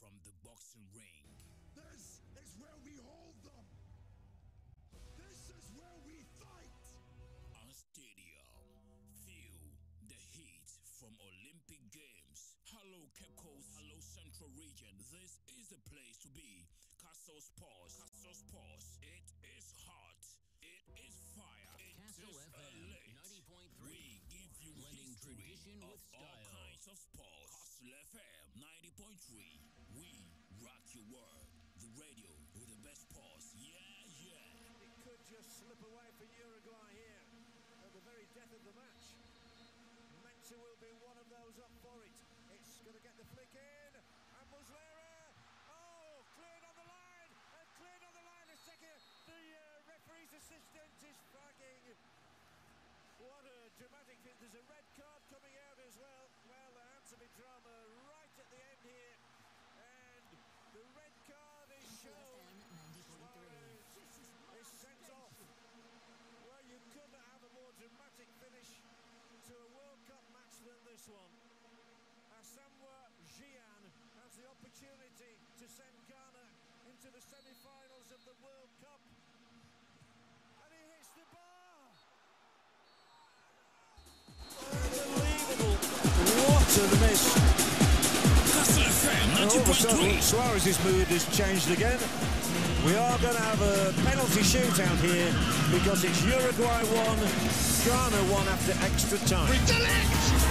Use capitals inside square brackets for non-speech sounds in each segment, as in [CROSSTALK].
from the boxing ring. This is where we hold them. This is where we fight. Our stadium, feel the heat from Olympic Games. Hello, Cape Coast. Hello, Central Region. This is the place to be. Castle Sports. Castle Sports. It is hot. It is fire. It Castle is FM 90.3. We give you Blending tradition with style. all kinds of sports. Castle FM 90.3. We rock your world. The radio with the best pause. Yeah, yeah. It could just slip away for Uruguay here at the very death of the match. Mensa will be one of those up for it. It's going to get the flick in. And Muslera. Oh, cleared on the line. And cleared on the line. The second, the uh, referee's assistant is flagging. What a dramatic hit. There's a red card coming out as well. Well, there had to be drama the red card is shown. Suarez is sent off. Well, you couldn't have a more dramatic finish to a World Cup match than this one. Asamoah Gyan has the opportunity to send Ghana into the semi-finals of the World Cup. And he hits the bar! Unbelievable! What a miss! Suarez, Suarez's mood has changed again. We are going to have a penalty shootout here because it's Uruguay 1, Ghana 1 after extra time.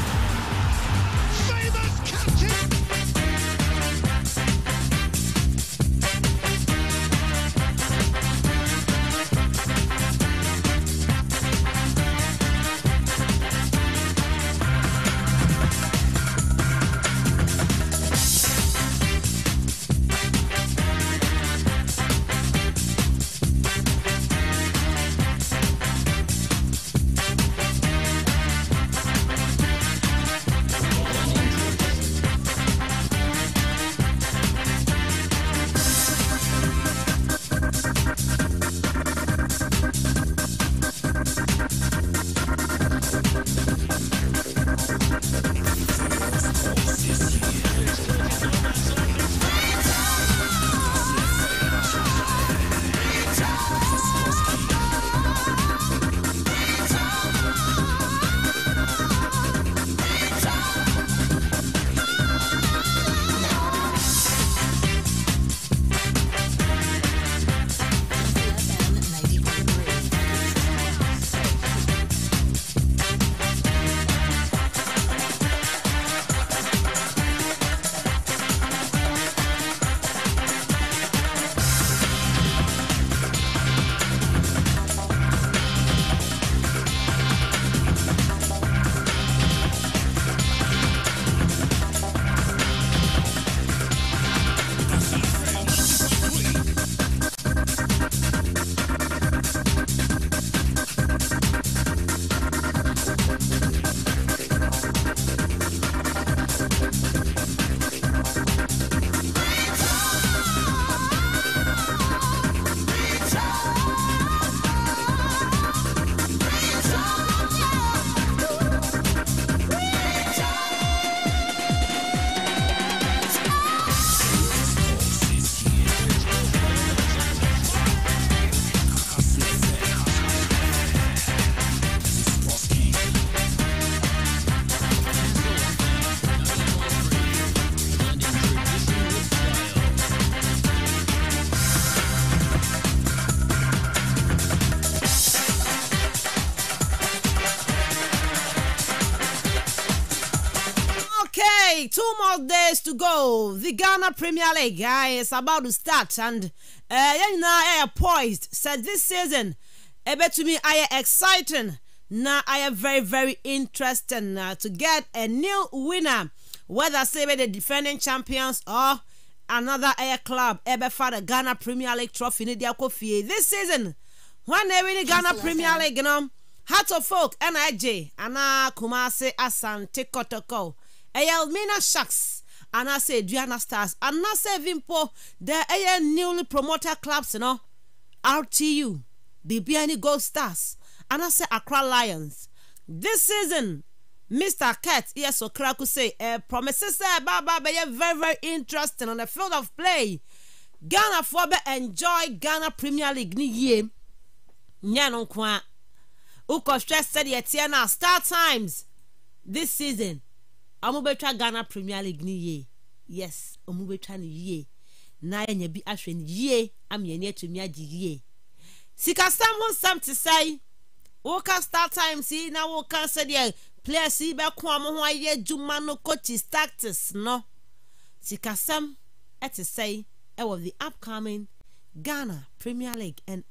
days to go. The Ghana Premier League uh, is about to start, and uh, you know, I am poised. Said this season, a eh, bet to me, I am exciting. Now I am very, very interested uh, to get a new winner, whether say the defending champions or another air club ever eh, for the Ghana Premier League trophy in the Kofi. This season, when they win the Ghana Premier League, you know, Heart of Folk, NIJ, Anna Kumase Asante Kotoko, Elmina eh, Sharks. nsɛɛduana stars anasɛ vimpo de ɛyɛ newly promoted clubs no rtu biibiane go stars anasɛ acra lions this season mir ket yɛ sɔkrako se ɔprɔmise sɛ baba bɛyɛ ververy interesting on the field of play ghanafoɔ bɛ enjoy ghana premier league ne yie yɛno nko a wokɔsre sɛde yɛteɛ no star times this season ɔmu bɛtwa ghana premier league no yeys ɛanoieaaɛieeie sikasɛm wosɛm te sɛe woka startimsynawoa sɛdeɛ plarsyi bɛk a mo ho yɛ dwuma no cochis tactus no sikasɛm te sɛe ɛwɔ the upcoming ghana premier league an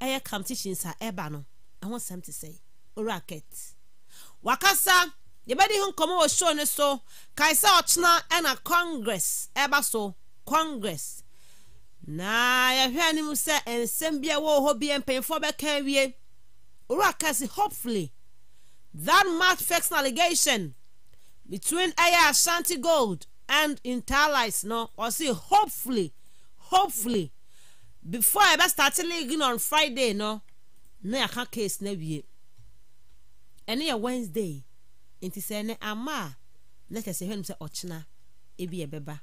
ɛcamtinsbanostesɛwkasa ybɛde ho kɔmɔ wɔhyow ne so kae sa ɔkyena ɛna congress ba so congress na yɛhwɛ a nemu sɛ nsɛm bi a wɔɔhɔ bi mpanyimfo bɛkan wie ɔrakase hopfully that mach fix nalligation between ɛyɛ a shanty gold and intarlit no ɔse hopfuly hopfully before yɛbɛ starty league n on friday no na yɛka casnawieɛnyɛ wednesday nti sɛ ne ama a na kyɛ sɛ hwɛ no sɛ ɔkyena ebi ɛbɛba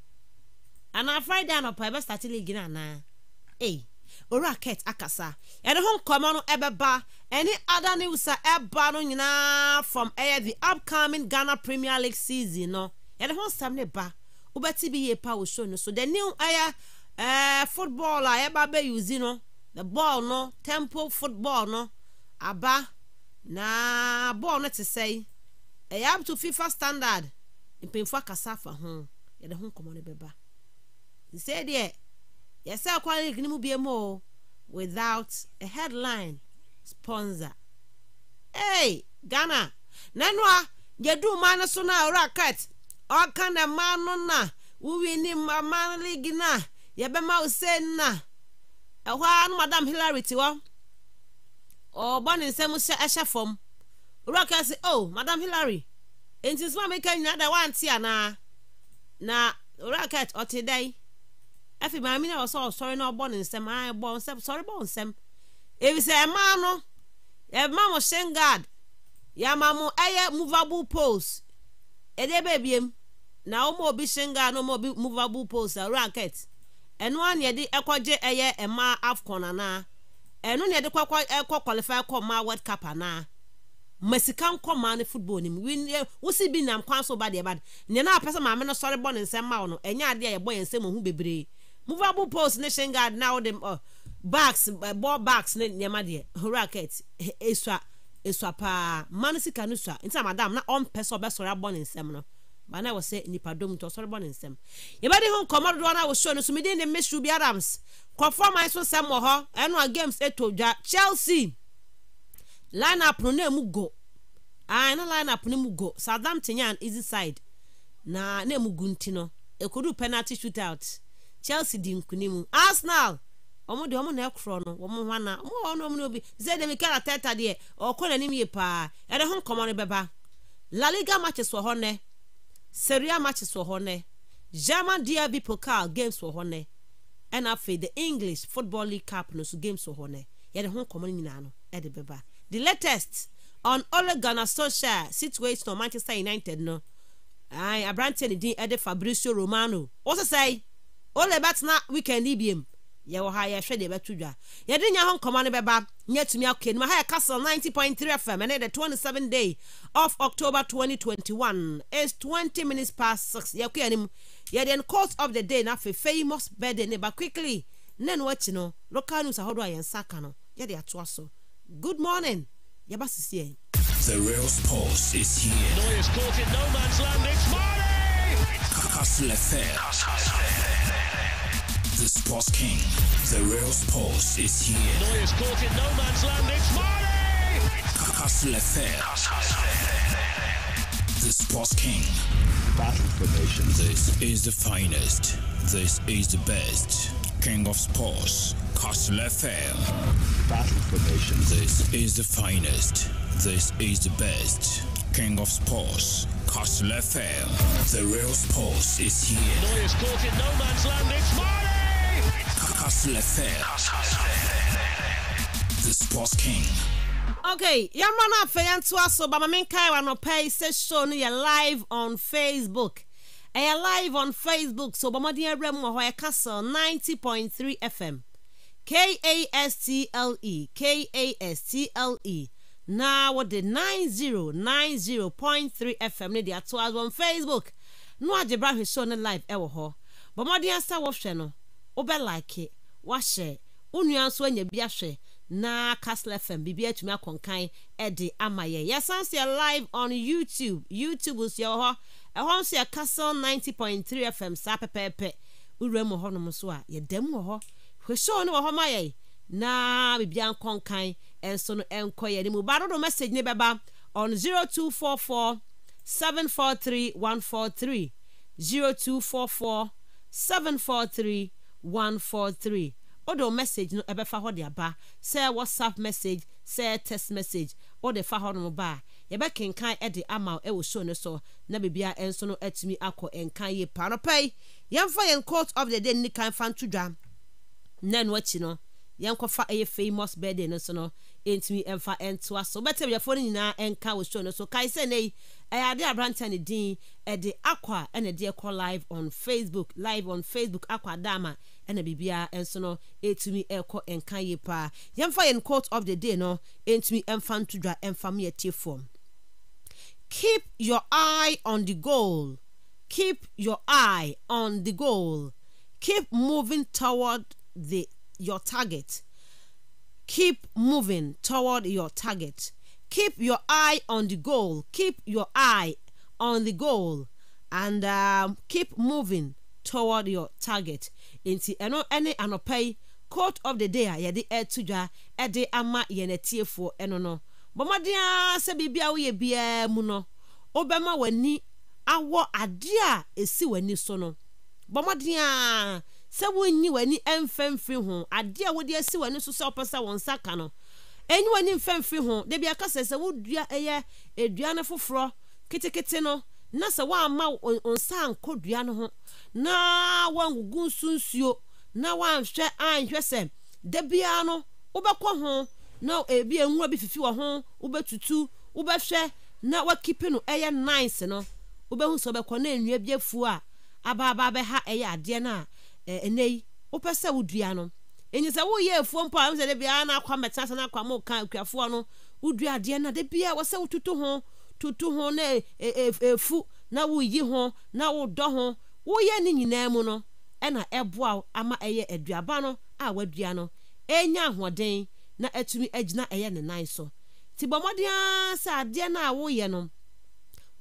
anaa friday anɔpa ɛbɛstate league no anaa ei owura ket akasa ɛne ho nkɔmɔ no ɛbɛba ɛne ada news a ɛba no nyinaa from ɛyɛ the upcoming ghana premier league season no ɛne ho nsɛm ne ba wobɛte bi yie pa wɔ show no so the new ɛyɛ ɛɛ football a yɛba abɛyuzi no the ball no tempo football no aba na ball no te sɛ ɛyɛ up to fifa standard mpanyinfoɔ akasa afa ho yɛde ho nkɔmɔ no bɛba nsɛɛ deɛ yɛsɛ kwan league no mu bia mu o without a headline sponsor hey ghana nanoa yɛdu mmaa no so no a racket ɔka na mmaa no na wowi ne mmaa league na yɛbɛma wo sɛ na ɛhɔ ara no madam hillary te hɔ ɔbɔ ne nsɛm hyɛ ɛhyɛ fam rock si oh madam hilary nti nsoma mi ka nyina da wante ana na rocket ɔte dɛn afei maame na ɔsɛ ɔsɔre eh, eh, eh, na ɔbɔ ne nsɛm a ɛbɔ nsɛm sɔre bɔ nsɛm ebisɛ ɛmaa no mmaa mo shin guard yɛama mụ ịyẹ movable poles ịdị ebe beebiem na ụmụ obi shin guard na ụmụ obi movable poles a rocket ịnụ a nea yɛde ɛkɔgye ɛyɛ ɛmaa afcon anaa ɛno nea yɛde kɔkɔ ɛkɔ qualify kɔ maa world cup anaa. Ah, ma sika nkɔ maa ne football nim eh, wosi bi nam kwan so ba deɛ ba de nea na apɛ sɛ maame no sɔre bɔ ne nsɛm ma wo no ɛnyɛ adeɛ a yɛbɔ yɛn nsɛm ohu bebree movable post ne shin guard na wɔde ɔ bags ball bags ne nneɛma deɛ racket esua esua paa mmaa no sika no sua nti na madam na ɔmpɛ sɛ ɔbɛsɔre abɔ ne nsɛm no bana wɔ sɛ nipadɔm nti ɔsɔre bɔ ne nsɛm yɛbɛde ho nkɔmmɔ dodoɔ no a wɔsuo no sumidi ne meshu bi adams kɔfɔ man so nsɛm wɔ hɔ ɛno a games ɛtɔ dwa chelsea lineup no na go ah na lineup no mu go Southampton tinyan easy side na na gu nti no ekodu penalty shootout Chelsea di nkunim Arsenal wɔn ọmụ na ɛkorɔ no wɔn ana wɔn wɔ wɔn na obi sɛ deɛ yie paa ɛde ho nkɔmɔ no bɛba La Liga matches wɔ hɔ nɛ A matches wɔ hɔ nɛ German pokal games wɔ hɔ nɛ ɛna English Football League Cup no so games wɔ hɔ nɛ yɛde ho the latest on Ole Gunnar social situation on Manchester United no ayi aberanteɛ ne din ɛde Fabrizio Romano wɔsɛ sɛɛ Ole bɛtena weekend yi biem yɛwɔ ha yɛhwɛ deɛ ɛbɛto dwa yɛde nya ho nkɔmɔ no bɛba nyɛ tumi akɔ anim ha yɛ castle ninety point three fm ɛne the twenty seven day of October twenty twenty one is twenty minutes past six yɛkɔ anim yɛde course of the day n'afɛ famous birthday ne ba quickly ne no akyi no local news ahodoɔ a yɛn nsa ka no yɛde atoa so. Good morning. Yabasisi here. The real sports is here. Neuer is caught in no man's land. It's Mane! Hustle affair. The sports king. The real sports is here. Neuer is caught in no man's land. It's Mane! Hustle affair. The sports king. Battle for nations. This is the finest. This is the best. King of sports. Castle FM. Battle formation. This is the finest. This is the best. King of Sports. Castle FM. The real sports is here. Lawyer's caught in no man's land. It's Marley! Castle FM. The Sports King. Okay, yamma na afei yɛn to aso ba maame nkae wa nɔpɛ yi sɛ show no live on facebook I live on facebook so bɔmmɔden awura mu wɔ castle ninety point three fm k-a-s-t-l-e k-a-s-t-l-e na wɔde 9090.3 fm ne de ato aso on facebook no agye bra ahwɛ show ne live ɛwɔ hɔ bɔmmɔden asa wɔhwɛ no wobɛ like wahyɛ wo nua nso anya bi ahwɛ na castle fm biribi atumi akɔnkan ɛde ama yɛ yɛsan seɛ live on youtube youtube nso yɛwɔ hɔ ɛhɔ nso yɛ castle 90.3 fm saa pɛpɛɛpɛ wowura mu hɔnom so a yɛda mu wɔ hɔ show no wɔ hɔ ma yɛ na biribiara nkɔ nkan nso no nkɔ yɛ ne mu ba dodo message ne bɛba on 0244 743 143 0244 743 143 wodo message no ɛbɛfa hɔ de aba sɛ whatsapp message sɛ text message wode fa hɔ nom ba a yɛbɛkenkan de ama ɛwɔ show no so na biribia nso no atumi akɔ nkan yie pa anɔpɛ yi yɛmfa yɛn court of the day nni kan fa nto na ɛno akyi no yɛnkɔfa ɛyɛ famous birthday no so no ɛntumi ɛmfa ɛntoa so bɛtɛ biafoɔ no nyinaa ɛnka wɔ show no so kae sɛ nɛ yi ɛyɛ ade aberanteɛ ne din ɛde akɔ a ɛna ɛde ɛkɔ live on facebook live on facebook akɔ adaama ɛna biribiara nso no ɛtumi ɛkɔ ɛnka yie paa yɛmfa yɛn court of the day no ɛntumi ɛmfa ntodwa ɛmfa mu yɛtie fam keep your eye on the goal keep your eye on the goal keep moving toward the your target keep moving toward your target keep your eye on the goal keep your eye on the goal and um, keep moving toward your target nti ɛno ne anɔpa yi coat of the day a yɛde ɛto dwa ɛde ama yɛn atiefoɔ ɛno no bɔmmɔden a sɛ biribi a woyɛ biara mu no wobɛma w'ani awɔ adeɛ a ɛsi w'ani so no bɔmmɔden sɛ wonyi w'ani mfɛmfiri ho adeɛ a wode asi w'ani so sɛ wopɛ sɛ wɔn nsa ka no ɛnyi w'ani mfɛmfiri ho da bi akasa sɛ wodua ɛyɛ edua no foforɔ ketekete no na sɛ woama nsa nkɔ dua no ho na woangugu nso nsuo na woanhwɛ anhwɛ sɛ da biara no wobɛkɔ ho na ebi enwura bi fifi wɔ ho wobɛtutu wobɛhwɛ na wakipe no ɛyɛ nice no wobɛhu sɛ ɔbɛkɔ na nnua bi afuo a abaaba bɛha ɛyɛ adeɛ no a ɛnɛ yi wopɛ sɛ wodua no ɛnyi sɛ woyɛ afuo mpo a sɛ da biara na akwa mmɛtena sɛ no akwa ma ɔka akuafoɔ no wodua adeɛ na da biara wɔ sɛ wototo ho toto ho na ɛfu na woyi ho na wodɔ ho woyɛ ne nyinaa mu no ɛna ɛboa ama ɛyɛ aduaba no a wadua no ɛnya ahoɔden na ɛtumi agyina ɛyɛ ne nan so nti bɔ ara sɛ adeɛ no a woyɛ no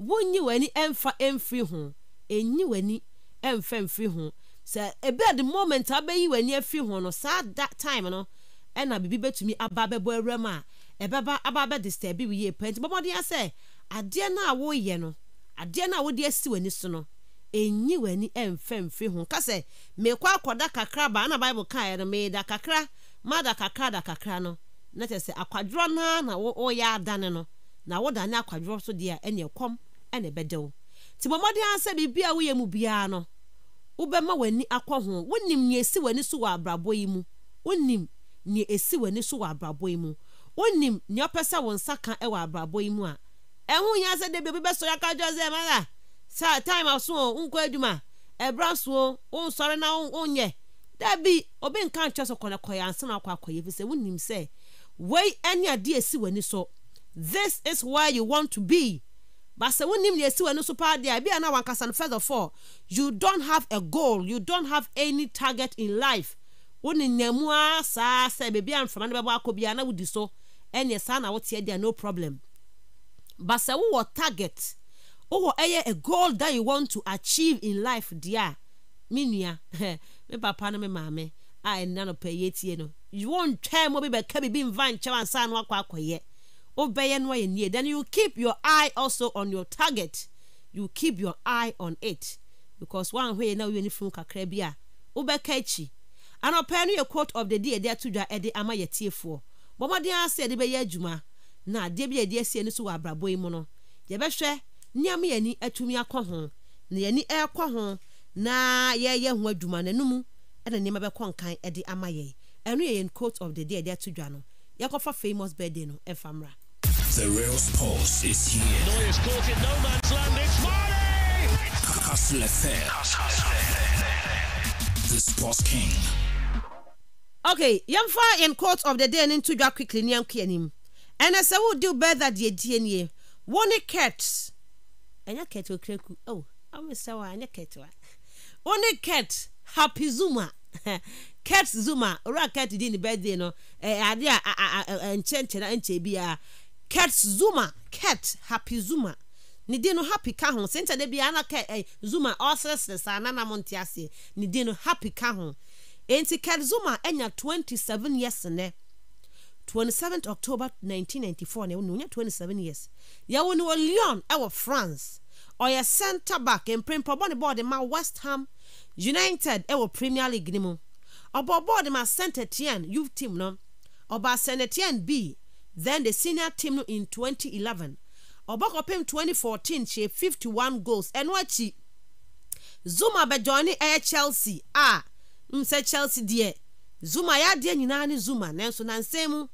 wonyi w'ani ɛmfa ɛmfiri ho ɛnyi w'ani ɛmfa mfiri ho sɛ ebe the moment abɛyi w'ani afi ho no saa that time no ɛna bibi bɛtumi aba abɛbɔ awura mu a ɛbɛba aba abɛ disturb wi yie pɛ nti bɔbɔden asɛ adeɛ no a wɔreyɛ no adeɛ no a wɔde asi w'ani so no enyi w'ani ɛnfɛnfɛ ho kasɛ mekɔ akɔda kakra baa na bible kaa no meeda kakra mada kakra da kakra no na kyerɛ sɛ akwadworɔ naa na wɔyɛ adane no na wɔdane akwadworɔ so deɛ ɛne ɛkɔm ɛne ɛbɛdɛw nti bɔbɔden asɛ biribi a woyɛ mu biara no wobɛma w'ani akɔ ho wonim nea ɛsi w'ani so wɔ abrabɔ yi mu wonim nea ɛsi w'ani so wɔ abrabɔ yi mu wonim nea ɔpɛ sɛ wo nsa ka wɔ abrabɔ yi mu a ɛho yɛ sɛ de biribi bɛsɔre aka dwa sɛ mara sa time aso o nkɔ adwuma ɛbra so o wonsɔre na wonyɛ dabi obi nka nkyɛ sɛ kɔnɛkɔyɛ ansa na akɔ akɔyɛ fi sɛ wonim sɛ wei ɛne adeɛ ɛsi w'ani so this is where you want to be but sɛ wonim deɛ ɛsi w'ani so paa deɛ ebi ana wankasa no first of all you don't have a goal you don't have any target in life wone nyamu a saa sɛ beebi a mframa no bɛbɔ akɔ bi ana wodi so ɛneɛ saa na woteɛ deɛ no problem but sɛ wowɔ target wo wowɔ ɛyɛ a goal that you want to achieve in life deɛ a me nua [LAUGHS] me papa no me maame a ɛnna no pɛ yɛtie no wɔntwɛn mu bi bɛka bi mva nkyɛw ansa no akɔ akɔyɛ wobɛyɛ no ayɛ nie then you keep your eye also on your target you keep your eye on it because wanhwɛ na woyɛ ne funu kakra bi a wobɛka akyi anɔpɛ no yɛ quote of the day yɛde ato dwa ɛde ama yɛtiefoɔ bɔmmɔden ase yɛde bɛyɛ adwuma na adeɛ bi yɛde asie no so wɔ abrabɔ yi mu no yɛbɛhwɛ nneɛma yɛni eh, atumi eh, akɔ ho na yɛni ɛrekɔ ho na yɛyɛ ho adwuma na ɛnum ɛna nneɛma bɛkɔ nkan eh, ɛde ama yɛn ɛno yɛ yɛn quote of the day yɛde ato dwa no yɛkɔfa famous birthday no ɛfa The Real Pulse is here. Neuer's caught in no man's land. It's Mane! Hustle FM. The Sports King. Okay, yɛmfa in court of the day and into dwa quickly ne yɛnko and ɛnɛ sɛ wodew bɛtha deɛ die nie wo ne cat ɛnyɛ cat okraku oh I'm amesɛ wa ɛnyɛ cat wa wo One cat happy zuma cat zuma owura cat you di ne bɛthe no ɛyɛ ade a nkyɛnkyɛn a nkyɛ biara cat zuma kat hapi zuma ne di no hapi ka ho sntdba eh, zuma ɔsereseresananantse n din hapy ka ho nti kat zuma nya 27yearɛ27 9927yɛwo ne wɔ leon wɔ france ɔyɛ center back mpep bɔne bɔde ma westham united wɔ premier league ne mu ɔbɔ bɔɔde ma sentatn team no ɔba sentan tethe senior team no in 2011 ɔbɔkɔpem 2014 y 51 gos ɛnoakyi zoma bɛgyane yɛ chelsea ah, mm, a sɛ chelsea deɛ zooma ɛadeɛ nyinaa ne zuma nasonansɛ mu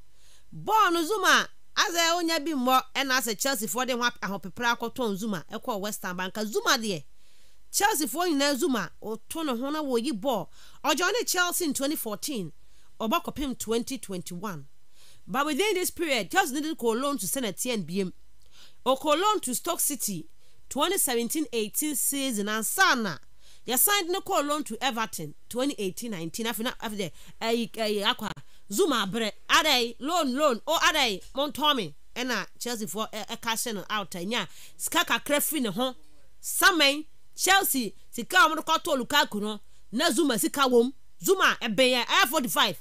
bɔl no zoma asɛ nya bi mmɔ nasɛ chelsefoɔdeahopprɛ kɔtɔ zooma ɛkɔ western banka zuma deɛ chelseafonyinaazmhonechlsa 2014 ɔbpe 2021 but within this period Chelsea needed Cologne to send a TNBM or Cologne to Stoke City 2017-18 season And Sana, they signed no kɔɔ loan to everton 2018-19 After that, after that, ɛyi ɛyi akɔ Zuma zoom abrɛ adai loan loan o oh, adai montɔmi ɛna chelsea foɔ ɛka hyɛ no out ɛnya eh, sika kakra firi ne ho eh, saman chelsea sika a wɔn de kɔtɔɔ lukaku no na zoom a sika wɔm zoom a ɛbɛn eh, yɛ ɛyɛ five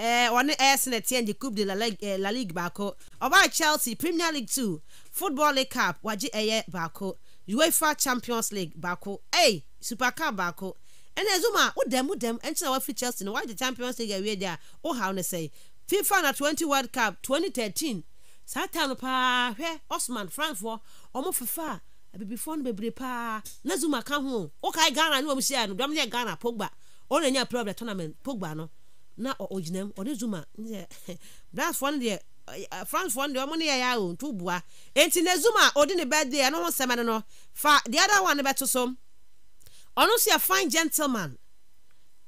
ɔne eh, arsenal tiɛ ngye coupe de la League eh, la baako ɔbaa chelsea premier league two football league cup wagye ɛyɛ baako uefa champions league baako ɛy super cup baako ɛna zuma wodɛm wodɛm ɛnkyɛn a wafiri chelsea no wagye champions league awie deɛ a wohaw ne sɛe fifa na twenty world cup twenty thirteen saa time no paa hwɛ osman Frankfurt, ɔmo fifa abibifoɔ no bebree paa na zuma ka ho wokae ghana ne wɔm hyia no dɔm ne yɛ ghana pogba ɔno anya player of the tournament pogba no na ɔgyina mu ɔne zuma deɛ [LAUGHS] brasfoɔ no deɛ francefoɔ no deɛ ɔmo ne yɛyɛ a ɔntu bua enti na zuma a ɔde ne birthday ɛno ho sɛm no no fa the other one no bɛto so ɔno nso yɛ fine gentleman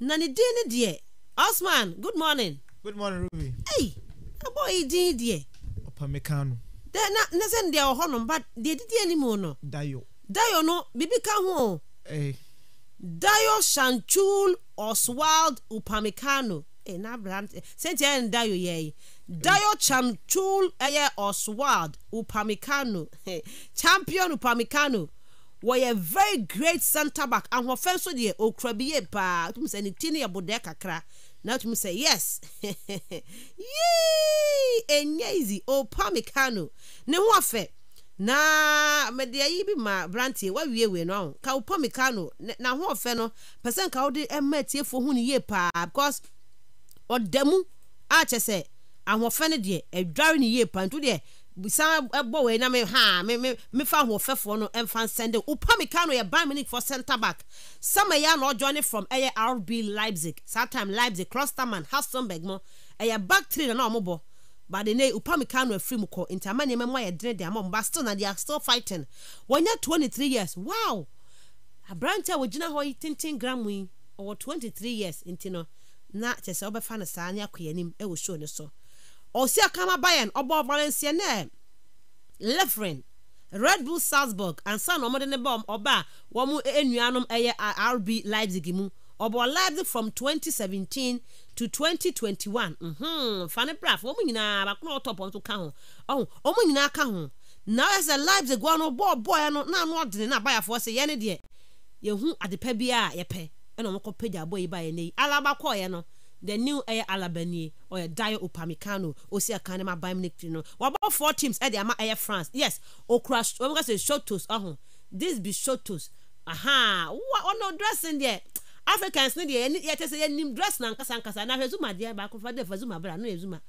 na ne din ne deɛ osman good morning. good morning ruby. ɛyi abɔ yi din deɛ. ɔpamika no. dɛ na ne sɛ ne deɛ ɔhɔ no mba deɛ didi anim no. dayo. dayo no bibi ka ho. ɛɛ. Hey. Eh. dayo shanchul oswald upamikano. sɛt ɛn dao yɛ dao chanthul eh, yɛ oswad opamicano [LAUGHS] champion opamicano wɔyɛ very great centerback ahofɛ so deɛ krabiy paaɛnn yɛd kakra nasɛ opamecano [LAUGHS] ne hofɛeymabra aɛsɛa woematifny ɔda mu akyɛ sɛ ahoɔfɛ no deɛ adware ne yie panto deɛ san bɔ wɔ ɛnam ha me me mefa ahoɔfɛfoɔ no mfa nsɛnde upami kano yɛ ban munich for center back sama yɛ na ɔjɔ ne from ɛyɛ rb leipzig saa time leipzig klosterman hastonberg mo ɛyɛ back three na na ɔmo bɔ but the name upami kano afiri mu kɔ nti ama nneɛma mu ayɛ dene de ama ɔmo but still na they are still fighting wɔnyɛ twenty three years wow aberante a wɔgyina hɔ yi tenten gram yi ɔwɔ twenty three years nti no na kyerɛ sɛ wobɛfa no saa ne akɔ yɛanim wɔ show no so ɔsi akama bayern ɔbɔ valencia ne lefren red bull salzburg ansa na ɔmode ne ba ɔba a wɔn nnuanom yɛ rb leipzig mu ɔbɔ leipzig from 2017 to 2021 fane braf wɔn nyinaa baako na ɔtɔpɔ nso ka ho ɔho wɔn nyinaa ka ho na ɔyɛ sɛ leipzig wɔn no bɔɔbɔɔɛ no na ano ɔdene na abayafoɔ sɛ yɛne deɛ yɛhu adepa bi a yɛpɛ ɛna wɔn kɔ pagya abɔ yi ba yɛ n'eyi alaba kɔɔyɛ no the new ɛyɛ alaba nie ɔyɛ dayo opamikano osi aka ne ma bayern munich no wɔabɔ four teams ɛde ama ɛyɛ france yes okura wɔn kasa shotos ɔho this be shotos aha wa ɔno dressing deɛ africans ne deɛ yɛte sɛ yɛnim dress na nkasa nkasa na ahwɛ zuma deɛ baako fa de fa zuma bra no yɛ zuma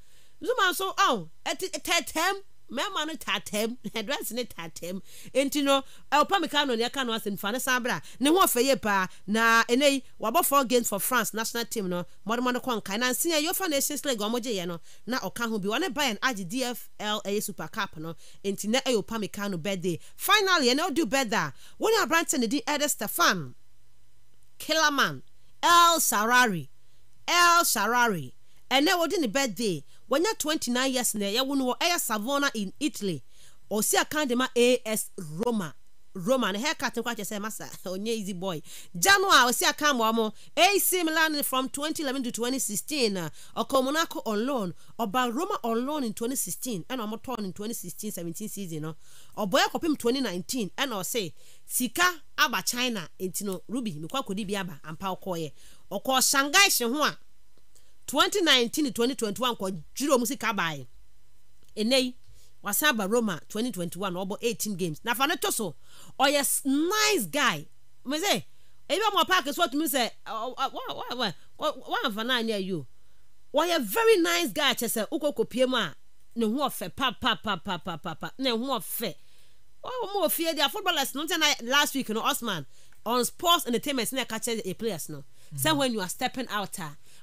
zuma nso ɔn ɛtɛtɛm mmarima no tatam [LAUGHS] dress ne tatam nti no ɔpa mika no neɛka no asɛ mfa ne san berɛ ne ho ɔfɛ yie paa na ɛnɛyi wabɔ four games for france national team no mmɔdemmɔde kɔ nkae na nsia yofa nations league ɔmo gyeeɛ no na ɔka ho bi wɔne bayern agye dfl ɛyɛ super cup no nti na ɛyɛ ɔpa mika no birthday finally ɛnɛ ɔdu birthday a wɔne aberante ne din ɛde stefan kilaman el sarari el sarari ɛnɛ wɔde ne birthday wɔnyɛ twenty nine years na ɛyɛ wɔn wɔ savona in italy ɔsi akandema as roma roma ne haircut nkɔ akyɛ sɛ masa [LAUGHS] onye easy boy January. a akamu akan ac milan from twenty eleven to twenty sixteen ɔkɔ monaco on loan ɔba roma on loan in twenty sixteen ɛna ɔmo tɔn in twenty sixteen seventeen season no ɔbɔyɛ kɔpem twenty nineteen ɛna ɔsi sika aba china nti no ruby mekɔ akɔdi bi aba ampa ɔkɔɔyɛ ɔkɔɔ shanghai hyɛ ho a 2019, 2021 twenty twenty one kɔ dwiri omu sika baayi eneyi wasan aba roma 2021 twenty one ɔbɔ eighteen games nafa ne to so ɔyɛ nice guy mese ebi ɔmo paaki so ɔtumi sɛ wɔnfa naanị ayi o wɔyɛ very nice guy kyɛ sɛ okoko pie mu a ne ho ɔfɛ papapapapapa ne ho ɔfɛ ɔmo ofie deɛ footballers no ntɛn last week no osman on sports entertainment ne ɛka a players no sɛ when you are stepping out a. Uh,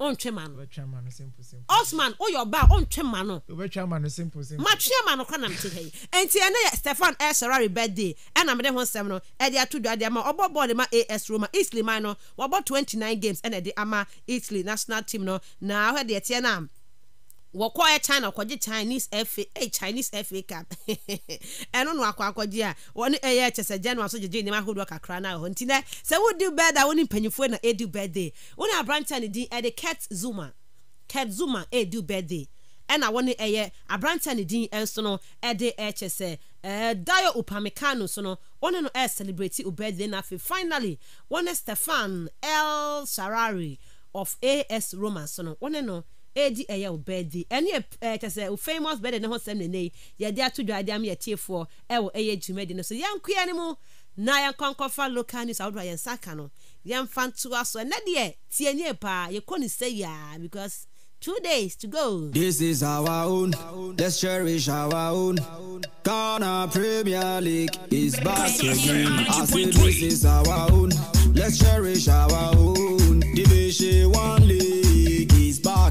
ɔntwe ma no osman woyɛ ɔbaa ɔntwe ma no matwe ma no kɔ nam te hɛ enti ɛne yɛ stefan ɛ sɛrare birthday ɛna mede ho nsɛm no ɛde ato dwa de ama ɔbɔ bɔɔl ma as roma italy man no wɔbɔ 29 games ɛna ɛde ama italy national team no na hɔ deɛ teɛ no a wɔkɔ ɛ china kɔgye chinese fa ɛ eh, chinese fa cap. ɛno no akɔ akɔgye a wɔn ɛyɛ kyesɛ general so gyegye nneɛma ahodoɔ kakra na ɛhɔ nti dɛ sɛ wodi birthday a wɔn na ɛdi eh, birthday wɔn aberanteɛ ne din ɛde eh, cat zuma cat zuma ɛdi birthday ɛna wɔn ɛyɛ aberanteɛ ne din nso no ɛde ɛkyɛ sɛ ɛɛ dayo upamecano so no wɔn no ɛɛselebrate obɛde na afei finally wɔn stefan el sharari of as roma so no wɔn no edi ɛyɛ wo birthday ɛne ɛ kyɛ sɛ wo famous birthday eh, ne ho sɛm nene yi yɛde ato dwa ade ama yɛtiefoɔ ɛwɔ eh, ɛyɛ eh, dwumadi no so yɛnkoa no mu na yɛnkɔ nkɔfa local news ahodoɔ a yɛnsa ka no yɛmfa ntoa so ɛnɛ deɛ tie nie paa yɛkɔ ne sɛ because Two days to go. This is our own. Let's cherish our own. Ghana Premier League is back again. I say this is our own. Let's cherish our own. Division One League.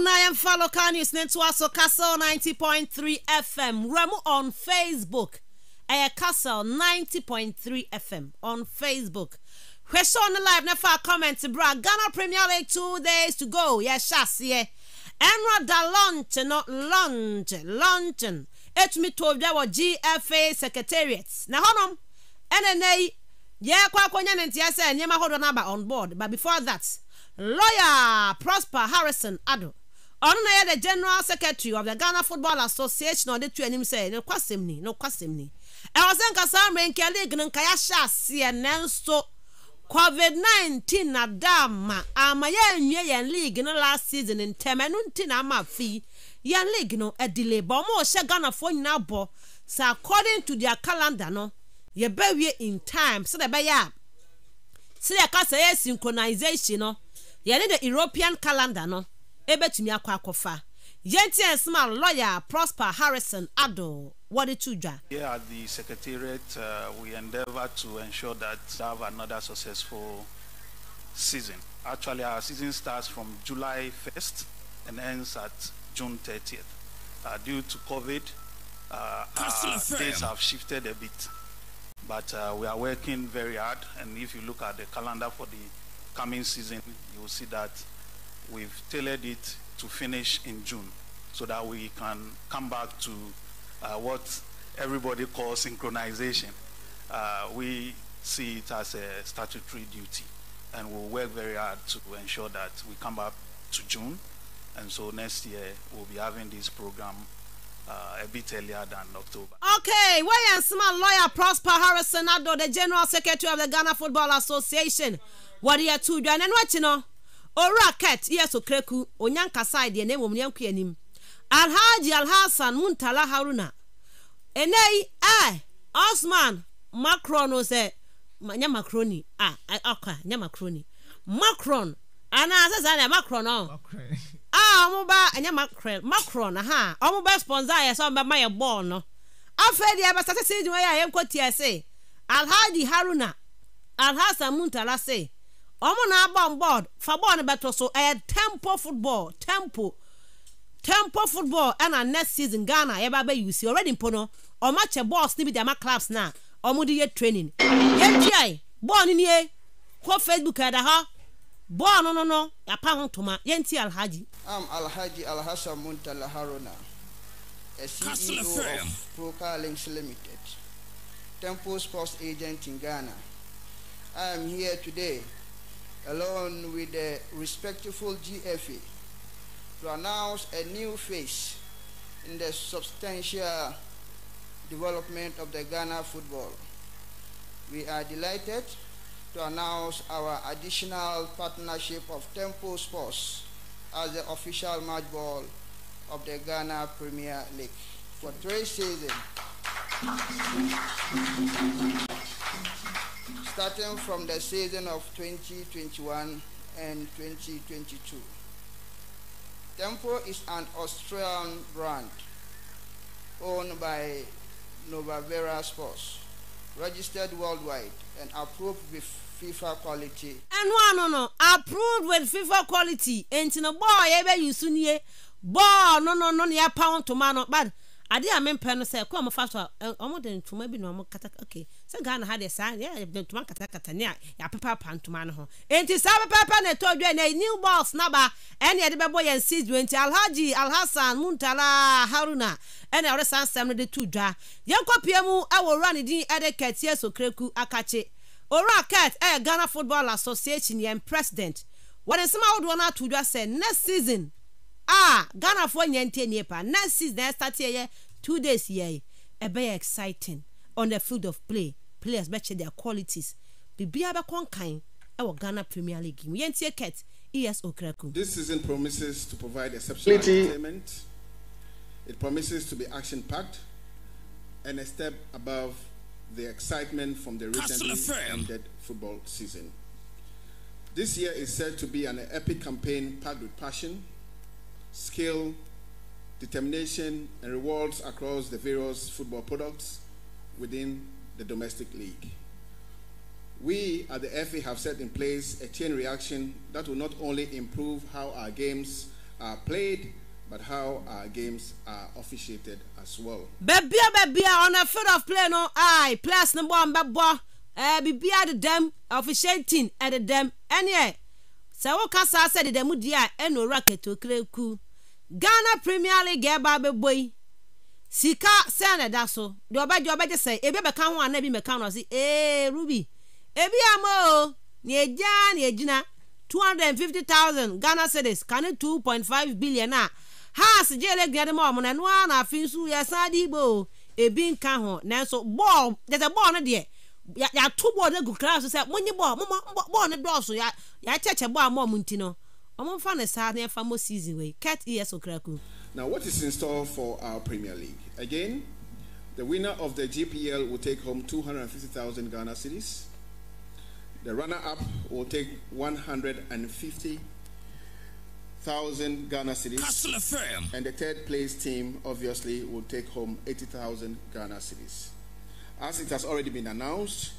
nayɛmfalocar nes no ntowa so castle 90.3fm weramu ɔn facebook ɛyɛ castle 90.3fm on facebook hwɛ sɛ ne live no fa cɔmment bera ghana premier lyau two days to go yɛhyɛ aseɛ ɛnrada lunt no lun lonton tumi todwa wɔ gfa secretariat na ɛhɔnom ɛnɛ nɛyi yɛkɔakonnya ne nteɛ sɛ nneɛma ahɔdoɔno aba on board but before that lawyer prosper harrisond ọnụ na ya the general secretary of the ghana football association ọ dịtụ anim sị n'okwasịm ni n'okwasịm ni ɛwɔsɛ e nkasa mmere nke league ya nka yɛahyɛ na nso covid-19 na da ama ama yɛanwie yɛn league no last season ntɛm ɛno nti na ama afi yɛn league no adi leba ɔmo ɔhyɛ ghanafoɔ nyinaa bɔ sɛ according to their calendar no yɛbɛwie in time sɛdeɛ ɛbɛyɛ a sɛdeɛ ya sɛ ya synchronization ya yɛne the european calendar no prosper harrison to here at the secretariat uh, we endeavour to ensure that we have another successful season actually our season starts from july 1st and ends at june 30th uh, due to covid uh, our dates have shifted a bit but uh, we are working very hard and if you look at the calendar for the coming season you will see that we've tailored it to finish in June so that we can come back to uh, what everybody calls synchronization. Uh, we see it as a statutory duty and we'll work very hard to ensure that we come up to June and so next year we'll be having this program uh, a bit earlier than October. Okay, why and Smart lawyer Prosper Harrison Addo, the General Secretary of the Ghana Football Association. What are you two doing and what you know? oraket yeso kreku onye nkasa ya na-enwe m ya nkwu alhaji alhassan muntala haruna enei ai osman macron se nya macroni a ọka nya macroni macron ana sasa na macron ọ a ọmụba anya macron [LAUGHS] ah, macron ha ọmụba sponsor ya sọ mba maya bọọlụ nọ afọ edi ebe sasịsị dị nwa ya ya nkwoti ya sị eh. alhaji haruna alhassan muntala si. ɔmo na aba bɔɔd fa bɔɔd bɛtɔ so ɛyɛ eh, tempo football tempo tempo football ɛna eh, next season ghana ebe eh, bɛ uc already mpo no ɔmo akyɛ bɔɔls ne bi de ama clubs na ɔmo de yɛ training yɛtuae bɔɔl no nie kɔ facebook ɛda hɔ bɔɔl no no no yɛapa ho ntoma yɛnti alhaji. am alhaji alhassan muntala haruna a ceo of pro links limited tempo sports agent in ghana i am here today. along with the respectful GFA, to announce a new phase in the substantial development of the Ghana football. We are delighted to announce our additional partnership of Tempo Sports as the official match ball of the Ghana Premier League for three seasons. starting from the season of 2021 and 2022. Tempo is an Australian brand owned by Novavera Sports, registered worldwide and approved with FIFA quality. Ẹnu àná nọ, approved with FIFA quality, enti na bọ́ọ̀ yẹ bẹ́ yusu ni yẹ, bọ́ọ̀ nọ nọ yẹ pa wọn tòmá nọ, but ade a mi mpẹ uh, no sẹ, kó àwọn fa so a, ọmọ de ntoma bi na ọmọ kata, okay sɛ ghana ha de saa yɛ ntoma nkatakata ne a yɛapepapa ntoma no ho enti saa pɛpɛpɛ na ɛtɔ dwa na new balls naba ɛne yɛde bɛbɔ yɛn sis dwa nti alhaji alhassan muntala haruna ɛna ɔde saa nsɛm no de to dwa yɛnkɔpia mu ɛwɔ owura ne din ɛde kɛteɛ sokreku akakye owura kat ɛyɛ ghana football association yɛn president wɔde nsɛm ahodoɔ no ato dwa sɛ next season a ghanafoɔ nyɛ ntɛnie pa next season ɛstate yɛ two days yɛ ɛbɛyɛ exciting on the field of play players match their qualities ghana premier league ket this season promises to provide exceptional entertainment it promises to be action packed and a step above the excitement from the recently ended football season this year is said to be an epic campaign packed with passion skill determination and rewards across the various football products within the domestic league. We at the FA have set in place a chain reaction that will not only improve how our games are played, but how our games are officiated as well. Bebia bebia on a field of play no aye players number one bebo eh bibia the dem officiating at eh, the dem any sɛ woka saa sɛ dedɛmu deɛ a ɛna eh, owura ketokire ku ghana premier league ɛba eh, abɛbɔ yi sika sɛn na ɛda so deɛ ɔbɛgye ɔbɛgye sɛ ebi bɛka ho anaa ebi bɛka ho ɔsi ee ruby ebi ama o nea egya nea egyina two hundred and fifty thousand ghana cedis kane two point five billion a haas gyeele gya de ma ɔmo na ɛnoa na afi nso yɛsan de ibo o ebi nka ho nanso bɔɔl tete bɔɔl no deɛ yàtò bɔɔl no gu class sɛ mo mo mo bɔɔl mo ɔmo nti no ɔmo e now what is in store for our premier league. Again, the winner of the GPL will take home 250,000 Ghana cedis. The runner-up will take 150,000 Ghana cedis. And the third place team obviously will take home 80,000 Ghana cedis. As it has already been announced,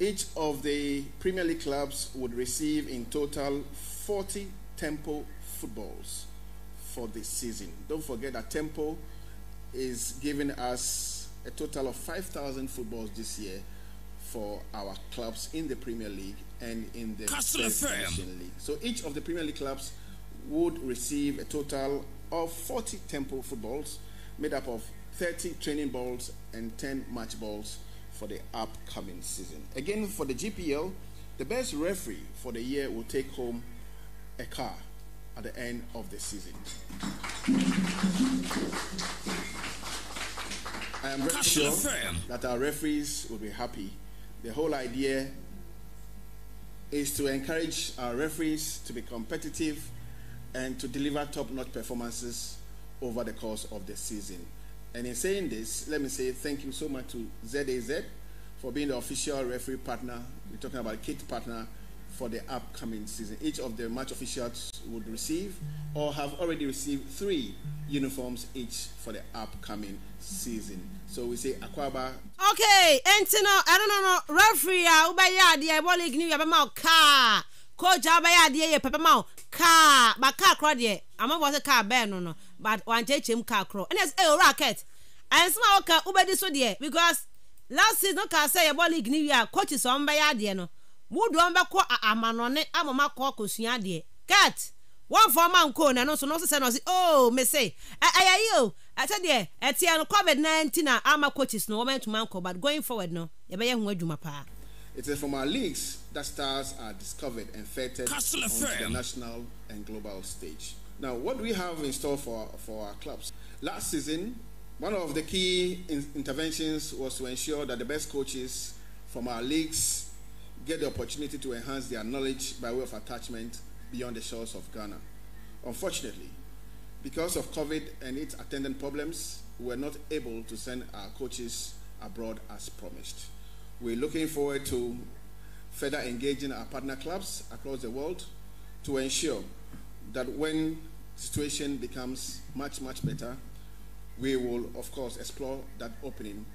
each of the Premier League clubs would receive in total 40 Tempo footballs for this season. Don't forget that Tempo is giving us a total of 5,000 footballs this year for our clubs in the Premier League and in the National League. So each of the Premier League clubs would receive a total of 40 Temple footballs made up of 30 training balls and 10 match balls for the upcoming season. Again, for the GPL, the best referee for the year will take home a car at the end of the season. I am very sure that our referees will be happy. The whole idea is to encourage our referees to be competitive and to deliver top-notch performances over the course of the season. And in saying this, let me say thank you so much to ZAZ for being the official referee partner. We're talking about kit partner for the upcoming season. Each of the match officials would receive or have already received three uniforms each for the upcoming season. So we say Akwaba. Okay, and you know, I don't know, referee, Ubaya, the Ibolic New Yabama car, coach Abaya, the Pepamau car, but car crowd, yeah, I'm not was a car bear, no, no, but one JHM car crow. Oh, and it's a racket. And small car, Ubadi so dear, because last season, no car say Ibolic New Year, coach is on by Adiano mu deɛ ɔmbɛkɔ amanɔne amama kɔ akɔsua adeɛ kat wɔmfa ɔma nkoo na ɛno nso no sesɛ na ɔse o mese ɛyɛ yi o sɛdeɛ ɛteɛ no covid 19 na ama coaches no wɔmɛntuma nkɔ but going forward no yɛbɛyɛ ho adwuma paa It is from our leagues that stars are discovered and feted Castle onto FM. the national and global stage. Now, what do we have in store for, for our clubs? Last season, one of the key in interventions was to ensure that the best coaches from our leagues get the opportunity to enhance their knowledge by way of attachment beyond the shores of Ghana. Unfortunately, because of COVID and its attendant problems, we were not able to send our coaches abroad as promised. We're looking forward to further engaging our partner clubs across the world to ensure that when situation becomes much, much better, we will, of course, explore that opening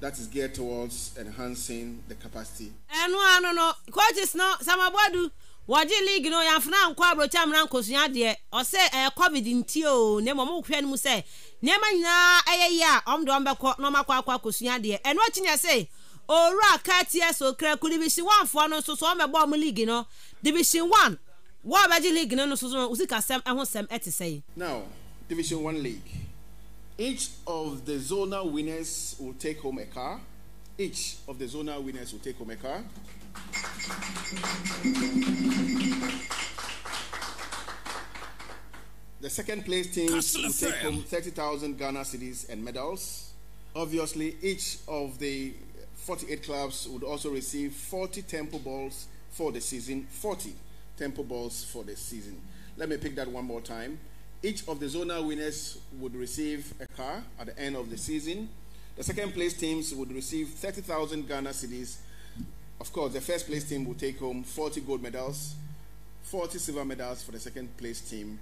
that is geared towards enhancing the capacity. ẹnu àánú no coaches náà samabodu wọ́ọ̀jì league náà yàn fún náà nkọ́ àbúròkyá mìíràn kò sùn adìẹ ọ̀sẹ̀ ẹ̀ covid ntí o ní ẹ̀mọ́ ọmọ òkúhẹ́ ni mu sẹ́ nneɛma nyinaa ɛyɛ yie a ɔmo de ɔmo bɛkɔ na ɔmo akɔ akɔ akosua adeɛ ɛnu akyi na ɛsɛ owurɔ akateɛ so kranku division one foɔ no nso so ɔmo ɛbɔ ɔmo league no division one wɔn a league no no nso so osika sɛm ɛho sɛm ɛte sɛ now division one league. Each of the zonal winners will take home a car. Each of the zonal winners will take home a car. The second place team will take home 30,000 Ghana cities and medals. Obviously, each of the 48 clubs would also receive 40 temple balls for the season. 40 temple balls for the season. Let me pick that one more time. Each of the zonal winners would receive a car at the end of the season. The second place teams would receive 30,000 Ghana cedis. Of course, the first place team will take home 40 gold medals, 40 silver medals for the second place team,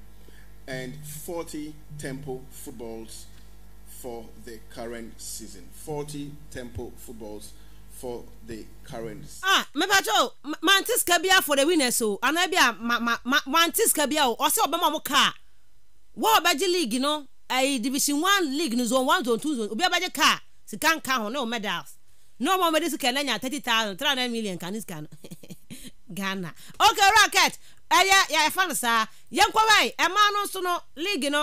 and 40 temple footballs for the current season. 40 temple footballs for the current season. Ah, mepacho, mantis kabia for the winners so. Anabia mantis kabia o. Ose obema mo car. wọ́n ọbẹ̀ jí league no ẹ̀yìn eh, division one league ni zone one zone two zone obi ọbẹ̀ jí car sika nka ho ne o medals ne ọmọ ọmọdé sika ẹ̀nẹ́nyà thirty thousand three hundred million kan ní sika no ghana okay rocket ẹ̀yẹ yẹ̀fọ́ ni sa. yẹn kọ́ báyìí ẹ̀ máa no nso no league no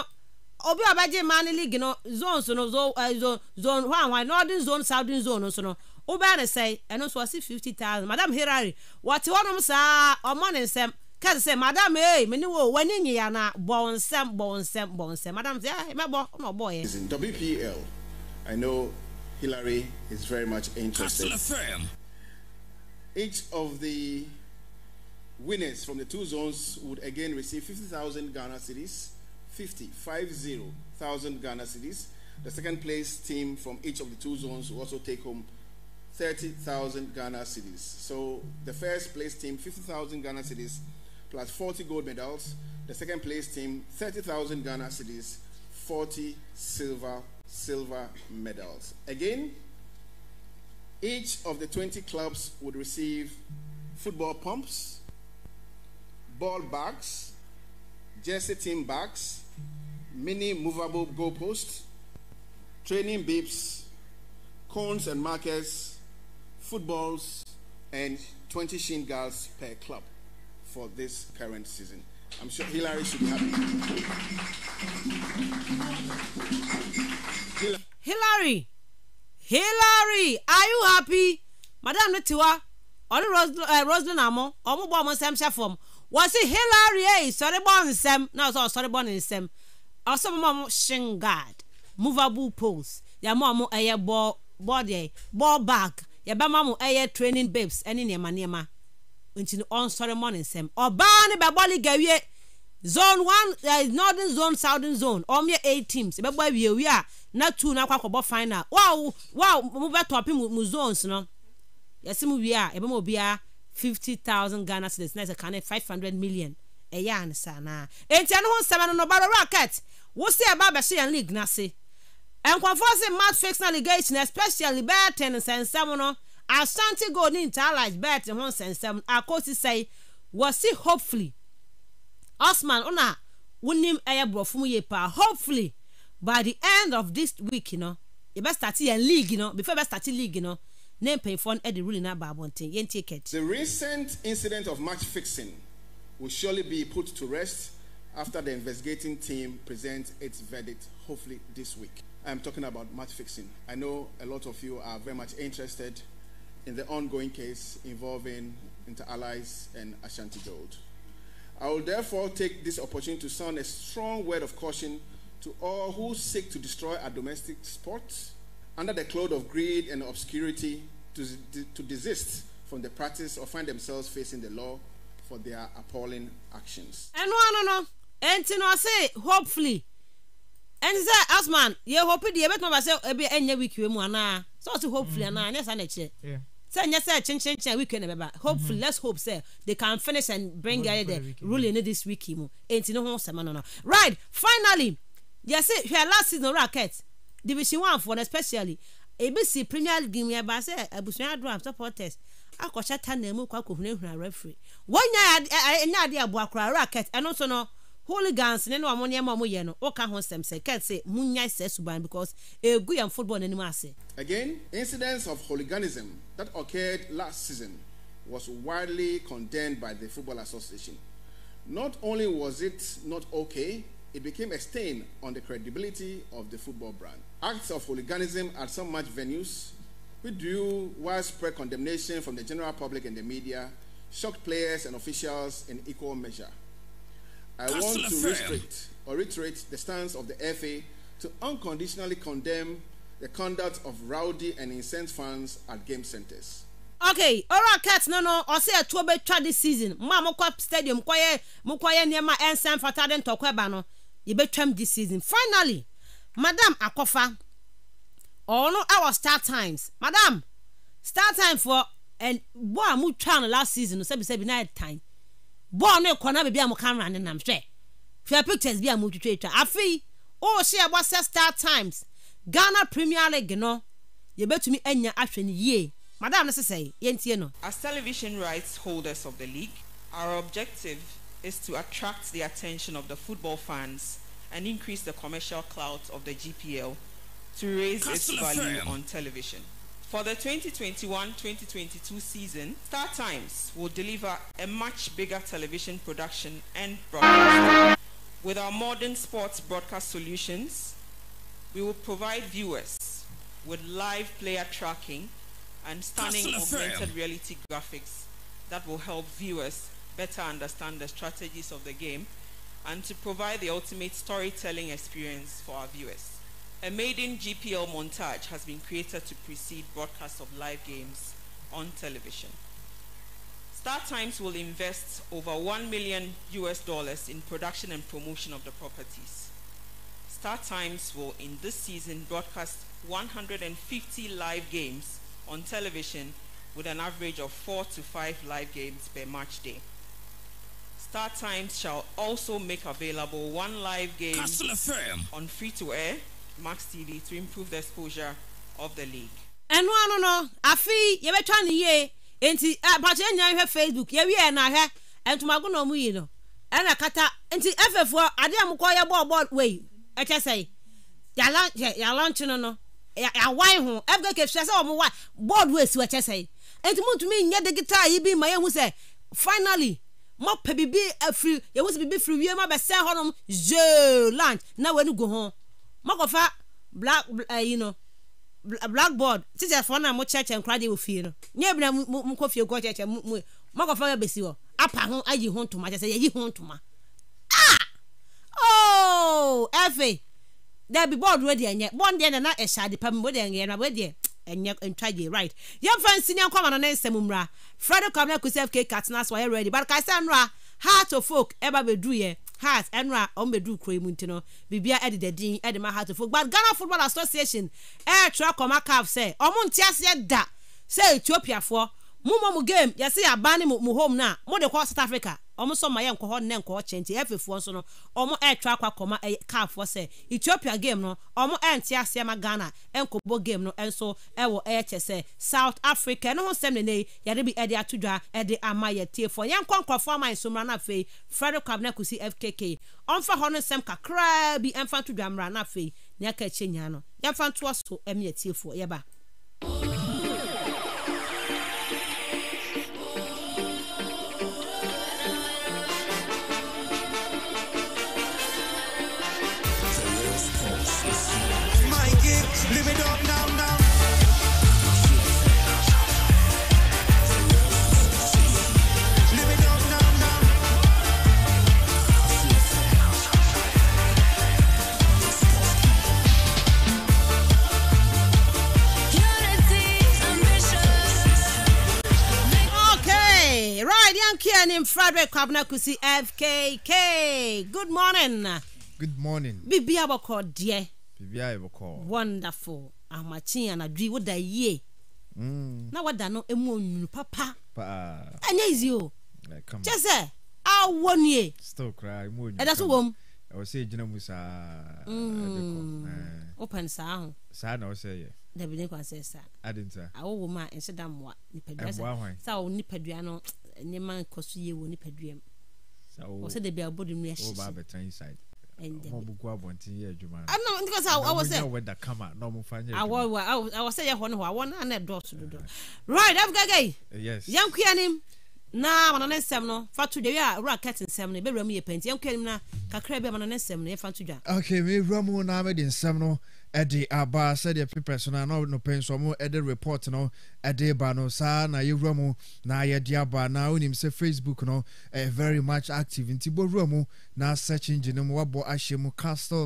obi a ɔbɛgye mmaa no league zone, zones no zone zone zone hwanhwan northern zone southern zone no so no wobɛn ne sɛn ɛno nso ɔsi fifty thousand madam hillary wɔte hɔnom saa ɔmɔ ne nsɛm kẹsì sẹ madam ee eh, wo madam ah, wpl i know hillary is very much interested. each of the winners from the two zones would again receive 50,000 Ghana cedis, 50, 50,000 Ghana cedis. The second place team from each of the two zones will also take home 30,000 Ghana cedis. So the first place team, 50,000 Ghana cedis, plus 40 gold medals. The second place team, 30,000 Ghana cedis, 40 silver silver medals. Again, each of the 20 clubs would receive football pumps, ball bags, jersey team bags, mini movable goalposts, training bibs, cones and markers, footballs, and 20 shin guards per club. for this current season. I'm sure Hillary should be happy. Hillary, Hillary, are you happy? Madam Netiwa, ọdún eh, Roslyn àmọ́ ọmú bọ́ ọmọ nsẹ́m ṣẹ́ fọ́ọ̀mù wọ́n sì Hillary ẹ̀ sọ́rí bọ́ nsẹ́m náà sọ sọ́rí bọ́ nsẹ́m ọ̀sọ́ mọ́ ọmọ shin guard movable poles yà mọ́ ọmọ ẹ̀yẹ bọ́ọ̀dì ball bag yà bẹ́ẹ̀ mọ́ ọmọ ẹ̀yẹ training babes ẹni nìyẹn ma nìyẹn ma nti ɔnsɔre mmɔ ne nsɛm ɔbaa ne bɛbɔ liga wie zone one uh, northern zone southern zone ɔmo yɛ eight teams ɛbɛbɔ awie wie a na two na akɔ akɔbɔ final wow wow mo bɛ tɔpi mu mu zones no yɛsi mu wie a ɛbɛn mu obiara fifty thousand ghana cedis na yɛ sɛ kan five hundred million ɛyɛ ansa naa eti ɛno ho nsɛm ɛno no ɔbaa rocket wosi ɛbaa bɛhyɛ yɛn league n'ase nkɔfoɔ si match fixing allegation especially bɛɛ ten nsɛnsɛm no asante gold ne ntaalight bet ho nsɛnsɛm akosi sɛe wɔsi hopefully osman ɔna wonim ɛyɛ borɔfo mu yie pa? hopefully by the end of this week you no yɛbɛ start yɛn league you know, before yɛbɛ start league you know, ne mpanyinfoɔ no de ruling na ba abɔnten yɛn tie kɛt. the recent incident of match fixing will surely be put to rest after the investigating team presents its verdict hopefully this week. I'm talking about match fixing. I know a lot of you are very much interested in the ongoing case involving Inter-Allies and Ashanti Gold. I will therefore take this opportunity to sound a strong word of caution to all who seek to destroy our domestic sports under the cloud of greed and obscurity to, to desist from the practice or find themselves facing the law for their appalling actions. ẹnu no nọ ẹntì no say. hopefully ẹni say asman yẹ hope di ẹ bẹ tún bá ṣe ẹbi àná sọ hopefully àná mm-hmm. ẹ ní sɛ nyɛ sɛ kyenkyenkyen a weekend na bɛba hopefully let's hope sɛ they can finish and bring oh, the ruling this week mu enti ne ho sɛma no no right finally yɛsɛ hwɛ last season racket division one for especially ebi si premier league mu yɛba sɛ abusua adum supporters akɔhyɛ tanna mu kɔ akɔhunahuna referee wɔn nyɛ adeɛ aboakora racket ɛno nso no hooligans ne ne wɔn nneɛma a wɔyɛ no ɔka ho nsɛm sɛ kɛt sɛ munyae sɛ suban because egu yɛn football n'anim ase. again incidents of hooliganism that occurred last season was widely condemned by the football association not only was it not okay it became a stain on the credibility of the football brand acts of hooliganism at some match venues which drew widespread condemnation from the general public and the media shocked players and officials in equal measure. I want to restrict or reiterate the stance of the FA to unconditionally condemn the conduct of rowdy and incensed fans at game centres. okay oral cat no no ɔsɛ ɛtuo bɛtwa this season mo a mokɔ stadium kɔyɛ mokɔyɛ nneɛma ɛnsɛn fata de ntɔkwa ba no yɛbɛtwam this season finally madam akɔfa ɔno ɛwɔ star times madam star time for ɛn bɔ a mo twa no last season no sɛbisɛbi na yɛ time bɔɔl no kɔ na baabi a mo camera ne nam hwɛ hwɛ pictures bi a mo twitwa atwa afei ɔɔhyɛ ɛbɔ sɛ star times ghana premier league no yɛbɛtumi anya ahwɛ no yie madam no sesɛ yɛntie no. as television rights holders of the league our objective is to attract the attention of the football fans and increase the commercial clout of the gpl to raise its value on television. For the 2021-2022 season, Star Times will deliver a much bigger television production and broadcast. With our modern sports broadcast solutions, we will provide viewers with live player tracking and stunning augmented reality graphics that will help viewers better understand the strategies of the game and to provide the ultimate storytelling experience for our viewers. A maiden GPL montage has been created to precede broadcasts of live games on television. Star Times will invest over 1 million US dollars in production and promotion of the properties. Star Times will in this season broadcast 150 live games on television with an average of 4 to 5 live games per match day. Star Times shall also make available one live game on free to air Max TV to improve the exposure of the league. ɛnu ano no afi yɛbɛtwa ne yie nti abakye nyinaa hwɛ facebook yɛwie ɛna hwɛ ntomago na ɔmo yi no ɛna kata nti ɛfɛfoɔ adeɛ a mo kɔ yɛ bɔɔ bɔɔl wei ɛkyɛ sɛ yala yala nkyene no yawan ho fkk fia sɛ ɔmo wa bɔɔl wei si ɛkyɛ sɛ nti mo ntumi nyɛ digital yi bi ma yɛn ho sɛ finally mo pɛ bibi afiri e, yɛn ho sɛ bibi firi wie ma bɛ sɛn hɔnom zoo lunch na wɔn ani gu ho. mark black uh, you know eh, blackboard teacher for na mo church and crowd wo fie no nye bi na mo kɔ fie kɔ church mo mo mark of besi hɔ apa ho ayi eh, ho ntoma kyerɛ sɛ yɛyi ho ntoma ah oh efe dabi board wo deɛ nyɛ board deɛ na ɛhyɛ ade pam wo deɛ nyɛ na wo deɛ ɛnyɛ ntwa gye right yɛmfa nsi ne ma no ne nsɛm mmra fred kwamina kusi fk katina so ɔyɛ ready but kaisa nnora heart of folk ɛba bɛdu yɛ cars ɛno a ɔmo bɛdu kuro yi mu nti no biribia ɛde da din ɛde ma hatofo but ghana football association ɛɛtwerɛ eh, kɔma caf sɛ ɔmo nte aseɛ da sɛ etiopiafoɔ mụmụ mu game ya yɛ ya ne mu home no a mode kɔ south africa ọmụsọ ma ya nkɔ hɔ nnɛ nkɔ ɔkyɛ nti ɛfefoɔ nso no ɔmo ɛretwa ɛyɛ ethiopia game no ɔmo ɛnte e ma ghana ɛnkɔbɔ e game no ɛwɔ e ɛyɛ south africa ɛno ho bi dwa ama yɛ nkɔ ama frederick na kusi fkk hɔ nsɛm frederick kwabena kusi fkk good morning good morning biribi abɔkɔ die. biribi abɔkɔ wonderful ahomakyen anadwi woda yie mm. na wada no emu onwunu papa ɛnyɛ easy o kyɛ sɛ awɔ nie still koraa emu onwunu ɛda so wɔm ɛwɔ sɛ egyina mu saa wopɛn mm. eh. saa ho saa na ɔsɛ yɛ dabi ne kwan sɛ saa adi nta awɔ wɔm a nhyɛ da mmoa nipadua sɛ saa wɔ nipadua no nneɛma nkɔ so yie wɔ nipadua mu ɔsɛ dabi abɔde mu yɛhyehyɛ awɔ sɛ yɛhɔ no hɔ awɔ no ana ɛdɔɔso eh. dodo right afgagai yɛnkoa nim na amano ne nsɛm no fa to dwa wi a wura ket nsɛm no ɛbɛwura mu yɛ pɛ nti yɛnkoa nim na kakra bi amano ne nsɛm no yɛfa to dwa okay mewura mu na mede nsɛm no ɛde aba sɛdeɛ papers no ana nopɛ nso ɔmo ɛde report no ɛde ba no saa na yɛwura mu na yɛde aba na wonim sɛ facebook no ɛyɛ eh, very much active nti bɔwura mu na search engine mu wabɔ ahyɛ mu castle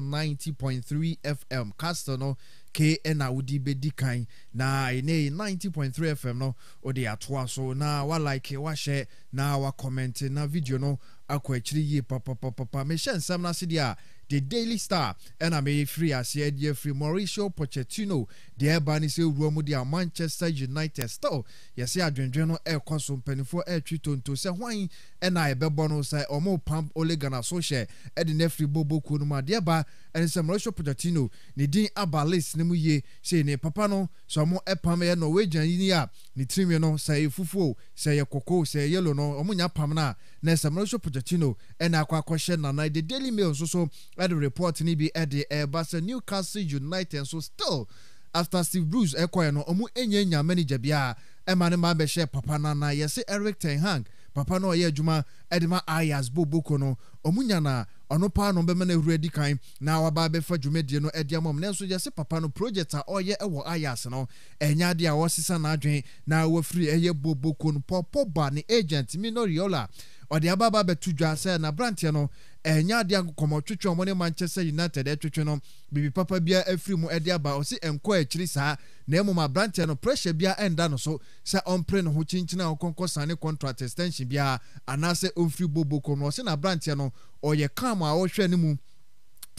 three fm castle no K ɛna wodi bɛdi kan na ninety point three fm no wode oh, atoa so na walike eh, wahyɛ na wa wakɔmmɛnte eh, na video no akɔ akyiri yie papapapapa mehyɛ nsɛm no ase deɛ a the daily star ɛna meyɛfiri aseɛ deɛ firi mauricio pochettino deɛ ɛba ne sɛ wura mu deɛ a manchester united still yɛsɛ adwendwen no ɛrekɔ so mpanimfoɔ ɛretwi tonto sɛ hwan ɛna ɛbɛbɔ no sɛ ɔmo pam olegan aso hyɛ ɛde ne afiri bobo kuo no mu adeɛ ba ɛne sɛ mauricio pochettino ne din aba list no mu yie sei ne papa no sɛ ɔmo ɛpam yɛ norwegian yi a ne tirinwi no sɛ ɛyɛ fufuo sɛ ɛyɛ kɔkɔɔ sɛ ɛyɛ yellow no ɔmo nya pam no a na sɛ mauricio pochettino ɛna akɔ akɔhyɛ nana the daily mail nso so ɛde report no bi ɛde ɛɛba sɛ newcastle united nso still after steve bruce ɛkɔɛ no ɔmo enyanya manager bi a ɛma ne ma bɛhyɛ papa nana se eric ten hag papa na ɔyɛ adwuma de ma ayas boboko no ɔmo nya ɔno paa no bɛma no awura di kan na waba bɛfa dwumadie no adi ama mu nanso yɛ papa no project a ɔyɛ ɛwɔ ayas no ɛnyɛ adeɛ a wɔsesa n'adwen na wafiri ɛyɛ boboko no pɔpɔ ba ne agent minoriola ɔde ababa bɛto dwa sɛ n'aberanteɛ no ɛnyɛ adeɛ nkɔmɔ twitwi ɔmo ne manchester united ɛtwitwi no Bibi papa bia efiri mu ɛde aba ɔsi nkɔ akyiri saa na emu aberanteɛ no pressure bia ɛnda no so sɛ ɔmpere ne ho kyinkyin a ɔkɔnkɔ sane contract extension bia anaasɛ ofiri bobo kɔ no ɔsi na aberanteɛ no ɔyɛ calm a ɔhwɛ ne mu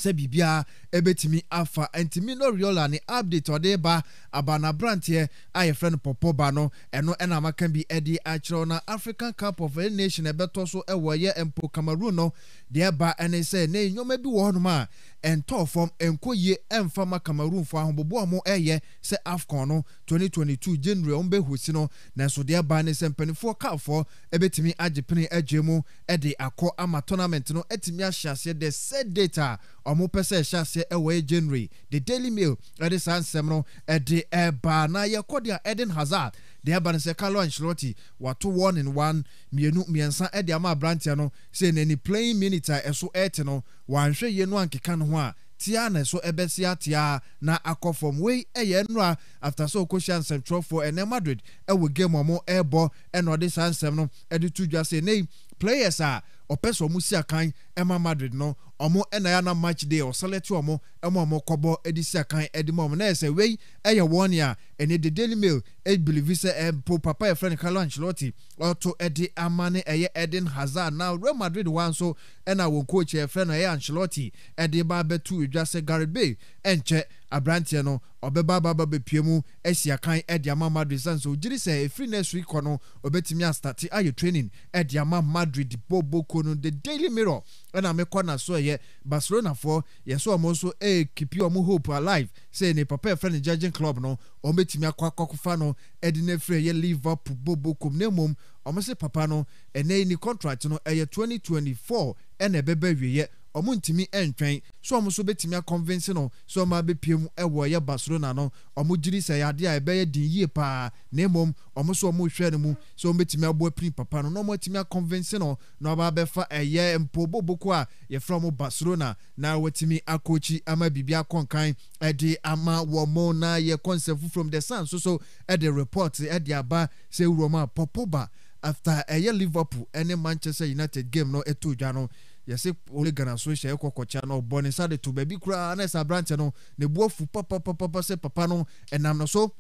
sɛ biribiara ɛbɛtumi afa ntumi no riola ne update ɔde ba abanaberanteɛ a yɛfrɛ no pɔpɔba no ɛno ɛna amaka bi ɛde akyerɛw na african cup of a nation ɛbɛtɔ so ɛwɔ yɛ mpo cameroon no deɛ ɛba ɛne sɛ ne nneɛma bi wɔ hɔnom a ɛntɔɔ fam ɛnkɔ yie ɛmfa ma cameroon fo ahobobo a mo ɛyɛ sɛ afcon no 2022 january ɔmo bɛhosi no nanso deɛ baa ne sɛ mpanimfoɔ kaafoɔ ɛbɛtumi agye pene agye mu ɛde akɔ ama tournament no ɛtumi ahyɛ aseɛ the set date a ɔmo pɛ sɛ ɛhyɛ aseɛ ɛwɔ yɛ january the daily mail ɛde saa nsɛm no ɛde ɛbaa na yɛkɔ deɛ eden hazard deɛ ɛba no sɛ carlo ancelotti wato one in one mmienu mmiɛnsa ɛde ama aberanteɛ no sɛ n'ani playing minute a ɛso ɛɛte no wanhwɛ yie no ankeka ne ho a tia na so ɛbɛsi atia na akɔ fam wei ɛyɛ nnura after so okɔhyia nsɛmtwerɛfoɔ ɛnɛ madrid ɛwɔ game ɔmo ɛɛbɔ ɛna ɔde saa nsɛm no ɛde tu dwa sɛ nei players a ɔpɛ sɛ ɔmo si akan ɛma madrid no ɔmo ɛna yɛ na match day ɔsɛlɛte ɔmo ɛma ɔmo kɔbɔ ɛde si akan ɛde ma ɔmo na yɛ sɛ wei ɛyɛ wɔn a ɛne the daily mail ɛbilivi sɛ ɛmpo papa yɛ fɛ no carlo ancelotti ɔto ɛde ama ne ɛyɛ eden hazard na real madrid wa nso ɛna wɔn coach yɛfrɛ no ɛyɛ ancelotti ɛde ba abɛtu edwa sɛ gareth bale ɛnkyɛ aberanteɛ no ɔbɛba ababa bɛpie mu asi akan ɛde ama madrid san so gyiri sɛ ɛfiri next week kɔ no ɔbɛtumi astate ayɛ training ɛde ama madrid boboko no the daily mirror ɛna mekɔ na so ɛyɛ barcelonafoɔ yɛsɛ ɔmo nso ɛɛkipi ɔmo hope alive sɛ ne papa ɛfrɛ ne judging club no ɔmo bɛtumi akɔ akɔkofa no ɛde no afiri ɛyɛ liverpool boboko mu na wɔn sɛ papa no ɛnɛ yi ne contract no ɛyɛ twenty twenty four ɛna ɛbɛbɛ wieɛ wɔn ntumi ntwɛn so wɔn nso bɛtumi akɔnvinsi no so wɔn abɛpie mu ɛwɔ ɛyɛ barcelona no wɔn jiri sɛ yadeɛ a ɛbɛyɛ den yie paa na mmom wɔn nso wɔn rehwɛ no mu so wɔn bɛtumi aboa pin papa no na wɔn atumi akɔnvinsi no na wɔn abɛfa ɛyɛ mpoboboko a yɛfrɛ wɔn barcelona na wɔtumi akɔkyi ama bibi akɔnkan ɛde ama wɔn na yɛ concept foforɔ mu the sun nso so ɛde report ɛde aba sɛ ewurom a pɔpɔba after ɛyɛ liverpool ɛne manchester united game no ɛtɔ dwa no yɛsɛ ole ghana so hyɛ ɛkɔ kɔkyea no ɔbɔ ne nsa de to baabi koraa na ɛsɛ no ne bu afu papapapa sɛ papa no ɛnam no so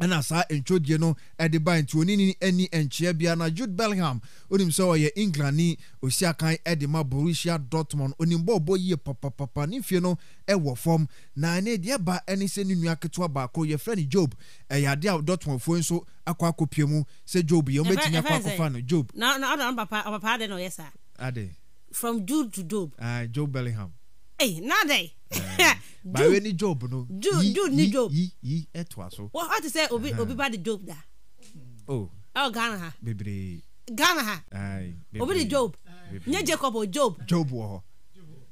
ɛna saa ntwodie no ɛde ba nti onini ni nkyea bia na jude bellingham onim sɛ ɔyɛ england ni osi akan ɛde ma borussia dortmund onim bɔɔbɔ yie papapapa ne fie no ɛwɔ fam na ne deɛ ba ɛne sɛ ne nua ketewa baako yɛfrɛ no job ɛyɛ adeɛ a dortmundfoɔ nso akɔ akɔpie mu sɛ job yɛ wɔbɛtumi akɔ akɔfa no job. na na ɔdɔ papa ɔpapa ade na ɔyɛ saa. ade. from jude to job. Uh, ah, Jude bellingham. ɛy hey, n'ade. bwene djob noju ne dwob ɛtoa so at sɛ obi uh-huh. ba de dwob daaɛghanaa oh. oh, bebre ghana ha obi de dwob yɛ jacob ɔ dwob dwb wɔhɔ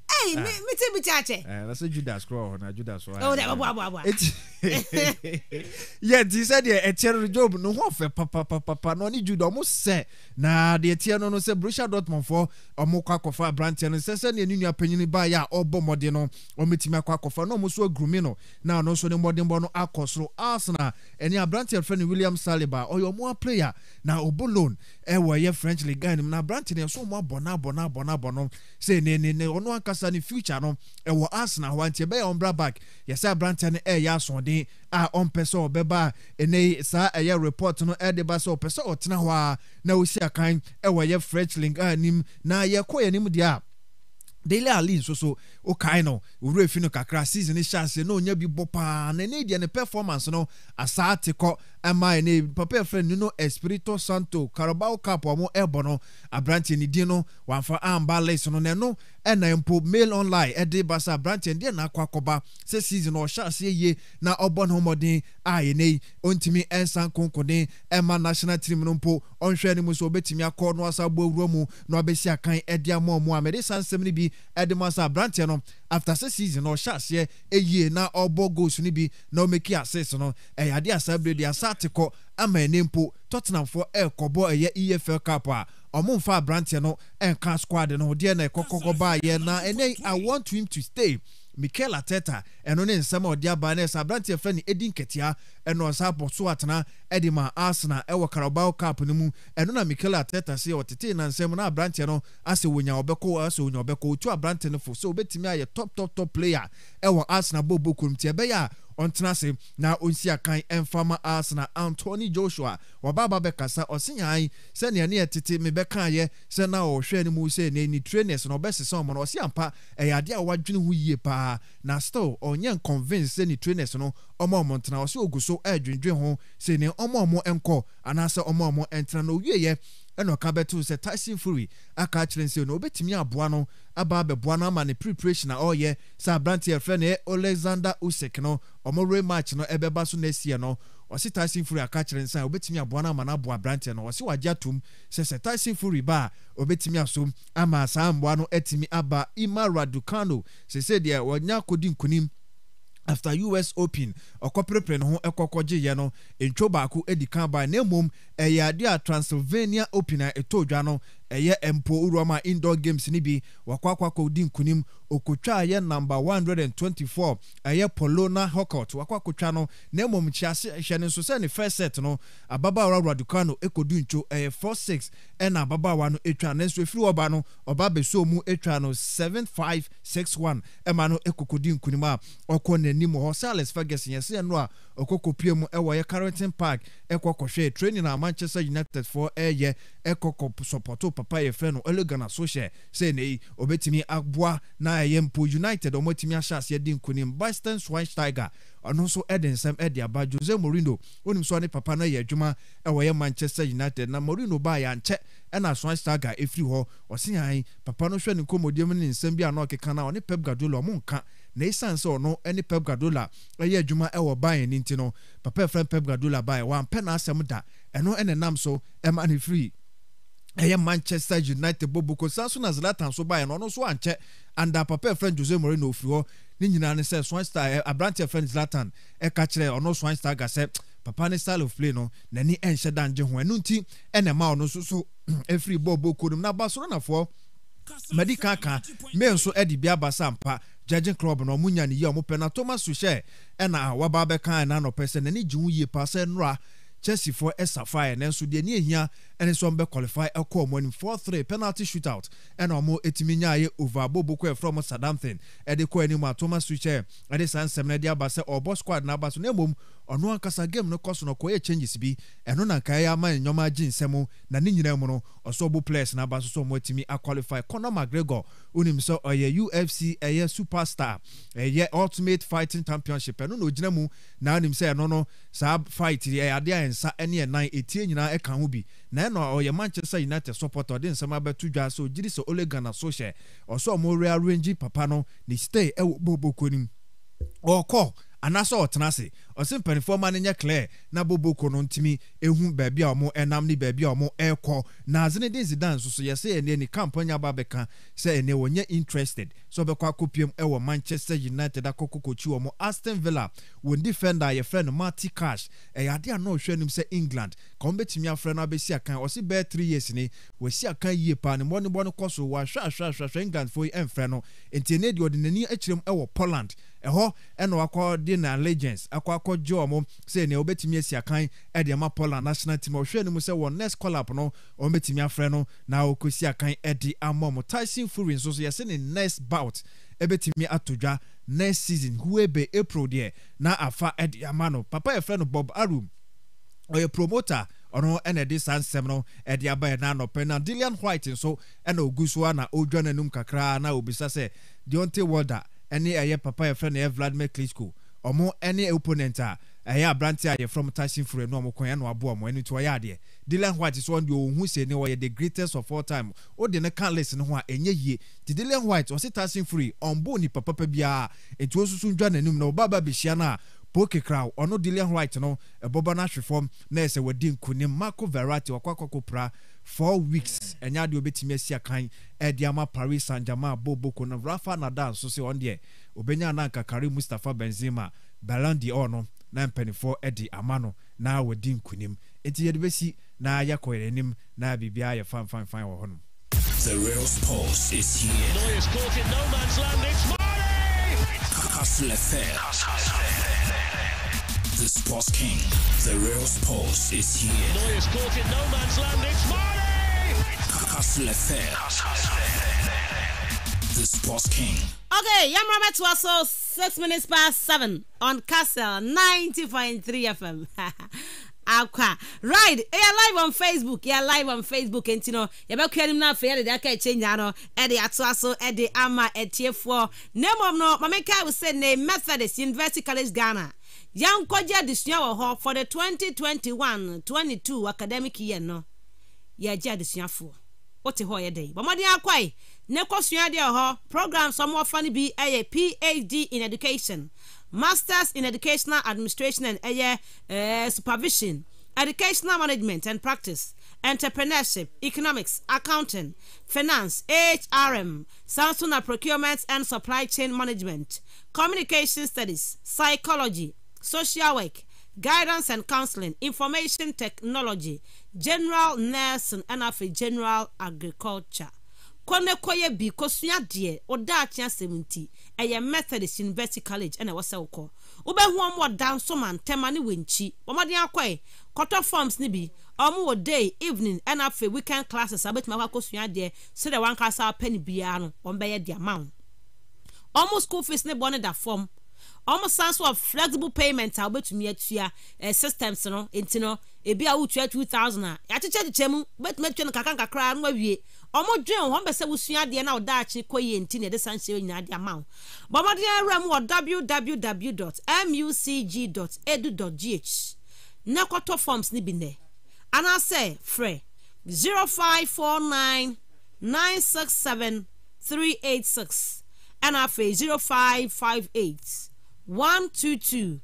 ɛyi mi mi ti bi ti a ɛɛ lase judas kura wɔ hɔ na judas wɔ. ɔwɔ dɛ bɔ bɔ bɔ. eti [LAUGHS] yɛ ti sɛ deɛ ɛtiɛ no job no ho fɛ papapapa na ɔne juda ɔmo sɛ na deɛ tiɛ no no sɛ borussia dortmund fɔ ɔmo kɔ akɔfa aberanteɛ no sɛ sɛdeɛ ne nua panyin ba yɛ a ɔbɔ mɔden no ɔmo etimi akɔ akɔfa na ɔmo so agurumi no na ɔno nso ne mɔden bɔ no akɔ soro arsenal ɛne aberanteɛ fɛ no william saliba ɔyɛ ɔmo a player na ɔbɔ loan ɛwɔ ɛyɛ french league guy no na aberanteɛ no yɛ so ɔmo abɔ n'abɔ n'abɔ n'abɔ no sɛ ne ne ne ɔno ankasa ansa ne future no ɛwɔ arsenal hɔ nti ɛbɛyɛ ɔmbra back yɛsɛ aberanteɛ no ɛyɛ asoɔden a ɔmpɛ sɛ ɔbɛba a ɛnɛ saa ɛyɛ report no ɛde ba sɛ ɔpɛ sɛ ɔtena hɔ a na ɔsi akan ɛwɔ ɛyɛ fresh link a anim na yɛkɔ yɛn anim deɛ a daily ali nso so okae no owurɛ fi no kakra season hyɛ ase na ɔnya bi bɔ paa na ɛne deɛ ne performance no asaa te kɔ ɛma yɛ ne papa yɛfrɛ no no espirito santo carabao cup wɔn ɛbɔ no aberanteɛ ne din no wɔamfa amba list no n'ano ɛna mpo mail online ɛde basa aberanteɛ deɛ n'akɔ akɔba sɛ season ɔhyɛ aseɛ yie na ɔbɔ ne ho mmɔden a yɛ ne ɔntumi ɛnsan konkoden ɛma national team no mpo ɔnhwɛ ne mu so obɛtumi akɔ no asa bɔ awura mu na ɔbɛsi akan ɛde ama ɔmo a mɛde saa nsɛm no bi ɛde mu asa aberanteɛ no after six season ɔhyɛ aseɛ ɛyie na ɔbɔ goals no bi na ɔmɛki assist no ɛyɛ ade asa bere deɛ asa ate kɔ Tottenham ɛne mpo tottenhamfoɔ ɛrekɔbɔ ɛyɛ efl cup a ah. ɔmo nfa aberanteɛ no ɛnka eh, squad no deɛ eh, na ɛkɔkɔkɔ e, baayɛ na ɛnɛ i want him to stay mikel ateta ɛno ne nsɛm a ɔde aba no sɛ aberanteɛ frɛ no ɛdi nketea ɛna ɔsa abɔ so atena de ma arsenal ɛwɔ carabao cup no mu ɛno na mikel ateta sɛ ɔtetee nansɛm na aberanteɛ no asɛ wɔnya ɔbɛkɔ asɛ wɔnya ɔbɛkɔ ɔtu aberante no fo sɛ wɔbɛtumi ayɛ top top top player ɛwɔ arsenal bɔbɔ kurom nti ɛbɛyɛ a ɔntena ase na ɔnsi akan mfama arsenal anthony joshua wabaaba bɛkasa ɔsi nyan sɛnea ne yɛtete mebɛka yɛ sɛ na ɔhwɛ no mu sɛ ne ni trainers na ɔbɛsesa ɔmo no ɔsi ampa ɛyɛ adeɛ a wadwene ho yie paa na still ɔnyɛ nconvince sɛ ne trainers no ɔmo ɔmo ntena ɔsi ogu so ɛɛdwendwen ho sɛ ne ɔmo ɔmo nkɔ anaasɛ ɔmo ɔmo ntena na owie yɛ ɛna ɔka bɛto sɛ tyson fury aka akyerɛ nsɛm no obɛtumi aboa no aba abɛboa no ama ne preparation a ɔreyɛ sɛ aberante yɛfrɛ no alexander usyk no ɔmo rematch no ɛbɛba so next year no ɔsi tyson fury aka kyerɛ nsa a obetumi aboa no ama no aboa aberanteɛ no ɔsi wagye atom sɛ sɛ tyson fury ba a obetumi asom ama saa mboa no atumi aba imara dukano sɛ sɛ deɛ wɔnya akɔdi nkonim after us open ɔkɔperepere ne ho ɛkɔkɔgyeeɛ no ntwo baako edi kan baa na mmom ɛyɛ adeɛ a transylvania open a ɛtɔ dwa no ɛyɛ mpo wuroma indoor games ni bi wakɔ akɔ akɔ di nkunim okotwa yɛ namba one hundred and twenty four ɛyɛ polona hokot wakɔ akotwa no na mmom hyɛ hyɛ ne nso sɛ ne first set no ababaawa raduka no ekodu ncho ɛyɛ four six ɛna ababaawa no etwa ne nso efiri ɔba no ɔba abɛso mu etwa no seven five six one ɛma no ekoko di nkunim a ɔkɔ n'anim hɔ charles ferguson yɛsɛ yɛn no a ɔkɔ kopie mu ɛwɔ yɛ carrington park ɛkɔ kɔhwɛ training a manchester united foɔ ɛɛyɛ ɛkɔ kɔ sɔpɔto papa yɛ fɛ no elegana so hyɛ sɛ ne yi aboa na ɛyɛ mpo united ɔmɔtumi ahyɛ aseɛ di nkunim basten schweinsteiger ɔno nso ɛde nsɛm ɛde aba jose mourinho onim so ne papa no yɛ adwuma ɛwɔ yɛ manchester united na mourinho baa yɛankyɛ ɛna schweinsteiger ɛfiri hɔ ɔse han papa no hwɛ ne nkɔmmɔdiam ne nsɛm bi a na ɔkeka no ɔne pep gadola ɔmo nka na ɛsiane sɛ ɔno ne pep guardiola ɛyɛ adwuma ɛwɔ bayern no nti no papa ɛfrɛ pep guardiola bayern wampɛ n'asɛm da ɛno ɛna nam so ɛma ne firi ɛyɛ manchester united bobo ko san so na zlatan so baayɛ no ɔno nso ankyɛ anda papa efrɛ jose moreno ofiri hɔ ne nyinaa ne sɛ swanstar ɛ aberante efrɛ zlatan ɛka kyerɛ ɔno swanstar gasɛ papa ne style of play no n'ani ɛnhyɛ dangye ho ɛnu nti ɛna ma ɔno nso so efiri bɔɔl boko no mu na basoronafoɔ mmadi kankan mee nso ɛde bi aba sampa judging club na ɔmo nya ne yie ɔmo pɛ na thomas suhyɛ ɛna waba abɛka ɛna anɔpɛ sɛ n'ani gye ho yie pa sɛ nnora chelseafoɔ ɛsafaeɛ nanso deɛ ne ehia ɛne sɛ ɔmo bɛ qualify ɛkɔ ɔmo anim four three penalty shootout ɛna ɔmo etimi nyaayɛ over abobo kɔ from ɔmo sadanten ɛde kɔ anim a thomas tuchel ɛde saa nsɛm no ɛde aba sɛ ɔbɔ squad n'aba so na mmom ɔno ankasa game no kɔ so no kɔyɛ changes bi ɛno na nkaeɛ ama nneɛma agye nsɛm na ne nyinaa mu no ɔsɔ bu players na n'aba nso sɛ wɔatumi aqualify conor mcgregor wonim sɛ ɔyɛ ufc ɛyɛ superstar ɛyɛ ultimate fighting championship ɛno na ogyina mu na anim sɛ ɛno no saa fight ɛyɛ ade a nsa ne ɛnan ɛtie nyinaa ɛka ho bi na ɛna ɔyɛ manchester united supporter ɔde nsɛm abɛto dwa sɛ ogyiri sɛ olegana sohyɛ ɔsɛ ɔmo rearrange papa no ne stay ɛwɔ bɔbɔkɔ nim ɔkɔ anaasɛ ɔtena ase ɔsɛ mpanimfoɔ ma no clear na boboko no ntumi ehu baabi a wɔn ɛnam ne baabi a wɔn ɛrekɔ na azene de zidan nso so yɛsɛ yɛn ni kampanya aba abɛka sɛ ɛnɛ wɔnyɛ interested sɛ ɔbɛkɔ akɔpiem ɛwɔ manchester united akɔkɔkɔkyi wɔn aston villa wɔn defender a yɛfrɛ no marty cash ɛyɛ adeɛ a na ɔhwɛ sɛ england ka wɔn bɛtumi afrɛ no abɛsi akan ɔsi bɛɛ three years ni wɔsi akan yie paa ne mmɔnibɔ no kɔ so wɔahwɛ ahwɛ ahwɛ ahwɛ england foyi ɛmfrɛ no nti ɛnɛ deɛ ɔde n'ani akyerɛ mu ɛwɔ poland ɛhɔ na allegiance akɔ akɔgye wɔn sɛ nea wɔbɛtumi asi akan de ama poland national team ɔhwɛ no mu sɛ wɔn next call up no wɔn bɛtumi afrɛ no na wɔkɔsi akan de ama wɔn tyson fury nso so yɛsɛ ne next bout ɛbɛtumi ato dwa next season huwebe april deɛ na afa de ama no papa yɛfrɛ no bob arum ɔyɛ promoter ɔno ɛna ɛde saa nsɛm no ɛde aba yɛ n'anɔpɛ na dillian white nso ɛna ogu so na odwa n'anum kakra na obisa sɛ deontay wilder ɛne ɛyɛ papa yɛfrɛ no yɛ vladimir klitschko ɔmo ne opponent a ah, ɛyɛ eh, aberanteɛ a ah, yɛfrɛ m tashin fure no ɔmo kɔn ɛna waboa mo ɛno nti ɔyɛ adeɛ dylan white so ɔno deɛ ɔhu sɛ ɔyɛ the greatest of all time ɔde ne kan list no ho a ah, ɛnyɛ yie nti dylan white ɔse tashin fure ɔmbo nipa papa biara nti ɔsusu ndwa n'anim na ɔbaaba bɛhyia no a po kekra ɔno dylan white no ɛbɔba no fam na ɛsɛ wɔdi nkonim marco verati ɔkɔ akɔkɔ pra four weeks ɛnyɛ adeɛ ɔbɛtumi asi akan ɛde eh, ama paris saint germain boboko no rafa nadal nso sɛ ɔno deɛ obɛnya na nkakare mustapha benzema balandi ɔno na mpanimfoɔ de ama no na wɔdi nkonim nti yɛde bɛsi na yɛkɔ yɛn anim na biribiara yɛ fanfanfan wɔ hɔnom The real sports is here. Lawyers caught in no man's land. It's Marty! Hustle affair. The sports king. The real sports is here. Lawyers caught in no man's land. It's Marty! Hustle affair the Sports King. Okay, Yamramet was so six minutes past seven on Castle 90.3 FM. [LAUGHS] akwa right ɛyɛ live on facebook yɛ live on facebook nti no yɛbɛkua nim no afei yɛde de aka ɛkyɛ nyaa no ɛde atoa so ɛde ama atiefoɔ na mmom no mameka wo sɛ ne methodist university college ghana yɛnkɔgye adesua wɔ hɔ for the 2021 22 academic year no yɛagye adesuafoɔ wote hɔ yɛ dɛn bɔmmɔden akɔe ne kɔsua deɛ hɔ programs a wɔfa no bi yɛ phd in education masters in educational administration and ɛyɛ eh, eh, supervision educational management and practice entrepreneurship economics accounting finance hrm samsona procurement and supply chain management communication studies psychology social work guidance and counseling information technology general Nelson, ɛna afei general agriculture kɔ ne bi kɔsua deɛ ɔda akye asɛm nti ɛyɛ methodist university college ɛna ɛwɔ sɛ wokɔ wobɛhu ɔmo ɔda nso ma ntɛma ne wɔnkyi wɔmɔden akɔe kɔtɔ forms ne bi ɔmo wɔ day evening ɛna afei weekend classes abɛtumi akɔ akɔsua deɛ sɛdeɛ wankasa apɛ ne biara no wɔn bɛyɛ deɛ ma wo ɔmo school fees ne bɔ ne da fam ɔmo san so wɔ flexible payment a wobɛtumi atua ɛ eh, systems no nti no ebi a wotua two thousand a yɛakyekyɛ kyekyɛ mu wobɛtumi atua no kakra no awie ɔmo dwen wɔn bɛsɛ wosua adeɛ na ɔda akyi kɔ yie nti na yɛde san hyɛ nyinaa de ama wo awura mu wɔ www.mucg.edu.gh na kɔtɔ forms ne bi nɛ anaasɛ frɛ zero five four nine one two two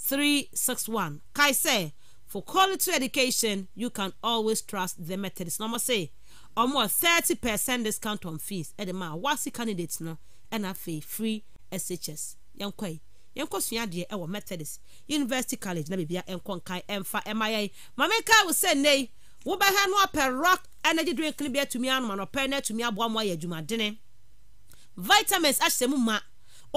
three six one kai say for quality education you can always trust the methodist na ɔmo sɛ ɔmo thirty percent discount on fees ɛde ma awasi candidate no NFA free shs yɛn kɔ yi yɛn kɔ sua adeɛ methodist university college na beebi a nkɔ nkan ɛnfa ɛma yɛn maame kaa wò sɛ nne wobɛhɛ no apɛ rock energy drink no bi atumi anoma na ɔpɛ no atumi aboa mo ayɛ adwumadene vitamins ahyɛ mu ma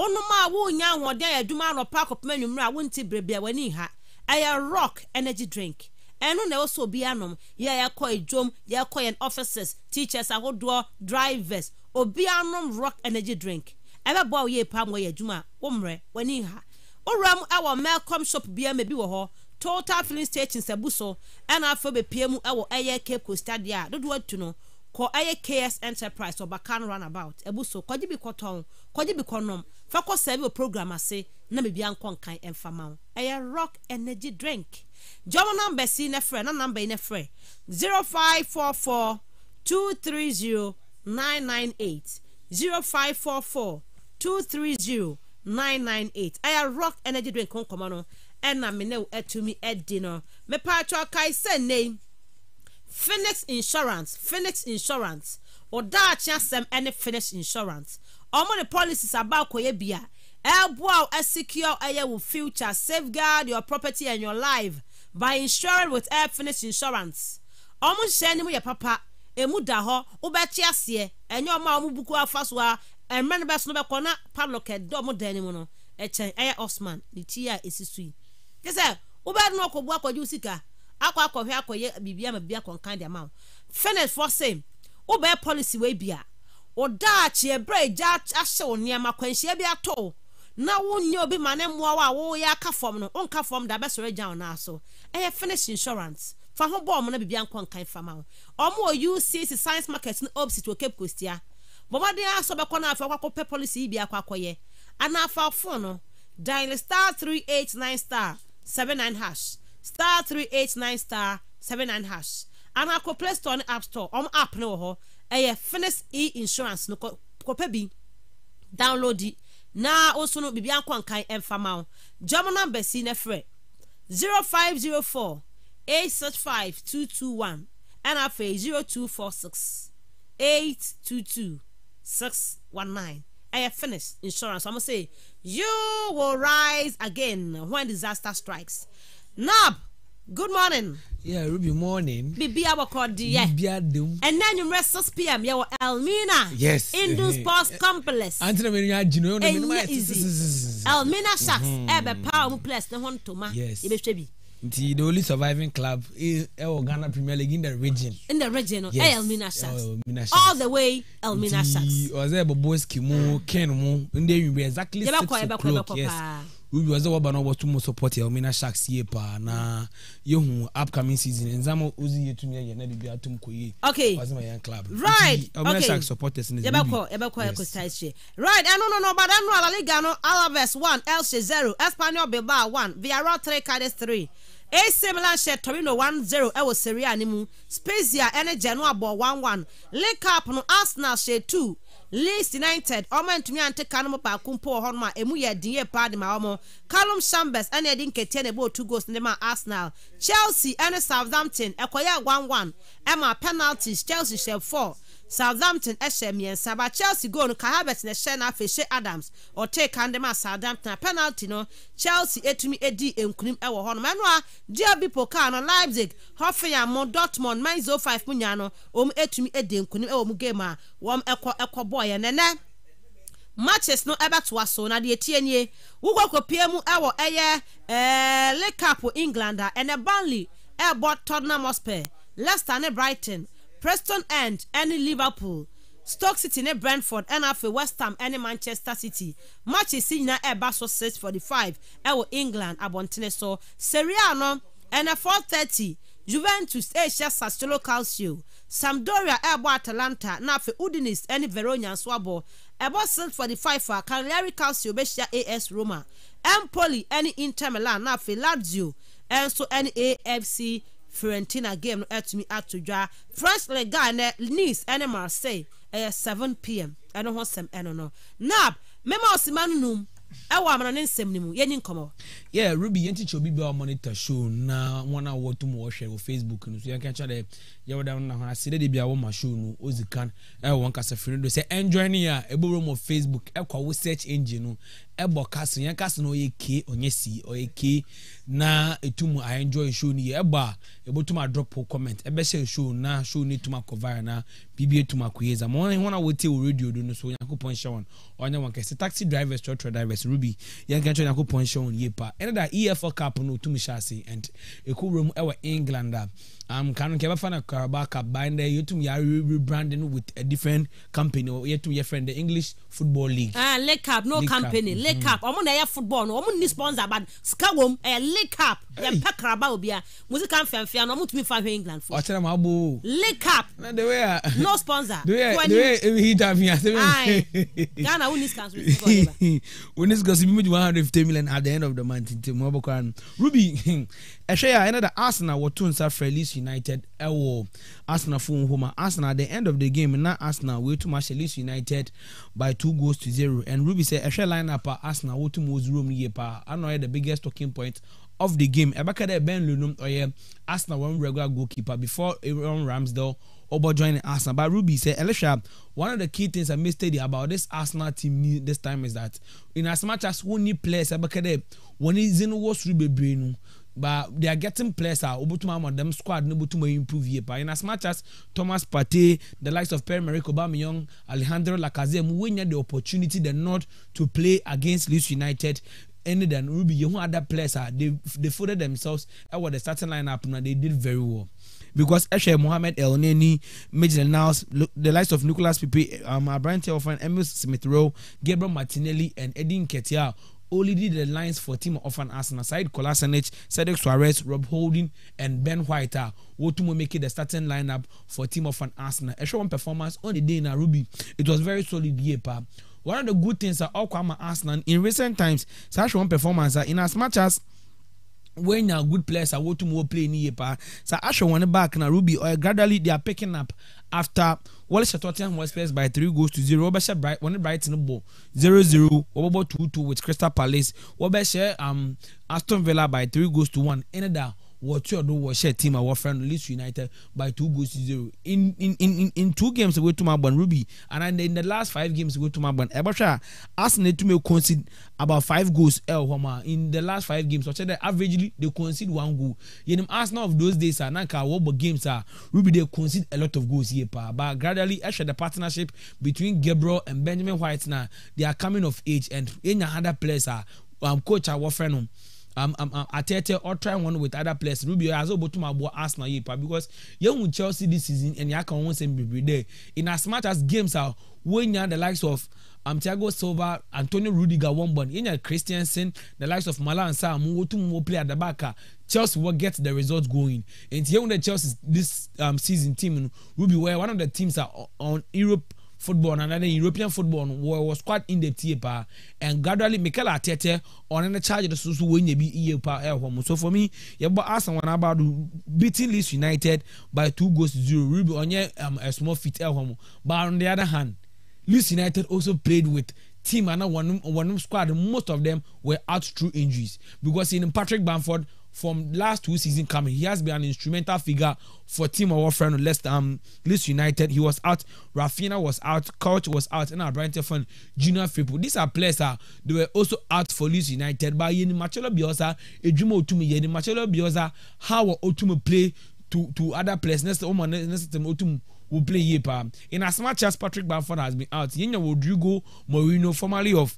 onum a wonya ahoɔden a yɛadwuma anɔpa akɔpem anwummerɛ a wonte berebi a w'ani ha ɛyɛ rock energy drink Enu na ɛwɔ sɛ obi anom yɛ yɛkɔ edwom yɛkɔ yɛn offices teachers ahodoɔ drivers obi anom rock energy drink ɛbɛboa woyɛ paa ma wɔyɛ adwuma a wommerɛ w'ani ha wowura mu ɛwɔ melcom shop bia ma bi wɔ total filling station sɛbu so ɛna afei bɛpie mu ɛwɔ ɛyɛ cape coast adeɛ a dodoɔ atu no kɔ ɛyɛ ks enterprise ɔbakan runabout ɛbu so kɔgye bi kɔtɔn kɔgye bi kɔnom fɛkɔ sɛbi o program ase na bibi ankɔ nkan ɛnfama o ɛyɛ rock energy drink jɔn namba si ne frɛ na namba yi ne frɛ zero five four four two three zero nine nine eight zero five four four two three zero nine nine eight ɛyɛ rock energy drink nkɔmɔ no ɛna mene ɛtumi ɛdi no mepatɔ kaisɛ nne yi phoenix insurance phoenix insurance ɔdaakye asɛm ne phoenix insurance wɔn de policies aba akɔyɛ bia ɛboa a secure ɛyɛ eh, wo future safeguard your property and your life by insuring with air phoenix insurance wɔn nhyɛn ni mu yɛ papa emu da hɔ wobɛkye aseɛ ɛnyɛ wɔn a wɔn buku afa so a mmerɛ no bɛso no bɛkɔ na padlock ɛdɔ wɔn dan no mu no ɛkyɛn ɛyɛ eh, osman ne ti a esi so yi kyesɛ wobɛyɛ no na ɔkɔ bu akɔgye wo sika. akɔ akɔhwɛ akɔyɛ biribi ama biribi akɔnkan ama wo fɛnɛfoɔ se wobɛyɛ policy wei bi a berɛ ahyɛ wo bi ato wo na ma ne mmoa wo a woyɛ aka fam no wonka fam da wo naa so ɛyɛ insurance fa ho bɔɔ mo na biribi ankɔ nkan fama wo ɔmo wɔ ucc science market no opposite wɔ cape costia bɔmmɔden asɔ no yi bi akɔ akɔyɛ star three eight nine star seven nine hash anaakɔ play store ne app store ɔmo app ne wɔ hɔ ɛyɛ finis e insurance no eh, kɔpɛ bi download yi na nso no biribi akɔ nkan ɛnfa ma wo german number si ne frɛ zero five zero four eight six five two two one ɛna afei zero two four six eight two two six one nine ɛyɛ eh, finis insurance ɔmo say you will rise again when disaster strikes. Nab, good morning. Yeah, Ruby morning. Bibi abokodi ye. Bibi adum. And then you rest 6 p.m. Yeah, Elmina. Yes. Indus eh, eh. Sports Complex. Antina menu agino yo no menu easy. Elmina Sharks mm-hmm. ebe eh, power mu place ne ho ntoma. Yes. Ebe hwe bi. the only surviving club is our oh, Ghana Premier in the region. In the region, yes. Elmina Sharks. Oh, All the way Elmina Sharks. Nti Ozebo Boski mu Ken rubi ɔsɛ wɔba no wɔbɔtom support a womena sharks yie paa na yɛhu upcoming season nsama ɔsi yɛtumi ayɛ na biribi atom kɔ yie club right okay sharks supporters ne yɛbɛkɔ yɛbɛkɔ ɛkɔsitaihyɛ right ɛno ah, no no ɔbada no alaliga ah, no alaves 1 elche 0 espanyol bilbao 1 villarreal 3 cadiz 3 AC Milan hyɛ Torino 1-0 ɛwɔ Serie A ne mu Spezia ɛne Genoa bɔ one one. Lake Cup no Arsenal hyɛ Two leeds united ɔmo ntumi ante kanom baako mpo wɔ hɔnom a emu yɛ den yie paa de ma ɔmo callum chambers ɛna ɛde nketeɛ na ɛbɔ otu goals ne ma arsenal chelsea ɛne southampton ɛkɔyɛ one one ɛma penalties chelsea hyɛ four southampton ɛhyɛ e mmiɛnsa ba chelsea goal no kahabert na ɛhyɛ n'afɛ hyɛ adams ɔtee kandem a southampton penalty no chelsea etumi edi nkunim ɛwɔ hɔ no mɛnua diabi pokal no leipzig hoffenheim dortmund man zero five mo nyaa no wɔn etumi edi nkunim ɛwɔ mo game a wɔn ɛkɔ ɛkɔ bɔɔl yɛ nɛnɛ matches no ɛbɛtoa so na deɛ tie nie wokɔkɔpie mu ɛwɔ ɛyɛ ɛɛ lake up england a eh, ɛnɛ burnley ɛɛbɔ tottenham hotspur leicester ne brighton preston end ɛne liverpool stoke city ne brentford ɛna afei west ham ɛne manchester city matches si nyinaa ɛreba so six forty five ɛwɔ england abɔntene so serie a no four thirty juventus ɛrehyɛ sassuolo calcio sampdoria ɛrebɔ atalanta na afei udinese ɛne verona nso abɔ ɛbɔ six forty five a cagliari calcio bɛhyia as roma empoli ɛne inter milan na afei lazio ɛnso ɛne afc Florentina game no ɛtumi ato dwa french league a ne nice ɛne marseille ɛyɛ seven pm ɛno ho sɛm ɛno no nab mɛma ɔsima no num ɛwɔ amana ne nsɛm no mu yɛni nkɔmmɔ yeah ruby yɛn tikyɛ obi bi monitor show na wɔn a wɔto mu wɔhwɛ wɔ facebook no so yɛn kan kyɛ dɛ yɛwɔ dɛm na ho ase dɛ de bi wɔma show no ozi kan ɛwɔ wɔn kasafiri no do sɛ enjoy ne a ɛbɛwura mu facebook ɛkɔ wo search engine no ɛbɔ kase yɛn kase no ɔyɛ ke ɔnyɛ si ɔyɛ ke na etum i enjoy show ni yɛ ɛbɔ a ebotum adrop comment ɛbɛhyɛ show na show ni tuma akɔ viral na biribi etum akɔ yie zam wɔn wɔn a wɔte wɔ radio do no so yanko pɔn hyɛ wɔn ɔnyɛ wɔn kɛse taxi drivers trɔtrɔ drivers ruby yɛn kɛntɛ yanko pɔn hyɛ wɔn yie pa ɛna da efl cap no otum hyɛ ase and ekowurom ɛwɔ england a um kanu kɛ bɛfa na karaba kaba ndɛ yɛtum yɛ rebranding with a different company yɛtum yɛ friend the english football league. ah uh, lake no lake company cap. lake cap ɔmo na football no ɔmo ni sponsor ba sika wɔm ɛyɛ lake cap yɛn pɛ karaba obia musika nfɛnfɛn no ɔmo tumi fa hwɛ england fo. ɔkyerɛ maa bo. lake cap no sponsor. de wey de wey ebi hit am yan ghana wo ni scans wey sika ɔyɛ ba. wo ni one hundred fifty million at the end of the month nti mo bɛ kora no ɛhwɛ yɛ a ɛna da arsenal wɔto nsa frɛ leeds united ɛwɔ arsenalfo nhoma arsenal at the end of the game na arsenal wɔtum ahyɛ leeds united by two goals to zero and ruby sɛ ɛhwɛ line up a arsenal wɔtum wɔ zero mu yie paa ana ɔyɛ the biggest talking point of the game ɛbɛka dɛ ben lonum ɔyɛ arsenal wɔn regular goalkeeper before aaron ramsdale over joining Arsenal. But Ruby said, Elisha, one of the key things I missed about this Arsenal team this time is that in as much as we need players, one is in what's Ruby Breno but they are getting players a wobɛtumi ama them squad no bɛtumi improve here. pa in as much as thomas Partey, the likes of pierre maric obameyong alejandro lacazette mu wonya the opportunity the not to play against leeds united any than ruby yehu other players ah they they folded themselves was the starting lineup and they did very well because ɛhwɛ mohammed elneny major niles the likes of nicholas pepe um, abrante ofan emil smith rowe gabriel martinelli and eddie nketiah leading the lines for team of an Arsenal. Said Kolasinac, Cedric Suarez, Rob Holding, and Ben White are make it the starting lineup for team of an Arsenal. A show strong performance on the day in Ruby. It was very solid year, pa. One of the good things that Okwama Arsenal in recent times, such one performance in as much as wenya good players a wotum wɔ play ni yie paa sa ahwɛ wɔn back na ruby uh, gradually they are picking up after wɔle hyɛ tottenham hotspurs by three goals to zero wɔbɛhyɛ bright wɔne brighton bɔ zero zero wɔbɛbɔ two two with crystal palace wɔbɛhyɛ um, aston villa by three goals to one ɛnna da wɔte ɔdo wɔhyɛ team a wɔfrɛ no leeds united by two goals to zero in in in in two games wetum abɔn ruby and in the, in the last five games wetum abɔn ɛbɛhwɛ a arsenal etum concede about five goals ɛwɔ hɔ ma in the last five games ɔkyɛ dɛ averagely they concede one goal yenim arsenal of those days a nanka wɔbɔ games a ruby dey concede a lot of goals yie paa but gradually ɛhwɛ the partnership between gabriel and benjamin white na they are coming of age and enya other players a um, coach a wɔfrɛ no um, um, um, Atete or try one with other players Rubio aso obotuma bo Arsenal yipa because yehu Chelsea this season and yaka won same bebree there in as much as games are when the likes of um, Thiago Silva, Antonio Rudiger, one bond. You Christiansen, the likes of Malan Sam, who two play at the back. Ah, Chelsea will get the results going. And here the Chelsea this um, season team will be where one of the teams are on Europe football no then european football no wɔwɔ squad in depth yie pa. and gradually mikel atete ɔne ne charge no so so wɔnya bi yie pa, ɛwɔ mu so for me yɛbɔ asan wɔn aba do beating leeds united by two goals to zero ruby ɔnyɛ um, a small fit, ɛwɔ mu but on the other hand leeds united also played with team ana wɔn wɔn squad most of them were out through injuries because in patrick bamford from last two seasons coming, he has been an instrumental figure for Team our friend Leicester um, Leeds United. He was out, Rafinha was out, Couch was out, and our Brighton fan Junior Fripo. These are players uh, they were also out for Leeds United. But Yeni Machelo Biosa, Ejumo Otumi, Yeni Machelo Biosa, how Otumi play to, to other players? Next time, next time Otumi will play Yepa. In as much as Patrick Bamford has been out, Yenya Rodrigo Moreno, formerly of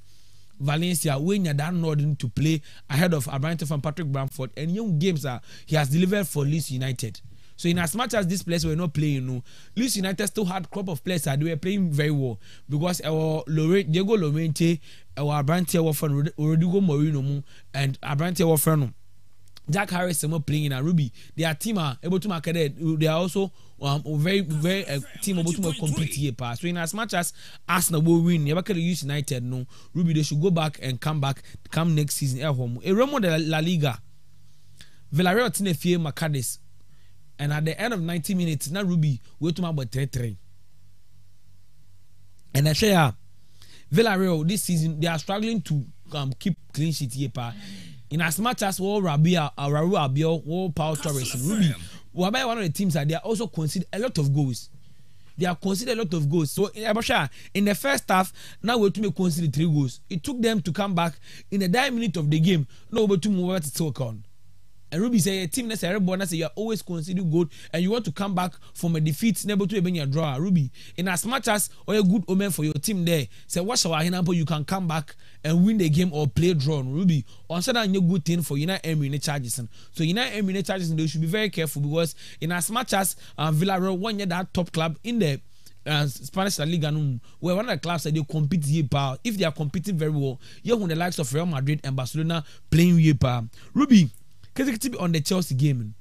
Valencia wey nya that nod to play ahead of Abrante van Patrick Bramford and young games uh, he has delivered for Leeds United. So in as much as these players were not playing, you know, Leeds United still had crop of players that they were playing very well because our Lore, Diego Lorente, our Abrante, our friend Rodrigo Moreno, and Abrante, our friend. Jack Harrison were playing in Ruby. Their team are able to market it. They are also um, very, very uh, team able to compete here. Pa. So, in as much as Arsenal will win, you can use United. No, Ruby, they should go back and come back, come next season. at home. A Remo de La Liga. Villarreal Tine Fie Macades. And at the end of 90 minutes, now Ruby, wait to about 3 3. And I say, share ah, Villarreal this season, they are struggling to um, keep clean sheet here. Pa in as much as wọ́n rabia araru uh, abio wọ́n power torres ruby wabaya one of the teams that they are also concede a lot of goals they are concede a lot of goals so in eh, abosha in the first half now we tumi concede three goals it took them to come back in the dying minute of the game no we tumi wọ́n ti still count. And Ruby say a team that's a born say you are always considered good and you want to come back from a defeat never to even your draw. Ruby, in as much as or a good omen for your team there, say watch our hinampo, you can come back and win the game or play draw. Ruby, on certain new good thing for United Emery in charges. So United Emery in charges, they should be very careful because in as much as uh, Villarreal one year that top club in the Uh, Spanish La Liga no where one of the clubs that they compete here power if they are competing very well you have the likes of Real Madrid and Barcelona playing here power Ruby Kesik tibi on the Chelsea game.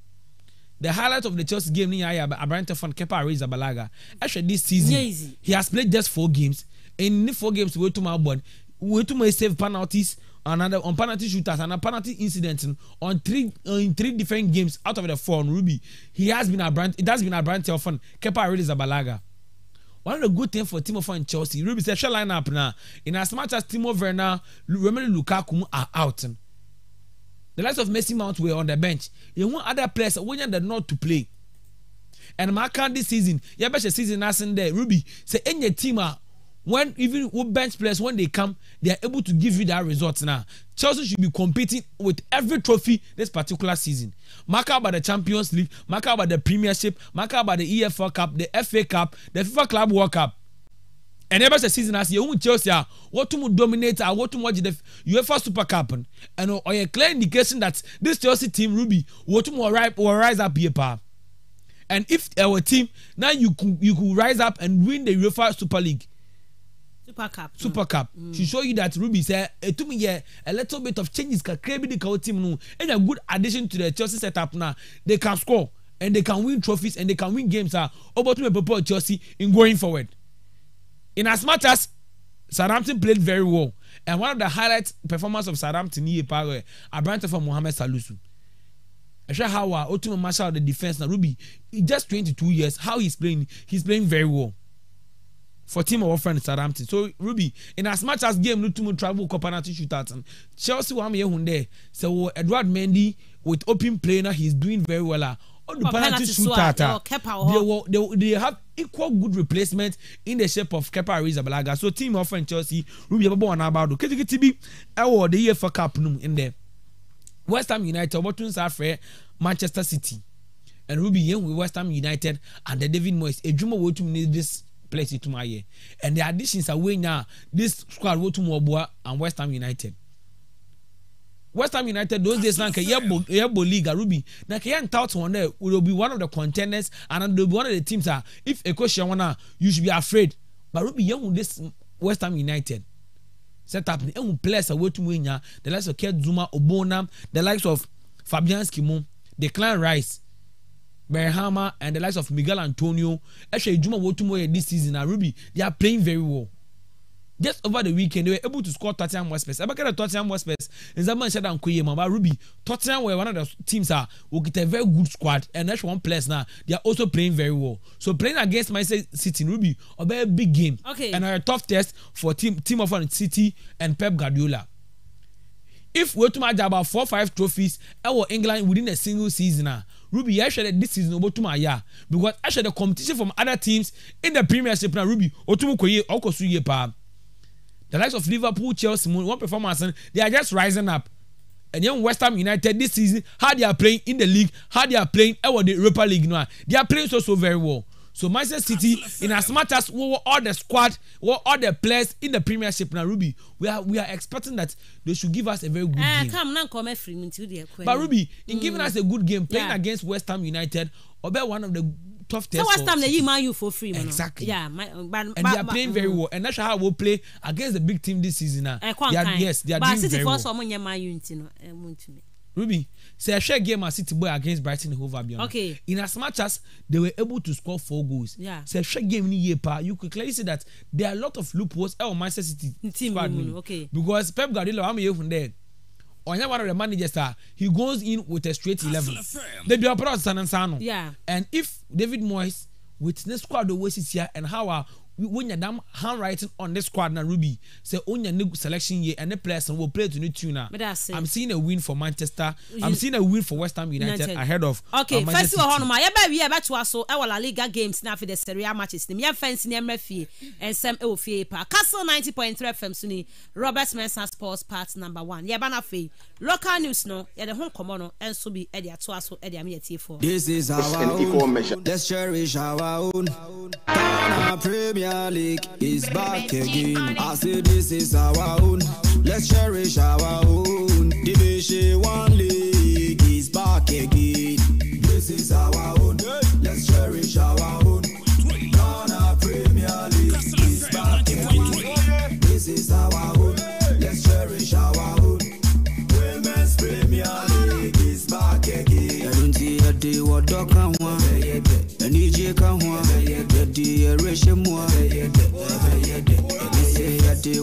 The highlight of the Chelsea game ni ayaba Abraham fan Kepa Arrizabalaga. Balaga. Actually this season Yeezy. he has played just four games. In the four games we to my board, we to my save penalties another on penalty shooters and a penalty incident on three on three different games out of the four on Ruby. He has been a brand it has been a brand fan Kepa balaga. One of the good things for Timo and Chelsea, Ruby special lineup now. In as much as Timo Werner, Romelu Lukaku are out. And the likes of Messi Mount were on the bench yɛn hu other players wɔnyɛ the not to play and maa this season yɛbɛhyɛ season asin there. ruby sɛ enya team a ah, when even who bench players when they come they are able to give you that result now chelsea should be competing with every trophy this particular season Mark maka by the champions league Mark maka by the premiership Mark maka by the efl cup the fa cup the fifa club world cup ɛnna ɛbɛhyɛ season ase yɛn hu chelsea a wɔtum dominate a wɔtum wɔgye the uefa super cup no ɛnna ɔyɛ clear indication that this chelsea team ruby wɔtum wɔ rise up yie paa and if our team now you could you could rise up and win the uefa super league super cup super cup mm. show you that ruby say etumi eh, yɛ a little bit of changes kakra bi de ka team no and a good addition to the chelsea setup na they can score and they can win trophies and they can win games ah obotume pepo chelsea in going forward in as much as Southampton played very well and one of the highlight performance of Southampton yie paa yɛ aberante for Mohammed I ɛhwɛ how uh, our ultimate master of the defense, now Ruby just 22 years how he's playing he's playing very well for team of our friend Southampton so Ruby in as much as game no too much travel kɔ shoot at no Chelsea wa ameyɛ hun dɛ So Edward Mendy with open play na he's doing very well uh, a ɔdu penalty shootout a uh, they wɔ they they have equal good replacement in the shape of Kepa Arrizabalaga so team of Chelsea Ruby ɛbɛbɔ and abado ketekete bi ɛwɔ ɔde yie fa cup no in the West Ham United ɔbɛto nsa afrɛ Manchester City and Ruby yɛn with West Ham United and the David Moyes A edwuma to need this place to my ayɛ and the additions are a now. this squad wɔtum wɔboa and West Ham United. West Ham United those days now yebo yebo league ah, ruby na ke yan tout one there will be one of the contenders and they will be one of the teams that ah, if a question one you should be afraid but ruby yehu this West Ham United set up ni ehun players are wetu mu nya the likes of Kurt Zuma Obona the likes of Fabianski the Clan Rice Berhama and the likes of Miguel Antonio ehwe edwuma wetu mu this season na ah, ruby they are playing very well just over the weekend they were able to score Tottenham Hotspurs abakada Tottenham Hotspurs nzama nhyɛda nko yie ma but ruby Tottenham were one of the teams ah a very good squad and that's one place now they are also playing very well so playing against Manchester City ruby a very big game okay. and a tough test for team team of One City and Pep Guardiola if wetum agya about four five trophies ɛwɔ England within a single season ah ruby yɛ ɛhwɛ dɛ this season obotum ayɛ because ɛhwɛ the competition from other teams in the Premier League, na ruby otum kɔ yie ɔkɔ so yie paa the likes of liverpool chelsea one performance they are just rising up and then west ham united this season how they are playing in the league how they are playing ɛwɔ eh, the europa league now they are playing so so very well so manchester city in as much as we were all the squad we were all the players in the premiership na ruby we are we are expecting that they should give us a very good uh, game come, but ruby in mm. giving us a good game playing yeah. against west ham united obe one of the tough test. So what's time they you man you for free? Exactly. Yeah, my, uh, but, and but, they are playing but, very mm. well. And that's how we we'll play against the big team this season. Uh, they are, kind. yes, they are doing very well. But City for some man you know, eh, Ruby, say I share game as City boy against Brighton Hove Albion. Okay. In as much as they were able to score four goals, yeah. Say share game ni ye pa. You could clearly see that there are a lot of loopholes. Oh, Manchester City team, squad, okay. Because Pep Guardiola, I'm here from there ɔnyɛ one of the managers a he goes in with a straight eleven dabi ɔpɛrɛ ɔsesan nsa ano and if david moyes with the squad owó here and how a uh, wonya dam handwriting on this squad na ruby sɛ onya ne selection yɛ ɛne players no wɔ play to ne tune na i'm seeing a win for manchester i'm seeing a win for west ham united, united. ahead of uh, okay uh, first wɔ hɔ nom a yɛbɛ wie yɛbɛtoa so ɛwɔ eh, la liga games na afei de seria matches nim yɛmfa nsi nneɛma fie nsɛm ɛwɔ fie pa castle ninety point three fm so ni robert Mensah sports part number one yɛba na afei local news no yɛde ho nkɔmɔ no nso bi ɛde atoa so ɛde ame yɛ fo. this is our own let's cherish our own. garlic is back again. I say this is our own. Let's cherish our own. The Vichy One League is back again. This is our own. Let's cherish our own. Ghana Premier League is back again. This is our own. Let's cherish our own. Women's Premier League is back again. I don't see a day what do dog can want. And EJ come want. di eré mu a yɛde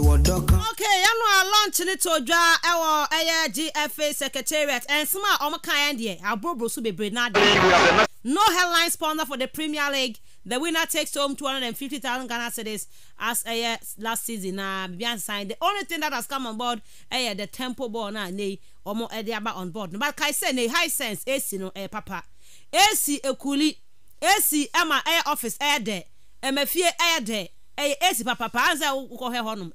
ok yanu a launch ni tojua ɛwɔ ɛyɛ gfa secretariat ɛnsɛm a wɔn kan yɛn deɛ aburoburo so bebree n'adeɛ. no headline sponsor for the premier league the winner takes home two hundred and fifty thousand ghana cedis as ɛyɛ last season na bibi an sign the only thing that has come on board ɛyɛ the tempo ball na ne wɔn ɛde aba on board but kaisɛ ne high sense esi no ɛyɛ papa esi ekuli. s ma ɛyɛ ofice yɛdɛ mafie yɛdɛ yɛ s pappa sɛi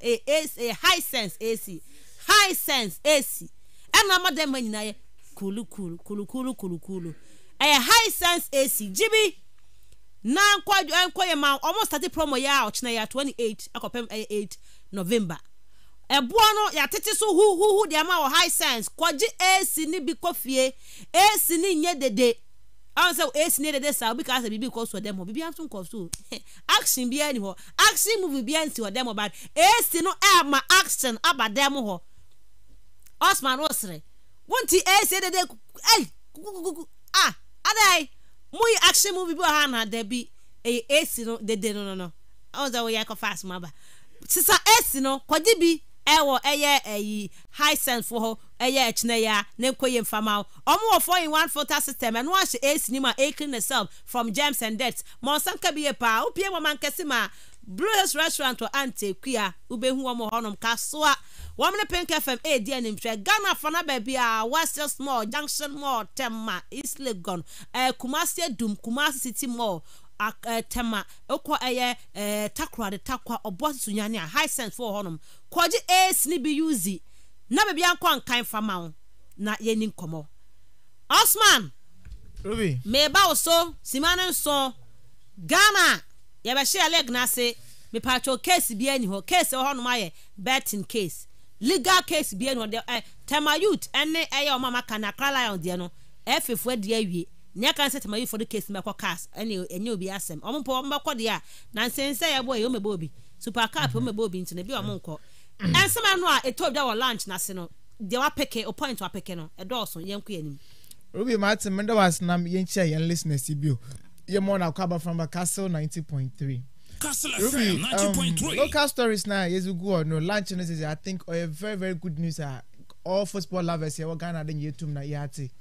i ss ɛnamadma yinay yɛ hi cnss gyibi naymɔmostaty prɔmɔyi ɔkyenayi 28 november boa no yɛtete so hhu deɛ ma wɔ hig snse kɔgye es ne bi kɔ fie si neyɛ dede ahun sɛ esi ne dede saa obi ka sɛ biribi kɔ so ɔdɛm hɔ biribi nso nkɔ so action bia ni hɔ action movie bia nsi ɔdɛm hɔ but esi eh, no ɛma eh, action aba ah, dɛm hɔ ɔsman ɔsere wonti esi eh, dede ɛy kukukuku a ah, adaɛ mu yi action movie bi wɔ ha na dabi ɛyɛ esi no dede no no no ahun sɛ wɔyɛ kɔ fast mu aba sisan esi no kɔgye ɛwɔ ɛyɛ ɛyi hisense fo hɔ ɛyɛ ɛkyinɛ ya ne nko yɛ nfama wɔn wɔ four in one filter system ɛno ahyɛ ac nim a ɛkiri ne self from germs and dirt mɔnsanka bi yɛ paa opie wɔn ankɛse ma blue hills restaurant wɔ ante kuya wobɛhu wɔn hɔnom kasoa wɔn ne pink fm ɛɛdi eh, anim hwɛ ghana fana baabi a westers mall junction mall tema east legon ɛɛ eh, kumasi edum kumasi city mall Eh, tema ɛkɔ ɛyɛ takorade takwa ɔbɔ sunyane a high sense fo hɔnom kɔgye eh, as ne bi use na bɛbi ankɔ nkan fama wo na ni nkɔmɔ. osman ruby Meeba wo so sima ne ghana yɛbɛhyɛ leg no ase mepatwo case bi ani hɔ case ɛwɔ hɔnom ayɛ betting case legal case bi ani hɔ ɛ tema youth ɛne ɛyɛ eh, ɔma maka na kra lion deɛ no ɛfefo adi awie nea kan sɛ tɛmɛ yi fɔ de case mɛkɔ cars ɛne ɛnyɛ obi asɛm ɔmo pɔ ɔmo bɛkɔ deɛ a nansɛnsɛ yɛ bɔ yɛ ɔmo bɛ obi super car pɛ ɔmo bɛ obi ntina ebi ɔmo mm. nkɔ ɛnsɛm ɛno a eto obi wɔ lunch n'ase no deɛ wapɛkɛ o point wapɛkɛ no ɛdɔɔso yɛn kɔ yɛn nim. ruby martin mende wa asenam yɛn kyɛ yɛn listeners bi o yɛ mɔ na akɔ abaframba castle ninety point three. ruby um, local stories na yezu gu ɔ no lunch no sisi i think ɔyɛ oh, very very good news a ah. all football lovers yɛ wɔ ghana de yɛ tum na yɛ ate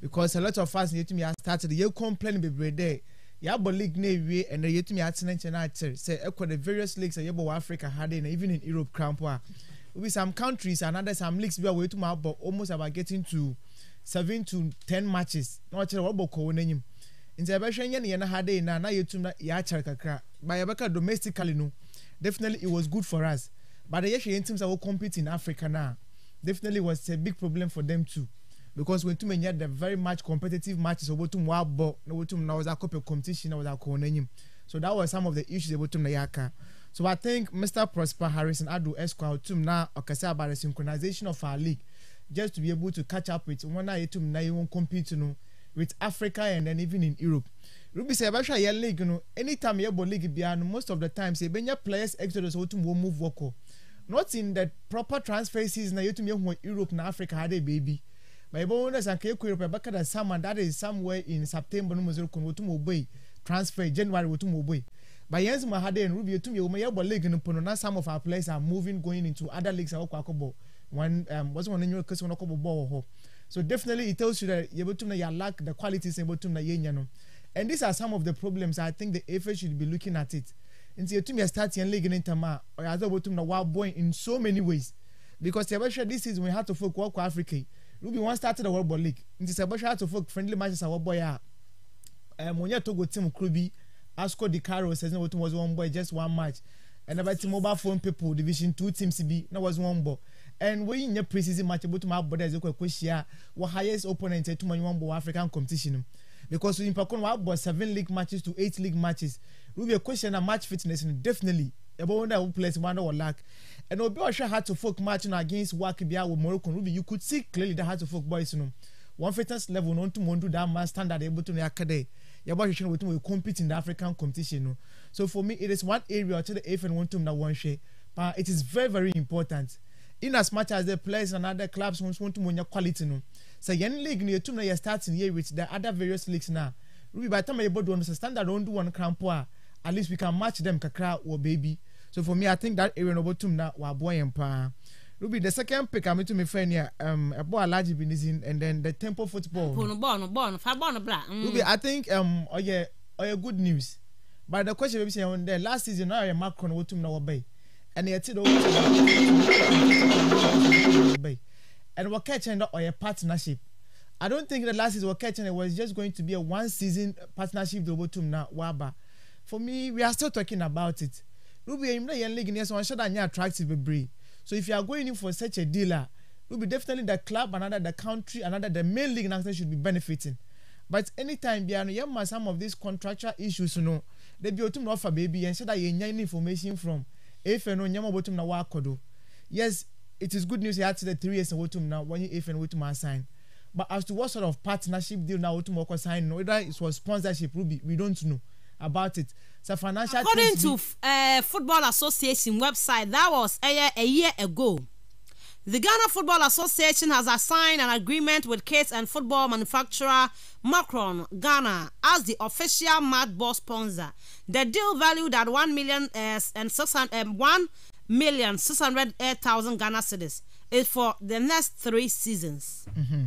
because a lot of us yɛtumi astarted yɛ complain bebree dɛ yɛabɔ league na ewie ɛnna yɛtumi atena nkyɛn akyere sɛ ɛkɔ the various leagues a yɛbɔ wɔ africa ha de na even in europe krampo a obi some countries and other some leagues bi a wɔyɛtumi abɔ almost about getting to seven to ten matches na ɔkyerɛ wɔbɔ kɔɔ n'anim nti yɛbɛhwɛ nyɛ ne yɛn ha de na na yɛtum na yɛakyere kakra ba yɛbɛka domestically no definitely it was good for us but yɛhwɛ yɛn teams a wɔ compete in africa na definitely was a big problem for them too because wɔn tum nyɛ the very much competitive matches wɔtum wabɔ na wɔtum na wɔdze akɔpɛ competition na wɔdze akɔ n'anim so that was some of the issues wɔtum na yɛaka so i think mr prosper harrison adu esquire wɔtum na ɔkɛse about the synchronization of our league just to be able to catch up with wɔn a yɛtum na yɛn compete no with africa and then even in europe ruby sɛ yɛbɛhwɛ yɛ league no anytime yɛbɔ league bia no most of the time sɛ yɛbɛnya players exodus wɔtum wɔn move wɔkɔ oh. not in the proper transfer season na yɛtum yɛ hɔn europe na africa ha de baabi ma yɛbɛhu na sanka ɛkɔ europe ɛbɛka da sama that is somewhere in september no mu zero kono wɔtum wɔbɔi transfer january wɔtum wɔbɔi but yɛn sima ha den rubi etum yɛ wɔn yɛbɔ league no pono na some of our players are moving going into other leagues a wɔkɔ akɔbɔ wɔn um, wɔsɛ wɔn enyim kɛse wɔn akɔbɔ bɔɔl wɔ hɔ so definitely it tells you that yɛbɛtum na yɛ lack the qualities yɛbɛtum na yɛnya no and these are some of the problems i think the fa should be looking at it nti etum yɛ start yɛn league ne ntam a ɔyɛ adze a wɔbɛtum na wɔabɔ in so many ways because yɛbɛhwɛ this season we had to focus on africa yi. Rubin wọ́n start the World Ball League nti sɛ bɔhwɛ atofo friendly matches a wɔbɔ yɛ a ɛm wɔnyɛ Togo team kuro bi Asco di Caro sɛ ɛsɛ wɔtum wɔdze wɔn just one match ɛna bɛ ti mobile phone people division two teams bi na wɔdze wɔn bɔ and wɔyi nyɛ pre-season match botum abɔ dɛ ɛdze kɔ ɛkɔ hyia wɔ highest opponent ɛtum wɔn bɔ wɔ African competition mu because nipa kɔn wabɔ seven league matches to eight league matches Ruby ɛkɔ hyia na match fitness no definitely ɛbɔ wɔn dɛ ɛwɔ players wɔn ano wɔ lack and obi ɔhwɛ had to folk match against wak bia wɔ morocco Ruby, you could see clearly that had to folk boys You know, one fitness level no ntum wɔn do that man standard able to no yɛ akadɛ yɛbɔ ahwehwɛ no wɔtum wɔyɛ compete in the african competition no so for me it is one area ɔkyɛ dɛ efe no wɔn tum na wɔn hwɛ but it is very very important in as much as the players and other clubs wɔn wɔn tum wɔn nyɛ quality no sɛ yɛn league no yɛtum na yɛ starting here with the other various leagues na Ruby, by the time yɛbɔ do wɔn no standard wɔn do one krampo poor. at least we can match them kakra wɔ baby. So for me, I think that Aaron Obotum na waboy empa. Ruby, the second pick I'm into my friend here, um, a boy large binizin, and then the tempo football. Born, born, born, born, black. Mm. Ruby, I think um, oh yeah, oh yeah, good news. But the question we say on there last season, now Macron Obotum na waboy, and he did Obotum and we're catching up or a partnership. I don't think the last season we're catching it was just going to be a one season partnership with Obotum now, Waba. For me, we are still talking about it. Ruby, enyim na yɛn league ni yɛ sɛ wɔn ahyɛ da nyɛ attractive bebree so if you are going in for such a deal ah rubi definitely the club another the country another the main league na should be benefiting but anytime bia no yɛn ma some of these contractual issues no debi otum na ɔfa beebi yɛn hyɛ da yɛn nya any information from efe no nyɛma obotum na wakɔ do yes it is good news yɛ ati the three years na wotum na wɔnye efe na wotum asign but as to what sort of partnership deal na wotum ɔkɔ sign no whether it was sponsorship Ruby, we don't know about it financial according to uh, football association website that was a year, a year ago the ghana football association has assigned an agreement with kids and football manufacturer macron ghana as the official mad ball sponsor the deal valued at 1 million uh, and 600 eh, 1 million ghana cedis is for the next three seasons mm -hmm.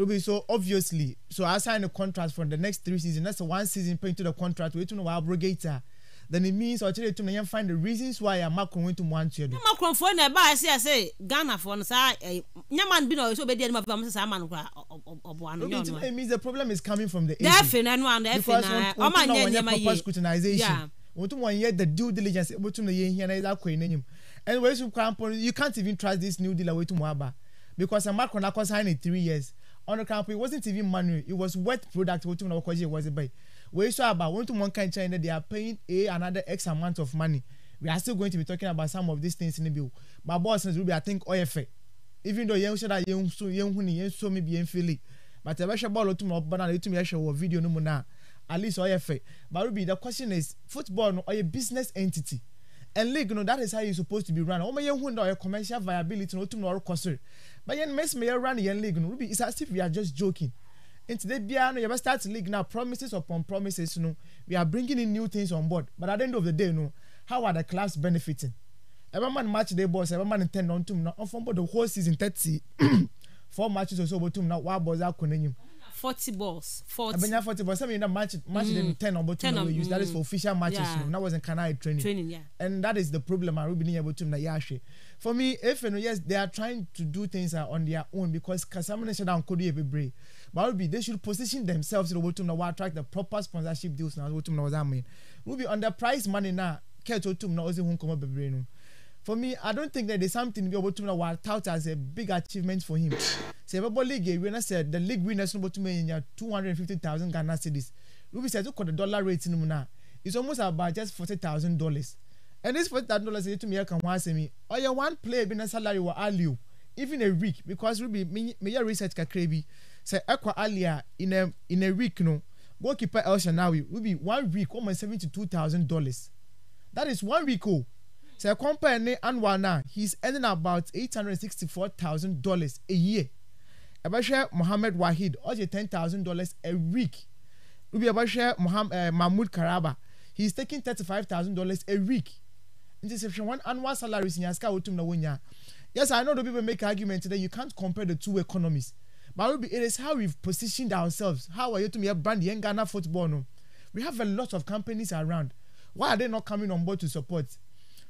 obi so obviously so i sign a contract for the next three seasons that's a one season pay to the contract wey tun na wa abrogate her then it means ọtí ètò na yẹn find the reasons why amakron wey tun mu antu ẹdun. ẹ̀ma kurọ̀fọ̀ ẹ̀ na ẹ̀ bá ẹ̀ sẹ́ ẹ̀ ghana fọ̀ ní sáà ẹ̀ nyama bi na ọ̀yọ́ sọ bẹ́ẹ̀ di ẹni ma fi ọmọ sẹ́sẹ́ ama nìkura ọ̀bọ̀ àná yọ̀ nù. it means the problem is coming from the issue. dẹ́ẹ̀fì náà ẹnu àná dẹ́ẹ̀fì náà ọmọ ànyẹ́ ẹ̀yẹ́mà yìí wọ́n tún wọ́n yẹ the due diligence wọ́n tún yẹ hiẹ́ náà ẹ̀dá kọ́ ẹ̀ n'enyim and wọ́n yẹ sùn kwan pọ̀ you can't even trust this new dealer wey tún mu aba because amakron akọ sign in three years ɔnokranpo it wasn't even manual it was wet product wotum na wɔkɔgye wɔdze bɛyi wei so about one to one ka nkyɛn they are paying a another x amount of money we are still going to be talking about some of these things in the bill. My boss says, rubi i think ɔyɛ fɛ even though yɛn hyɛ da yɛn so yɛn hu ni yɛn so mi bi yɛn fili but ɛbɛhwɛ bɔɔlu otum na ɔbɛn na otum yɛhwɛ wɔ video no mu na at least ɔyɛ fɛ but rubi the question is football no ɔyɛ business entity and league no that is how you suppose to be run ɔmɔ yɛn hu ni ɔyɛ commercial viability na otum na ɔrekɔ sori but yẹn messi mi yẹn run yẹn league no ruby it's as if we are just joking nti today, biara no yẹ bẹ start league now promises upon promises no we are bringing in new things on board but at the end of the day no how are the clubs benefiting ẹ bá match day boss. ẹ bá ma ten don tum na ọfọmbo the whole season thirty four [COUGHS] matches or so but tum na wàá boss ọ́ sá kọ́ Forty balls. 40. Abenya forty balls. I mean, that match, match mm. ten. 10 or 10 we use. That is for official matches. Yeah. No, that was in Canada training. Training, yeah. And that is the problem. I really able to that yashe. For me, if you yes, they are trying to do things uh, on their own because Kasamane shut down Kodu Ebebre. But Ruby, they should position themselves to the Wotum now attract the proper sponsorship deals now. Wotum now was that mean. Ruby, on the price money now, Keto Tum now is the Hunkomo Bebre for me i don't think that there's something wey obotum na were tout as a big achievement for him Say ɛbɛbɔ league ewie na sɛ the league winners no botum enya two hundred and fifty thousand ghana cedis rubi sɛ ɛtu kɔ the dollar rate no na it's almost about just forty thousand dollars and this forty thousand dollars yɛtum yɛ ka ho asɛm yi ɔyɛ one player bi na salary wɔ aliu even a week because rubi meyɛ research kakra bi sɛ ɛkɔ alia in a in a week no goalkeeper el shanawi rubi one week almost seventy two thousand dollars that is one week o. Oh sɛ compare ne annual na he is earning about eight hundred and sixty-four thousand dollars a year ɛbɛhwɛ mohammed wahid ɔgye ten thousand dollars a week ubi ɛbɛhwɛ mohammed eh, ɛɛ mahmood karaba he's taking thirty-five thousand dollars a week nti sɛ hwɛ wɔn annual salaries nya sika wotum na wonya yes i know the people make argument that you can't compare the two economies but it is how we've positioned ourselves how are you to me brand the Ghana football no we have a lot of companies around why are they not coming on board to support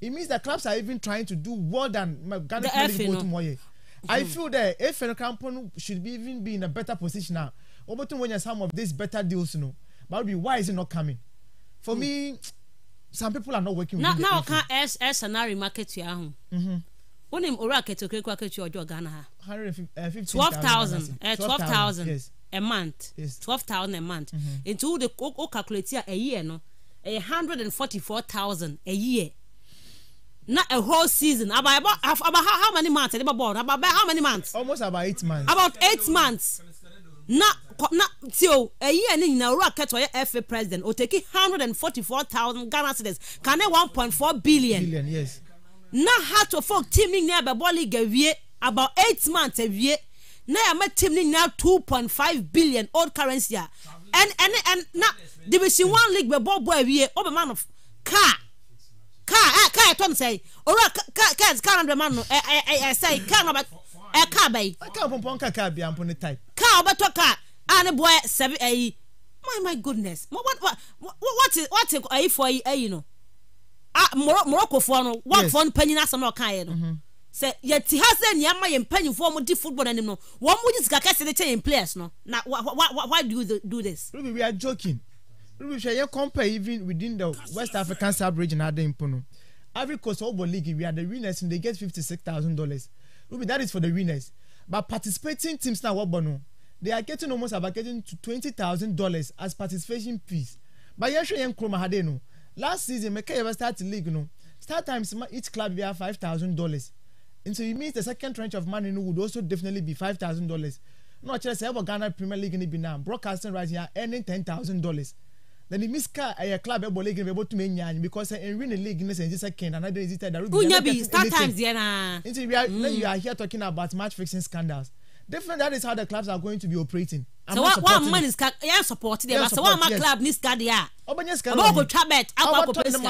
it means that clubs are even trying to do more than Ghana Premier League bó tún I mm. feel that efere kampon should be even be in a better position now Obotun bó some of these better deals you know but be why is it not coming for mm. me some people are not working with. na ọka s and anari market you ya ahụ. Mm-hmm. o ní orí akẹ́tì okere kó akẹ́tì ọjọ́ Ghana ha. Uh, eh, twelve thousand twelve thousand a month twelve thousand a month nti o de o calculate a year no a hundred and forty four thousand a year na a whole season about about, about how, how many months ɛde bɛ bɔ about, about how many months. almost about eight months. about eight months na na ti oh, o ɛyi yɛ ne nyinaa owurɔ akɛtɔ fa president oteki hundred and forty four thousand ghana cedis kane one point four billion. billion yes. na heart of folk team ne nyinaa bɛ league awie about eight months awie na yɛ mɛ team ne nyinaa two point five billion old currency a ɛn ɛn ɛn na division one league bɛ bɔ bɔ o ɔbɛ man of car kaa kaa ɛtɔm sɛɛ owura kaa kaa kaa nam dɛm ano ɛ ɛ ɛsɛɛ kaa nam ɛ kaa bɛyi. kaa pɔnpɔn kaa kaa bia mpɔn ne type. kaa ɔbɛtɔ kaa a ne bɔ sɛbi ɛyi my my goodness mo what what what what ɛyi fɔ ɛyi ɛyi no a mɔrɔ mɔrɔkofoɔ mm-hmm. no wɔkfoɔ no panyin asɛm na ɔkaa yɛ no sɛ yɛte ha sɛ nneɛma yɛn mpanyinfoɔ wɔn di football n'anim no wɔn mo di sika kɛse de kyɛ yɛn players no na why do you do this. we are joking rehwɛ yɛ compare even within the west african sub region adan mpo no ivory coast football league we are the winners and they get fifty six thousand dollars ruby that is for the winners but participating teams na wɔbɔ no they are getting almost about getting to twenty thousand dollars as participation fees but yɛn hwɛ yɛn nkuruma ha de no last season mekɛ yɛ start the league no start times each club bia five thousand dollars and so it means the second tranche of money no would also definitely be five thousand dollars na ɔkyerɛ sɛ ɛbɔ ghana premier league ni bi now broadcasting rights are earning ten thousand dollars na ne miss ɛyɛ eh, club ɛbɔ eh, eh, league no bɛbɔtumi anya anyi because ɛnwi ne league no sɛ nti second anadɛ nti third arubi unya bi start times yɛ naa nti we are mm. you are here talking about match fixing scandals definitely that is how the clubs are going to be operating. I'm so wa wa ma ni sika yɛn support de ba so wa ma club ni sika de a. ɔbɛnyɛ sika ɔbɛ ko twa akɔ akɔ pe sika ɔbɛ tɔn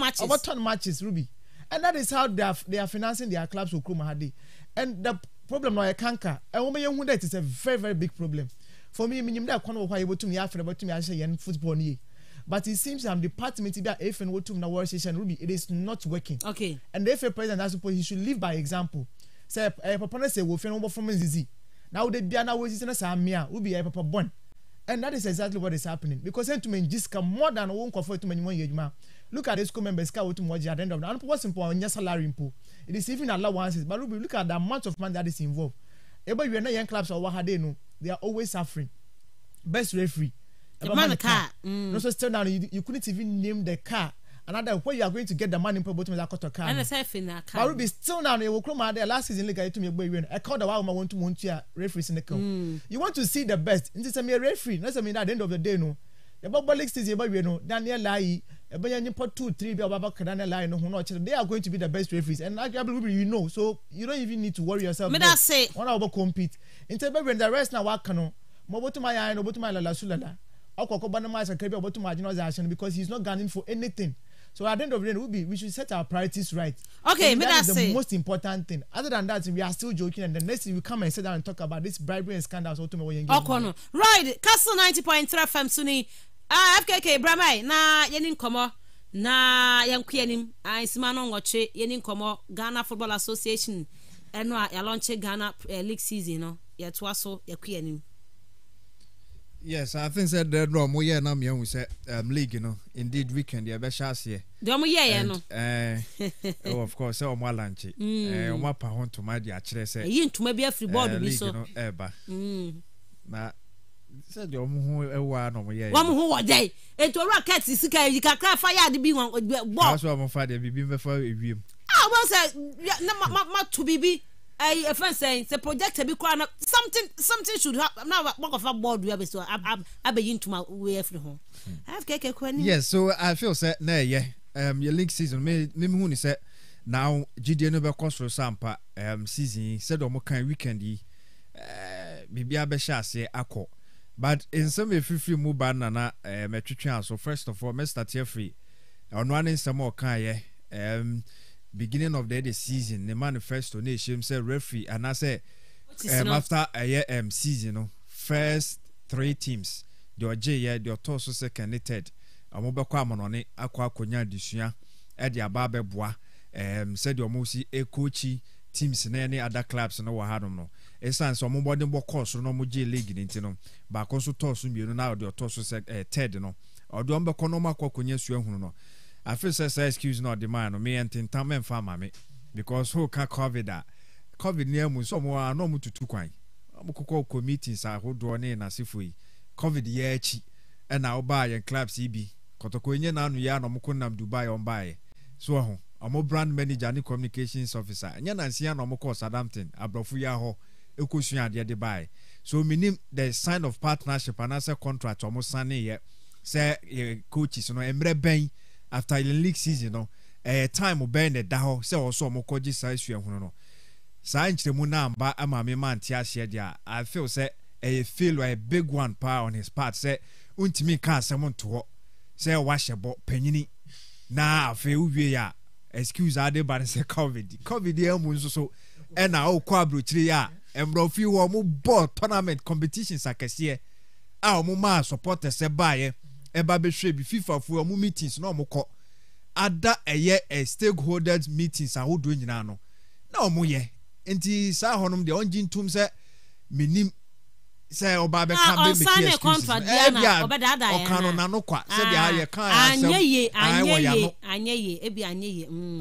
matches ɔbɛ tɔn matches ruby and that is how they are they are financing their clubs okurum ha and the problem na ɔyɛ kanka ɛwɔn bɛ yɛn hu that it is a very very big problem for me minim dɛ kwan wɔ hɔ a yɛbɛtum yɛ afɛnɛ bɛtum yɛ yɛn football no yie but it seems am the parliament bi a efin wotum na wɔrɔ session rubi it is not working. okay and the efe president na suppose he should live by example sɛ eh, ɛyɛ papa na sɛ wofin wɔn bɔ fɔm nzizi na wo de bia na wo sisi na saa mmea rubi ɛyɛ papa bɔn and that is exactly what is happening because ntoma nji sika more than owó nkɔfo ntoma nyimɔ yɛ adwuma look at the school members sika wotum wɔgye at the end of the day anopɔ simple ɔnyɛ salary mpo it is even allowances but rubi look at the amount of money that is involved ebe wiye na yɛn clubs ɔwɔ ha de no they are always suffering best referee the man the car mm. no so still now you, you couldn't even name the car another where you are going to get the money probably to make that car and the self in that car Ruby still now you will come out there last season league I to me boy win I called the one I want to want to referee in the car mm. you want to see the best this is a mere referee that's I mean at the end of the day no the Bobo League season boy you know Daniel Lai ɛbɛyɛ nipa two three bi a ɔbɛba kɛnɛ ne line ho na ɔkyerɛ they are going to be the best referees and actually people you know so you don't even need to worry yourself. mi da se wọn a wɔbɛ compete nti ɛbɛ wɛn the rest na waka no mo bɛ tuma yan no bɛ tuma lalasu lala ɔkɔ kɔba ne ma ayɛ bi a ɔbɛ tuma agyina ɔzɛ ahyɛn because he is not gunning for anything so at the end of the day we be we should set our priorities right. okay mi da se that is the most important thing other than that we are still joking and the next thing we come and sit down and talk about this bribery and scandals otumewɔ yɛn. ɔkɔ no right castle ninety point three fm suni ah fkk bramai na yɛne nkɔmmɔ na yɛnko yɛnim ansima ah, no nwɔtwe yɛne nkɔmmɔ ghana football association ɛno a yɛalɔnkye ghana eh, league season no yɛtoa so yɛko yɛnim yes i think sɛ dɛ no mo yɛ na miɛhu sɛ um, league no indeed weekend yɛbɛhyɛ aseɛ deɛ ɔmo yɛɛyɛ no uh, of course sɛ ɔmo alankye ɔmo apa ho ntoma de akyerɛ sɛ ɛyi ntoma bi afiri bɔɔdo bi so ɛba eh, mm. na sɛdeɛ ɔmo ho ɛwɔ a na ɔmo yɛ. wɔn ho wɔ dɛ etu owurɔ kɛt sika yi kakra fa yaade bi wɔn bɔ. kaso ɔmo fa deɛ bibi mbɛfa ewiem. a wɔn sɛ na ma ma ma tu bibi ɛyi efɛn sɛn sɛ projector bi kora na something something should ha na wakɔfa bɔɔdu abɛsi hɔ abɛyi ntoma wei afiri ho. ɛf kɛkɛ kura ni. yes so i feel sɛ na ɛyɛ um, yɛ link season mi mi hu ni sɛ now gidie no bɛkɔ soro sampa um, season yi sɛdeɛ ɔmo kan weekend yi uh, eh, biribi abɛhyɛ aseɛ akɔ but nsɛm efifiri mu ba nana ɛɛ eh, mɛtwitwi aso first of all mr tiafri ɔno ani nsɛm ɔkaayɛ ɛɛm um, beginning of the, the season ne manifesto ne ehyɛm sɛ referee anaasɛ ɛɛm um, after ɛyɛ uh, ɛɛm season no first three teams deɛ ɔgye yɛ deɛ ɔtɔɔ so second ne third ɔmo bɛkɔ amanɔne akɔ akɔnya adesua ɛde aba abɛboa ɛɛm um, sɛdeɛ ɔmo si ekokyi eh, teams ne ne other clubs no wɔ hanom no ɛsan sɛ ɔmo bɔden bɔ kɔɔ soro na ɔmo gye league ne ti no baako nso tɔɔ so mmienu na ɔde ɔtɔɔ so sɛ ɛɛ third no ɔde ɔmo bɛkɔ na ɔmo akɔ akɔnya sua hunu no afei sɛ sɛ excuse na ɔde maa no meyɛ ntentan mɛmfa ama me because ho ka covid a covid ne amu nso ɔmo ano ɔmo tutu kwan ɔmo kɔkɔ kɔ meetings ahodoɔ ne n'asefo yi covid yɛ akyi ɛna ɔbaa yɛn clubs yi bi kɔtɔkɔ enye n'ano yɛ na ɔmo nam dubai ɔmo baayɛ so ɔho ɔmo brand manager ne communications officer enye nansi yɛ na ɔmo kɔ southampton aborɔfo yɛ ahɔ ɛkɔsua adeɛ de baeɛ so menim the sign of partnership anaasɛ contract ɔmo saneyɛ sɛ yɛ coaches no mmerɛ bɛn after the league season no ɛyɛ eh, time bɛn na ɛda hɔ sɛ ɔsɔ ɔmo kɔgye saa suahunu no saa nkyerɛmu no amba ama me ma nte ahyɛ deɛ a i feel sɛ ɛyɛ fail a big one paa on his part sɛ wontumi ka asɛm nto hɔ sɛ wahyɛ bɔ panyini na afei wowie a excuse ade ba no sɛ covid covid ɛmu nso so ɛna e wokɔ aburokyire yi a mmorɔfi hɔ ɔmo bɔɔl tournament competitions akɛseɛ a ɔmo maa supporters ɛbaayɛ ɛba bɛhwɛ bi fifa fo ɔmo meetings na ɔmo kɔ ada ɛyɛ ɛ stakeholders meetings ahodoɔ nyinaa no na ɔmo yɛ nti saa hɔnom deɛ ɔngye ntum sɛ menim sɛ ɔbaa bɛ a ɔka no n'ano kwa ah. sɛbi a yɛ kan asɛm anyɛ yie anyɛ yie mm.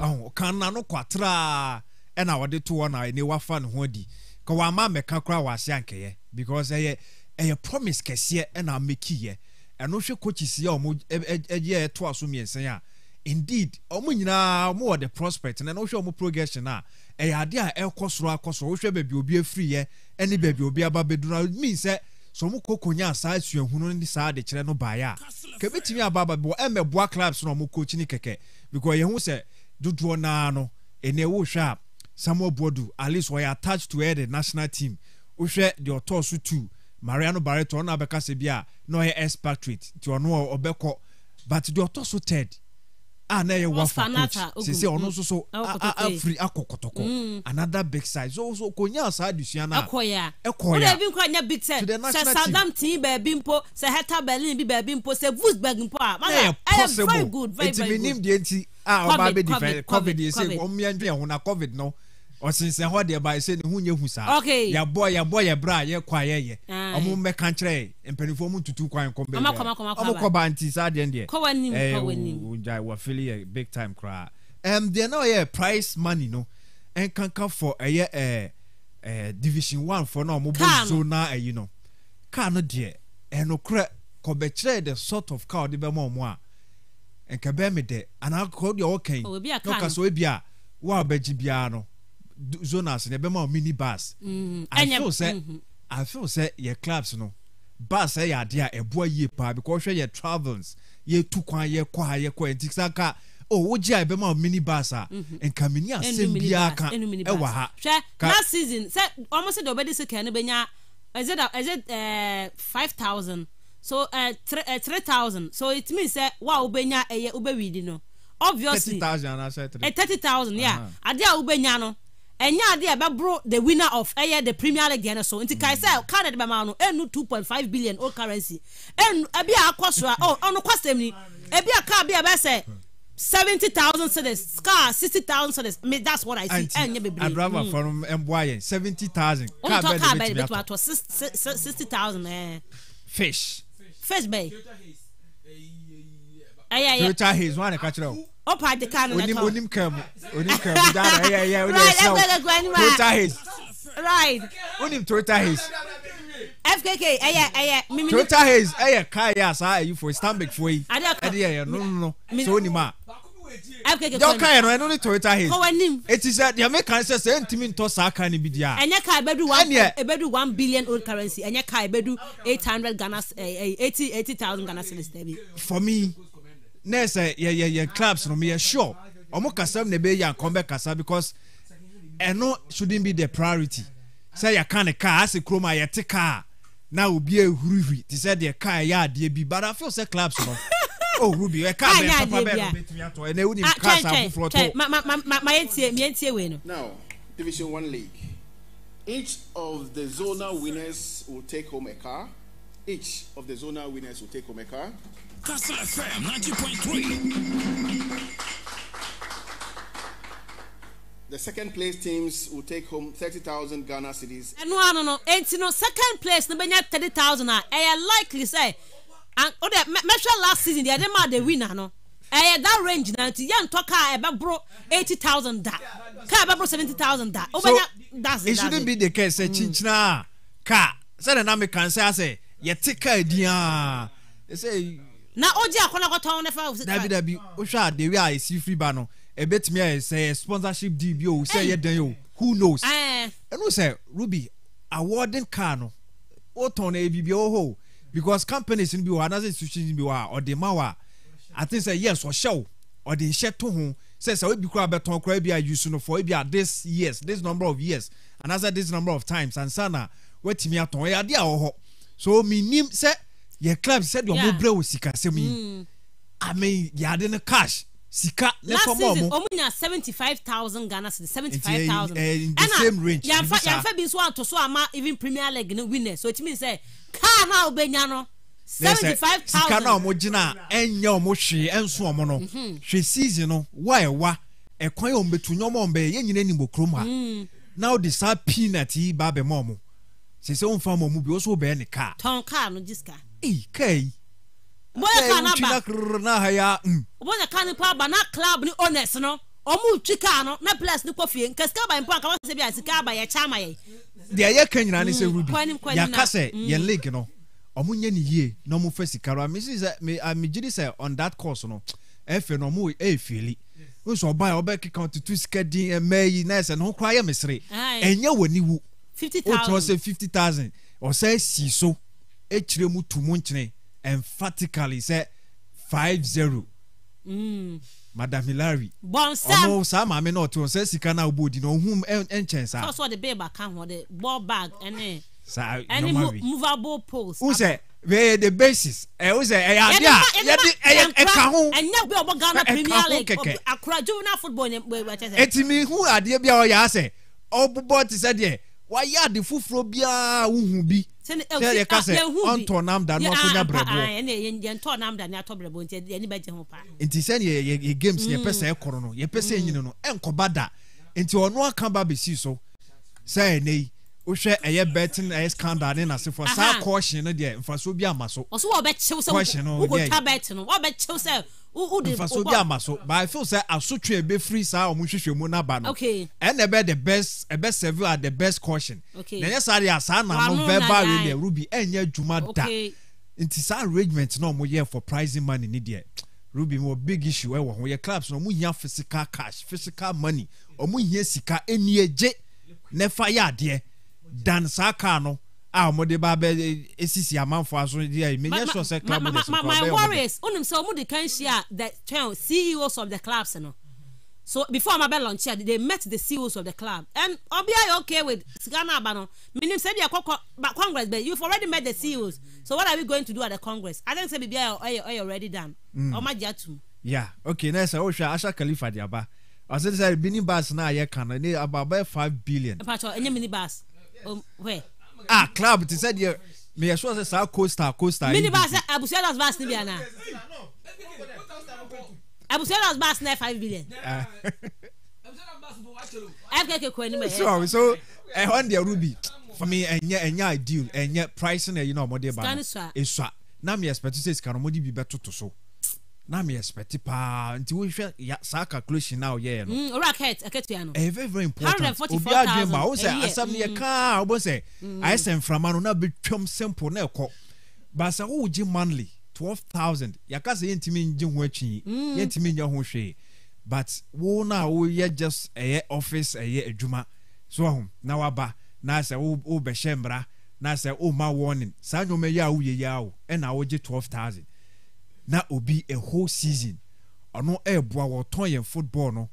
n'ano traa ɛna to na ɛni wafa ne ka wama mɛka koraa wɔase ankɛyɛ because ɛyɛ ɛyɛ promise kɛseɛ ɛna amɛkiyɛ ɛno hwɛ coaches yɛ ɔmo ɛyɛ e, e, e, ɛtoa so mmiɛnsa a indeed ɔmo nyinaa ɔmo wɔ the prospect na ɛno hwɛ ɔmo progression a ɛyɛ adeɛ a ɛkɔ soro akɔ soro wohwɛ baabi obi afiri yɛ ɛne baabi obi aba bɛduru mean sɛ sọ mu koko nya saa esuahunu ne saa adekyerɛ no baeɛ a kebetumi aba aba bɔ ɛmɛ boa clubs na ɔmo coach ne kɛkɛ because yɛn ho sɛ dodoɔ naa no ɛnna ɛwɔ hwɛ a samuel bodu at least wɔyɛ attached to the national team wohwɛ deɛ ɔtɔɔ two mariano barreto ɔno abɛka sɛ bi a ah, na ɔyɛ expatriate nti ɔno ɔbɛkɔ but deɛ ɔtɔ third a na ɛyɛ wafa coach sese ɔno nso so afiri akɔ kɔtɔkɔ another big side so so kò nyɛ saa adusua na ɛkɔya ɛkɔya ɔdɛ ebi nkɔ nyɛ big side sɛ southampton baabi mpo sɛ hertha berlin bi baabi mpo sɛ wolfsburg mpo a ah, ɛyɛ eh, eh, eh, possible ɛyɛ very good very very good eti ah, mi nim deɛ nti a covid yɛ sɛ ɔmo yɛn dun yɛn ho na covid no ɔsensɛn hɔ deɛ baayɛ sɛ ne ho nyɛ hu saa yɛbɔ yɛbɔ yɛ berɛ a yɛkɔ ɔmo mmɛka nkyerɛ mpanimfoɔ mu ntutu kwan nkɔ ɔmo kɔ ba nti saa deɛ deɛ wɔfili yɛ big time koraa um, deɛ na ɔyɛ price money no nkanka for ɛyɛ ɛɛ ɛɛ division one for na ɔmo bɔ zona ɛyi no kaa no deɛ ɛnokorɛ kɔbɛkyerɛ the sort of car ɔde bɛma ɔmo a nkɛbɛn mi dɛ anaa kɔ deɛ ɔwɔ kɛn zonas ne bɛma o mini bus. bars afew mm-hmm. mm-hmm. I feel say yɛ clubs no Bus yɛ adeɛ a ɛboa yie paa because ɔhwɛ yɛ travels yɛtu kwan yɛkɔ a yɛkɔ nti sa ka o wogye a ma o mini bars a mm-hmm. nka mini asɛm biara ka ɛwɔ ha. hwɛ last season sɛ ɔmo sɛ deɛ ɔbɛdi sika no bɛnya is it is it uh, five thousand so uh, three uh, three thousand so it means sɛ wa a wobɛnya ɛyɛ wobɛwidi no obviously thirty thousand anaa sɛ thirty thousand yeah uh-huh. adeɛ a wobɛnya no ɛnyɛ adeɛ ɛbɛboro the winner of ɛyɛ the premier league yɛn so nti kae sɛ kaa de bɛma no two point five billion old currency ɛnu ebi a akɔ so oh, a ɔ ɔno kɔsɛm ni ebi a kaa bi a bɛsɛ seventy thousand cedis car sixty thousand cedis me that's what i see ɛnyɛ bebree adraba fɔlɔ ɛnboa yɛ seventy thousand kaa bɛɛ de bɛ tɛmɛ atɔ sixty thousand ɛɛ fish fish bɛɛ ɛyɛ ɛyɛ future haze wọn a de ka o ọpa adi kan na tọ onim kan mu onim kan mu dara ẹyẹ ẹyẹ o de ẹsẹ o toyota haze right onim toyota haze fkk ẹyẹ eh, ẹyẹ eh, mimini toyota haze ẹyẹ kaa yẹ asa ẹyi fo stanbic fo yi ẹdi yẹ yẹ nonono so onim a fkk kọ yọ kaa yẹ no ẹnu ni toyota haze kọ wọ nim eti sẹ diẹ mi kan sẹ sẹ ntumi ntọ saa kan ni bi di a ah. ẹnyẹ eh, kaa ebedu one ebedu e one billion old currency ẹnyẹ kaa ebedu eight hundred ghana eighty eighty thousand ghana cedis dẹbi. for me na sɛ yɛyɛyɛ clubs no meyɛ sure ɔmo kasa na ɛbɛyɛ ankɔn bɛkasa because ɛno shouldn't be the priority sɛ yɛka ne kaa ase kurom a yɛte kaa na obi ehurihuri te sɛ deɛ kaa yɛ adeɛ bi but I feel sɛ clubs no [LAUGHS] ohuru ah, bi ɛka bɛn papa bɛn bɛtumi atɔ ɛnna ewu ni ah, kaa sa foforɔ tɔ. ma ma ma ma ma yɛn tie yɛn tie wei no. now division one league each of the zonal winners will take home a car each of the zonal winners will take home a car. Castle FM 90.3. The second place teams will take home 30,000 Ghana cities. And no, no, no. And you know, second place, no, 30,000. I likely say, and oh, that measure last season, they are the winner, no. ɛyɛ that range Now, nti yɛn ntɔ kaa ɛbɛboro eighty thousand da about ɛbɛboro seventy thousand da o it shouldn't be the case sɛ kyikyina kaa sɛ nana mi kan sɛ asɛ yɛ ti kaa They say na o jẹ akɔnɔkɔtɔn ne fa. dabi dabi o ṣe adewi a esi firi ba no ebetumi ayɛ sɛ sponsorship deal bi o sɛ yɛ dan o who knows ɛnu eh. sɛ ruby awarding car no o tɔn na ebi bi o ho because companies bi wɔ anase institutions bi wɔ a ɔde ma wa ati sɛ yes ɔhyɛ o ɔde nhyɛ to ho sɛ sɛ obi kura abɛtɔn kura ebi a so no for ebi a this years this number of years anase this number of times ansana wetumi atɔn ɛyɛ ade a wɔ hɔ so mi nim sɛ yɛ club sɛdeɛ ɔmo brɛ wɔ sika sɛm yi mm. i mean cash sika ne fɔmɔ ɔmo. last season ɔmo nya seventy five thousand ghana seventy five thousand ɛna yanfa yanfa bi nso ato so ama even premier league no winner so it means sɛ eh, car na ɔbɛnya no seventy eh, five thousand sika na ɔmo gyina ɛnyɛ ɔmo hwee ɛnso ɔmo no hwee mm-hmm. season no wa ɛwa ɛkwan yɛ ɔmo betu nyɔmɔ ɔmo bɛyɛ yɛn nyina nim okurom ha mm. na ɔde saa peanut yi ba abɛma ɔmo sɛ sɛ ɔmo fa ɔmo bi ɔso ɔbɛyɛ ne car. tɔn car no gyi kai wotwina krr na ha ya wobɛnya ba nipa aba na club ni owners no ɔmo twi kaa no na place ni kɔ fie nka sika aba mpo anka wasɛ bi a sika aba yɛkyɛ ama yɛ deɛ ɛyɛ ka nyinaa ne sɛ wudi yɛaka yɛn link no ɔmo nyɛ ne yie na ɔmo fɛ sika no amesi sɛ megye di sɛ on that course no ɛfɛ e no ɔmo ɛɛfieli e nso ɔbaa ɔbɛ keka ɔtutu sika di ɛmɛ e yi na ɛsɛ ne ho koraa yɛ mesere ɛnyɛ wɔ ni wu wotɔ sɛ fifty thousand ɔsɛ si so ekyire mu tu mu nkyene emphatically sɛ five zero. Mm. madam hilary ɔno saa maame na ɔte ɔsɛ sika no a wobɔ di na ɔhu nkyɛn saa sɛ ɔde bɛba ka ho de ball bag ɛne saa ɛne movable poles wo sɛ ɛyɛ the basis ɛwo sɛ ɛyɛ ade a yɛde ɛyɛ eh, ɛka ho ɛnyɛ bi ɔbɔ ghana premier league akora juvenile football nyɛ ɛkyɛ sɛ ɛtumi hu adeɛ bi a ɔyɛ asɛ ɔbobɔ te sɛ deɛ wayɛ ade foforɔ biara wohu bi Eh, ah, ɔntɔ nam da no ɔso nya ah, ah, brɛboɔ nti sɛne yɛ games yɛpɛ sɛ mm. ɛkɔro no yɛpɛ sɛ ɛnyini mm. no ɛnkɔba da nti ɔno aka ba bɛsi so sɛ ɛnɛ yi wohwɛ ɛyɛ betting ɛyɛ scandal ne nasefoɔ saa kɔɔhyen no deɛ mfasoɔ bi ama so kɔɔhyen no deɛ nfaso bi ama so but i feel say asotwe ebe firi saa ọmụ nhwehwẹ mu n'aba no ɛna ɛbɛ the best ɛbɛ serve at the best caution Okay. na ɛnyɛ saa de a saa na ano verbal really ɛru bi ɛnyɛ adwuma da nti saa arrangement na ɔmụ yɛ for pricing money ni deɛ ruby wɔ big issue ɛwɔ ho yɛ clubs na ɔmụ hia physical cash physical money ɔmụ hia sika ɛni egye n'ɛfa yɛ adeɛ dan saa kaa no. Ah, eh, a wɔn de ba bɛ esisi amanfo aso di a mɛ n yɛ sɔ sɛ club de sɛ kɔ bɛyɛ wɔn my my worries onim sɛ wɔn de kan hyia ah, the twɛn ceos of the clubs no so before ɔmo abɛ launch they met the ceos of the club and obi ayɛ okay with sika na aba no minim sɛ deɛ kɔkɔ ba congress but you've already met the ceos so what are we going to do at the congress i think sɛ bibi ayɛ ɔyɛ ɔyɛ already done ɔmo agye atum. ya okay na ɛsɛ o hwɛ asha Khalifa de aba ɔsɛ sɛ mini bus na ayɛ kan ne aba bɛ five billion. mpatsɔ enye mini bus um, where. Ah, club ti sɛ deɛ meyɛ sure sɛ saa coaster coaster yi. mini baasi abusua lɔs baasi bi ana abusua lɔs baasi na five billion. fkk kɔ anim ɛyɛ. so so ɛhɔn deɛ ruby for me ɛnyɛ ɛnyɛ ideal ɛnyɛ pricing ɛyi na ɔmo de ba no esua na mi expect sɛ sika na ɔmo de bi bɛ toto so na mi expect paa nti ya saa calculation na ɔyɛ yɛ no. Mm, owurɔ akɛt akɛtua no. ɛyɛ eh, very very important obi adwene ma o sɛ eh, asam yɛ mm. kaa o bɔ sɛ mm. ayɛ sɛ nframa no na bi twɛm simple na ɛkɔ baasa o gye manly twelve thousand yaka sɛ yɛntumi ngye ho akyi yɛntumi nyɛ ho hwee but wo na o woyɛ just ɛyɛ office ɛyɛ adwuma so ɔho na waba na sɛ wobɛhyɛ mmara na sɛ ma warning saa nneɛma yi a woyɛ yi awo ɛna wogye twelve thousand na obi a whole season ɔno ɛɛboa wɔtɔn yɛn football no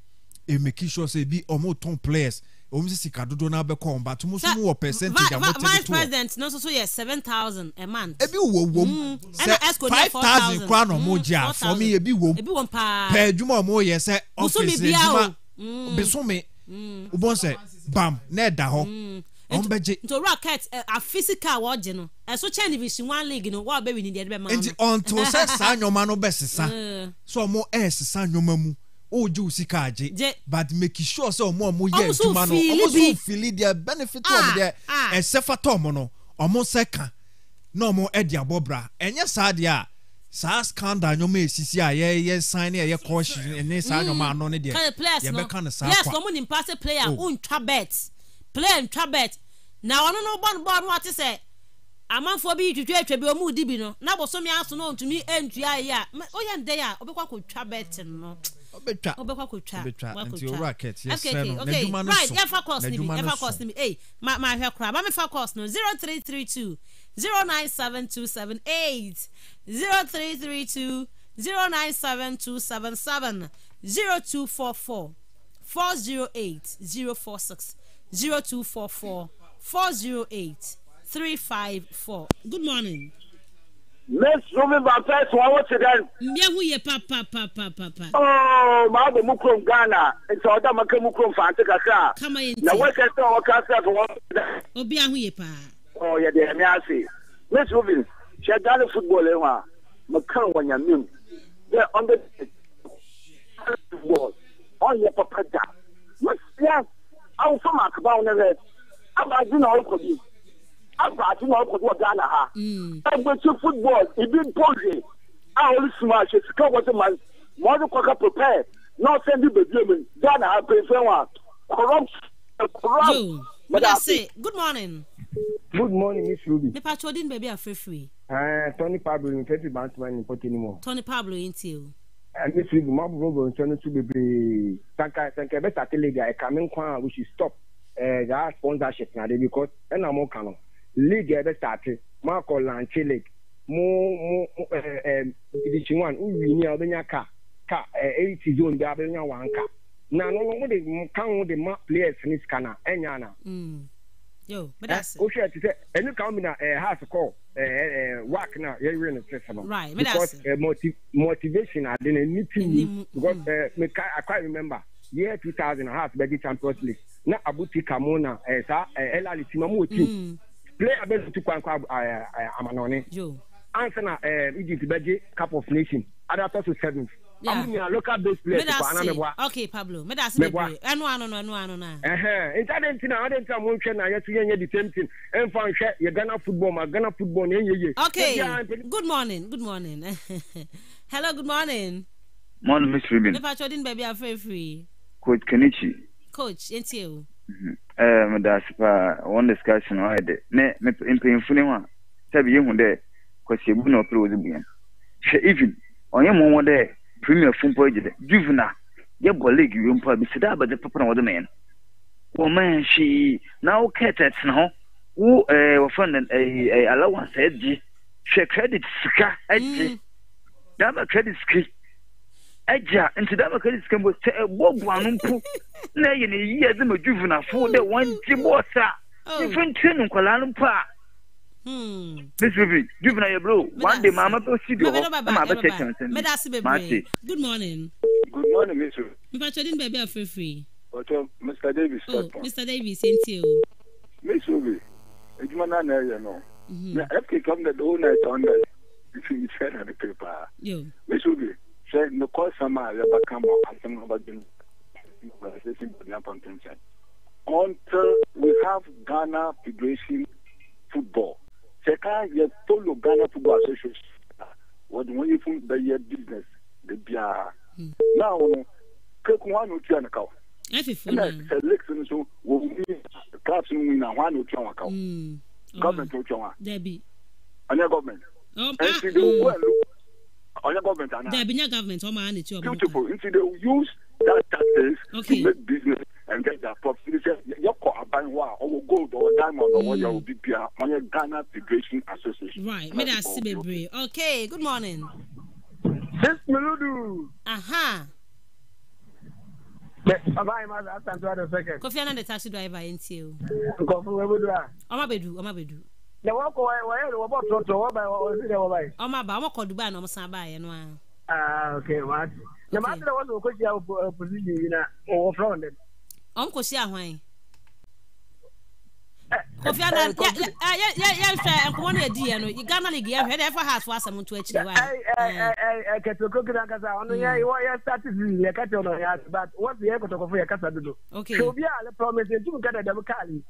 ɛmɛki e sure sɛ bi ɔmo tɔn players ɔmo sɛ sika dodo na abɛkɔ ɔmo bato mo so mo wɔ percentage a mo tɛ de to president no soso yɛ seven thousand a month. ebi wɔ wɔm sɛ five thousand kora na ɔmo gye a fɔmi ebi wɔm ebi wɔm paa pɛɛ adwuma ɔmo yɛ sɛ ɔfisi adwuma bisumi wobɔ bam na ɛda hɔ nti rocket a physical wɔ gye no ɛso kyɛn division one league no wɔn a ni deɛ ɛde maa no. nti ɔnto sɛ [LAUGHS] saa nneɛma no bɛ sisa so ɔmo ɛɛsisa nneɛma mu o gye o sika agye but make sure sɛ ɔmo ɔmo yɛ adwuma no ɔmo so fili deɛ benefit ɔmo ah, deɛ ah. ɛsɛ fata ɔmo no ɔmo sɛ ka na ɔmo ɛde abɔ bra ɛnyɛ saa deɛ a saa scandal nneɛma esisi a yɛ yɛ san ne yɛ kɔɔhyi ne saa mm. nneɛma ano ne deɛ yɛ bɛka ne saa kwa players no ɔmo ni mpaase player o oh. ntwa bet. Plane, ntwa bet na ɔno no bɔ no bɔɔl no ɔte sɛ amanfoɔ bi twitwa atwa bi ɔmu di bi no na bosomi aso na ntumi ntua yi a oyɛ ndɛ a ɔbɛkɔ akɔtwa bet no ɔbɛtwa ɔbɛkɔ akɔtwa ɔbɛkɔ akɔtwa No, okay right yɛfa kɔɔs ni bi yɛfa kɔɔs ni bi ee ma ma ahwɛ kora ma mi fa kɔɔs no zero three three two zero nine seven two seven eight zero three three two zero nine seven two seven seven zero two four four four zero eight zero four six zero two four four four zero eight three five four. good morning. miss rumi baptist wọn wọ́n ti dẹ́n. mbẹ́hu yẹ papapapapa. ooo oh, maa bẹ mu kurom ghana nti ọ̀dà máa kẹ́ mu kurom fàǹtì kakra. kama yẹn ti na wọ́n kẹ́ sẹ́ wọ́n kẹ́ sẹ́ fún wọn. obi ahun yẹ paa. ọ oh, yẹ dẹ ẹmi ase miss rumi ṣe ghana football ẹ hàn mẹ kàn wọ nyàmìm bẹ ọ̀n bẹ ghana football ọ̀ yẹ papa da wọ́n ti yà awofam akabaw ne rɛ abaade na ɔrekɔ bi abaade na ɔrekɔ bi wɔ ghana ha ɛgbɛkyi hmm. football ebi mpɔ hwee a ɔresum ahyɛ sika wɔde ma ma ɔde kɔka prepare na ɔsɛn bi bebie ghana ha pɛfɛn wa corrupt corrupt. wúdásí good morning. good morning miss ruby. nípa tí o dín bèbí àfẹ́fẹ́. Eh, tọ́ni pablo ní fẹ́ẹ́ fi bá ń tún bá ní pọ́tẹ́ ni mọ́. tọ́ni pablo yín ti o. ɛne sirigu mu abobɔ bɔnsɛn no so bebree sanka sanka ɛbɛ sate league a ɛkame nkwa a we should stop ɛɛ eh, that sponsorship na de because ɛna mo ka nọ league ɛbɛ sate mo akɔ lanche league mo mo ɛɛ ɛɛ edition one uwi ni a ɔbɛnya ka ka ɛɛ eighty zone bi a ɔbɛnya one ka na no no mo de ka de ma players ni scanner ɛnya na. wohwɛ te sɛ ɛno ka mi na eh, house kɔ eh, eh, work na yɛwerɛ no sɛ sɛ nobecause motivation ade no ɛni ti mu because mm. meka akwa remember year 2000 house bɛdi champions league na aboti ka mu na saa ɛlale tim ama wɔtim player bɛtu kwan kɔ amanɔne ansa na egypt bɛgye cup of nation adatɔ so seventh amu nyina local based players kɔ ana mɛ bɔ a. ok pablo mɛ da se bebree ɛnu ano no ɛnu ano na. ɛhɛn nta de ntina ade ntina mo n hwɛ na yɛtu yɛn yɛ di same thing ɛnfa n hwɛ yɛ ghana football ma ghana football na yɛ yɛ. ok good morning good morning [LAUGHS] hello good morning. morning miss rubin. nípa tí o di ni bẹ̀ẹ̀bi afẹ́fẹ́. coach kenichi. coach yẹn ti yẹ ɛɛ mɛ mm-hmm. eh, da se pa one discussion wa yɛ ne mpanyinfo ni wa sɛbi yehu dɛ kɔsi ebu na ɔpere wo bu yɛn hwɛ even ɔnyɛ mɔmɔ dɛ premier fo mpo agye dɛ juvena yɛbɔ league wie mpo a bɛsi dɛ abɛdze papa na wɔde mɛyɛ no wɔmɛn hwee na wo kɛtɛ tena hɔ wo ɛɛ wɔfrɛ no allowance agye hwɛ credit sika agye mm. dama credit sika agye a nti dama credit sika mpo sɛ ɛbɔ buano mpo na ɛyɛ ne yie ɛdze ma juvenafo dɛ wɔn gye bɔɔsa ifo oh. ntue no nkɔlaa no mpo a Mississippi, juvenile yɛ bro. One day maama bɛ si di hɔ ɛma a bɛ kɛ kyɛn sɛn. Mɛda ase bebree. Good morning. Good morning, Mr. Mpatwa din baabi afurafure. Ɔtɔ Mr. Davis. Oh, Mr. Davis, n tie o. Mississippi, edwuma naa na ɛyɛ no. Na FK come the whole night on that. Nti mi fɛ na de pe paa. Mississippi, sɛ ne kɔ sama a yɛba ka mɔ asɛm na ba gbɛn. Until we have Ghana Federation football kyɛka yɛ tolo ghana football association wɔde wɔn yɛ fun bɛyɛ business de biara na wɔn keku hɔ ano tia ne kaw ɛna sɛ lakes no so wɔn mu cars no mu nyinaa hɔ ano tia wɔn kaw gɔvmɛnt o tia wɔn a ɔnyɛ gɔvmɛnt nti de owó ɛlu ɔnyɛ gɔvmɛnt ana beautiful nti de use that tactics okay. to make business engage our props siri sɛ yɛkɔ aban hɔ gold ɔwɔ diamond ɔwɔ yɛ obi bia ɔyɛ ghana federation association. right mi da si bebree okay good morning. six miludu. Uh-huh. aha. abayi ma asan to adi second. kofi anan de taxi driver yẹn ti o. nkɔfu webudu a. Ah. ɔmá bedu ɔmá bedu. na wọn kɔ wɔyɛ de wɔbɔ tɔtɔ wɔba ɔsi de wɔba yi. ɔmá ba ɔmá kɔ dubai na ɔmá san ba yɛ no ah. ah, okay. ok maa ti na maa ti na wɔn sɔ ko si a posisi yi na ɔnkɔ si ahwan kofi anan yɛhwɛ nkɔmɔ no yɛdi yɛ no ghana league yɛhwɛ dɛ ɛfa heart fo asɛm nto akyiri wa kɛtɛkro kira nkasa ɔno yɛ mm. stati season yɛ kɛtɛ ɔno yɛ ase kasa dodo okay so obi a ale promise ntum kɛtɛ dɛm kaali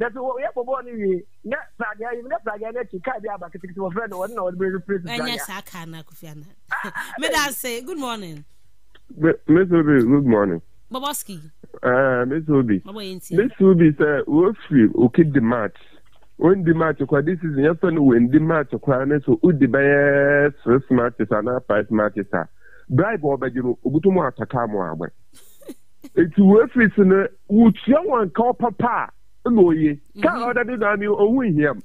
tẹsi wo yẹ bọbọ ni wie ne praga yi ne praga yi n'ekyi kaa bi aba kitikiti wọ fẹ na wọn na wọn bẹ replace praga. ẹnyẹ saa kaa na kofi ana [LAUGHS] meda ase good morning. mesoro bi good morning. bobosky. mesa obi mesa obi sɛ wɔfiri okidi march wondi march kwa this season yɛfɛ no wendi march kwa ne so wodi bɛyɛ six matches anaa five matches a bribe ɔbɛgye [LAUGHS] no obutum ataka mu abɛ eti wɔfiri si no wotua wɔn nka ɔpapa a oye kaa ɔda de ohun hiam.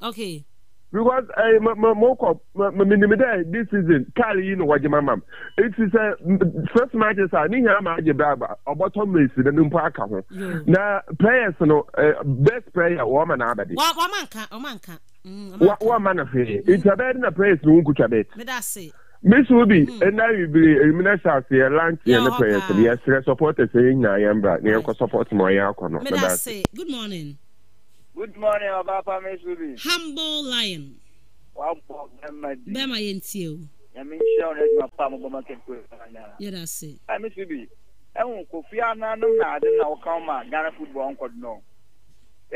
because ɛɛ eh, ma ma mo kɔ ma ma minimu dɛ this season kaali yi ni wɔgye ma mam eh, eti sɛ first match sa ah, ni hɛn ma agye bra ba ɔbɔtɔ mbɛsi na nimpo aka ho na players no ɛɛ eh, best player wɔn ma na abɛde. wɔ wɔn ma nka wɔn ma nka. wɔ mm, wɔn ma na fɛ eti abɛɛ de na players no nku twa bɛɛ. meda se. Miss Obi, mm. and I will be a minister to your land and the prayers. Yes, support the saying I am, but you can support my alcohol. Good morning good morning ọba pami humble lion. wàá bọ̀ bẹ́ẹ̀ ma di. bẹ́ẹ̀ ma yẹ n tiẹ̀ o. yàmi n ṣe ọ̀rẹ́ ìgbà pa àmọ́ bọ́mọ kẹ́kọ̀ọ́ ìgbà náà. yẹ́dà hm, sí. pami suri kò fi ananum na adi na ọkàn e ọmọ ghana football nkọ dùn náà.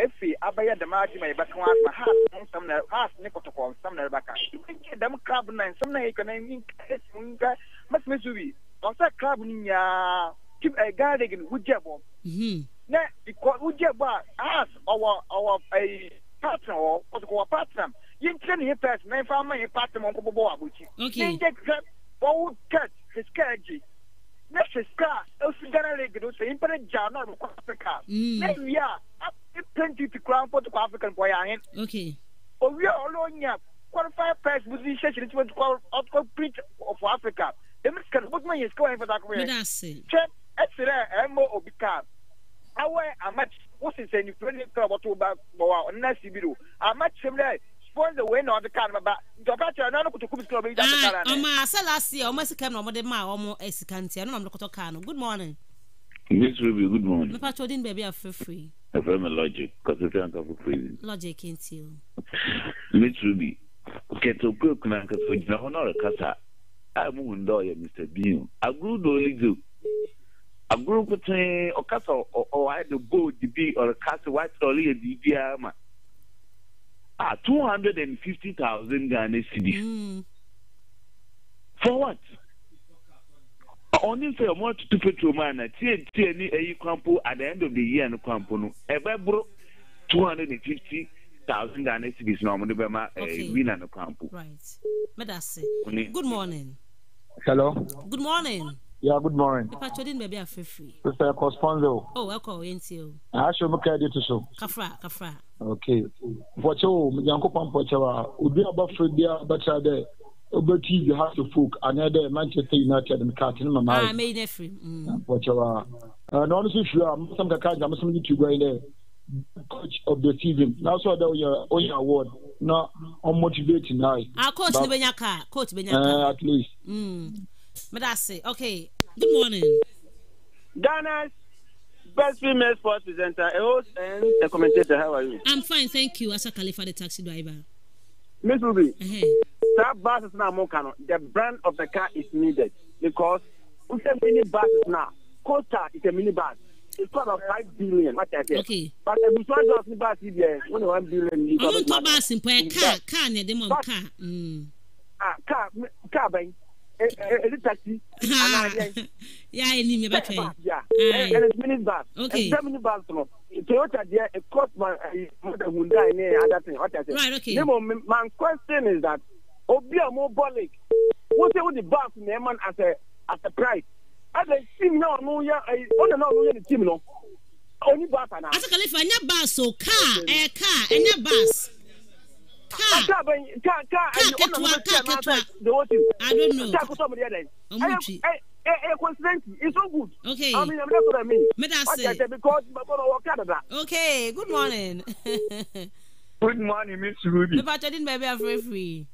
efi abẹ́yẹ dàmá adi ma ìbá kan àtúmọ̀ e heart ní nsàm náà heart ní kọ̀tọ̀kọ̀ nsàm náà ìbá kan. ìbá club na nsàm náà yẹ kọ́nà ní kẹ́sì ń gbẹ́ mẹ́sì mẹ́sì club ni nyàá kí ẹ̀ gáàdì gìn wújẹ́ na wogye bɔ a as ɔwɔ ɔwɔ ɛyi partner wɔ ɔsokɔ wɔ partner yɛnkyerɛ ne yɛ pɛs na yɛfa ama yɛ partner wɔn bɔbɔ abɔkyi ne yɛ kyerɛ wɔwo kɛt fisika agye na fisika efi ghana league no sɛ yɛn pɛrɛ gya na ɔmo kɔ africa na wia a plenty ti kura mpo to kɔ africa no ɔyɛ ahen owia ɔlɔnya qualified pɛs bu di hyɛ hyɛ ne ti wɔ ɔtɔ print for africa emi sika no bɔtuma yɛ sika wɔn yɛ fɛ ta kɔ awɔ amat wosisɛ nifire ne kura bɔtɔ ba bɔwa ɔnna sibi do amat sɛm dɛ sponsor wei na ɔde kaa no baba nti ɔka kyerɛ ɔnano kotoku bi sikara ɔbɛyi da kaa no ɔma sɛ last year ɔma sika mu na ɔmɔde maa ɔmo sika nti ɛno na ɔmo de kɔtɔ kaa no good morning miss ruby good morning mepa kyɛ odin baabi afrɛfiri ɛfrɛ me logic kɔsɛ sɛ anka fofiri logic nti o miss ruby kɛtɛkuo kuna nkasa gyina hɔ na ɔrekasa a muhu dɛ ɔyɛ mr bean agoro do ɔne do agoro nkotee ɔkasa ɔwayɛ de gold bi ɔrekasa wɔatwerɛ ɔreyɛ biribiara ma a two hundred and fifty thousand ghana cedis hmm. for what ɔne sɛ ɔmo atutu petrol mu ana tiɛtiɛ ne ayi kwampo at the end of the year no kwampo no ɛbɛboro two hundred and fifty thousand ghana cedis na ɔmo de bɛma ɛɛ winner no kwampo. right medase good morning. hello. good morning. Yeah, good morning. Papa Chodin baby afefi. Sister Cosponzo. Oh, welcome yenti o. Ah, show me kadi to so. Kafra, kafra. Okay. Poche o, Yankopon poche wa. Obi abafo bia better there. Obeti the heart to folk another Manchester United and Carton Mama. Ah, me ne free. Poche mm. wa. Uh, no, no, so sure. I'm some kaka, I'm some YouTube right there. Coach of the season. Now so that we are award. No, I'm motivating now. Ah, coach, but, coach, uh, at least. Mm. But that's it. Okay. Good morning. Ghana's best female sports presenter, a host and a commentator. How are you? I'm fine, thank you. Asa Khalifa, the taxi driver. Miss Ruby, uh-huh. that bus is not Mokano. The brand of the car is needed because we a mini bus now. Costa is a mini bus. It's part of five billion. What I said. Okay. But if you want to ask me about CBS, only one billion. You can't bus in car, mm. ah, car, car, car, car, car, car, ɛdi takisi ana yɛ. right okay. o kaa ɛɛ kaa n ye kaa kaa ketewa kaa ketewa i don't know ɔmu twi. A consistency is so good. Okay. I mean, I'm not what I mean. Me that's it. Because I'm gonna work out of that. Okay. Good morning. good morning, Miss Ruby. Me pacha din baby afre free.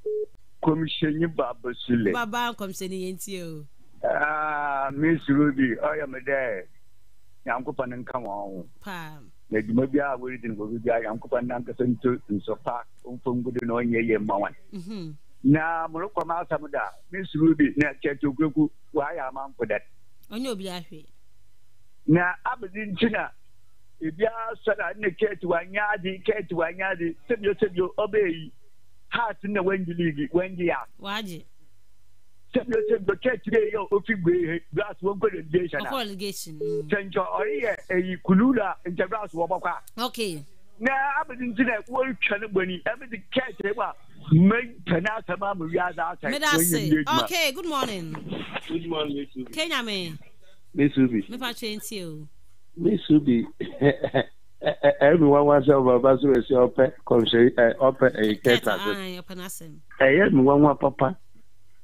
Komisyoni Baba Sule. Baba komisyoni yenti o. Ah, Miss Ruby, oh yeah, me there. Nyangu panen kama o. Pam. na dwuma ah, eh biara ah, a wɔredi no bɔbi biara nyankopɔn nam kɛ sɛ nto nsɔ pa na ɔnyɛ yɛ mma wan na morekɔ ma asɛm da me suru bi na kyɛkyɛkuroku wɔayɛ amanfo dɛ ɔnyɛ obi ahwɛ na abedi nti na ebiara sɔre a nne kɛɛti wanyɛ ade kɛɛti wanyɛ ade sɛbiosɛbio ɔbɛɛyi heart na wangi league wangi a wagye sẹ́ni ṣe gbé kẹ́tìrì yẹn o fi gbé glace wọn gbé relegation na. ọkọ relegation. yẹ èyí kùlù la njẹ́ glace wọ́n bọ́ kwa. ok. na abidi n sinna wọ́n twẹ́ ní gbẹ́ni abidi kẹ́tìrì wa mẹ tẹ̀lé asẹ́mu àmì wíyá adá asẹ́ wọ́n yẹ ní ẹ̀dùmá. ok good morning. good morning mesubi. kenya mi. mesubi. mipa tse n ti o. mesubi ẹmi wọn wọn sẹ ọba ọba sọ wẹsẹ ọpẹ kọmṣẹ ọpẹ ẹyẹ kẹta. kẹta ẹyẹ mi wọn wọn papa.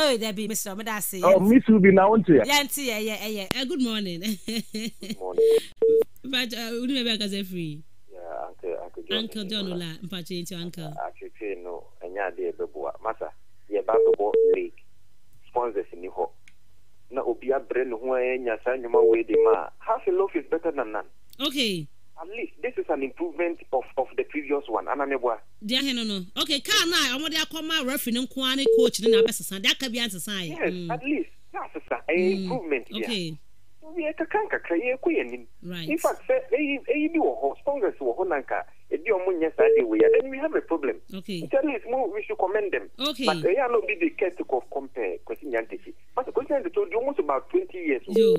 oh dabi mr ọmọdé ase. ọ miss ubi na ọ n tẹ. ya yeah yeah yeah uh, good morning. good morning. mpacho onimọ ebe akasa firi. uncle john ola uncle. actually no ẹnyẹ adi ebe bu a masa yẹ bá sponsors na obi abere ne ho a ɛnya ma half a loaf is better than none. okay. at least this is an improvement of, of the previous one anamebua. di ahe no no okay car na wọn de akɔ ma referee ne nko ara coach ne na abɛsesa de aka bi ansesa ayɛ. yes mm. at least na asesa a improvement bia yɛ kakra nkakra yɛ kɔ yɛn Right. in fact sɛ eyi eyi bi wɔ hɔ strongest wɔ hɔ nanka ebi ɔmo nyɛ saa de wɔ yɛ then we have a problem. okay nti at least mo we should commend them. okay but ɛyɛ ano bi de care to compare kwesi nyantechi but kwesi nyantechi o di almost about twenty years. Yo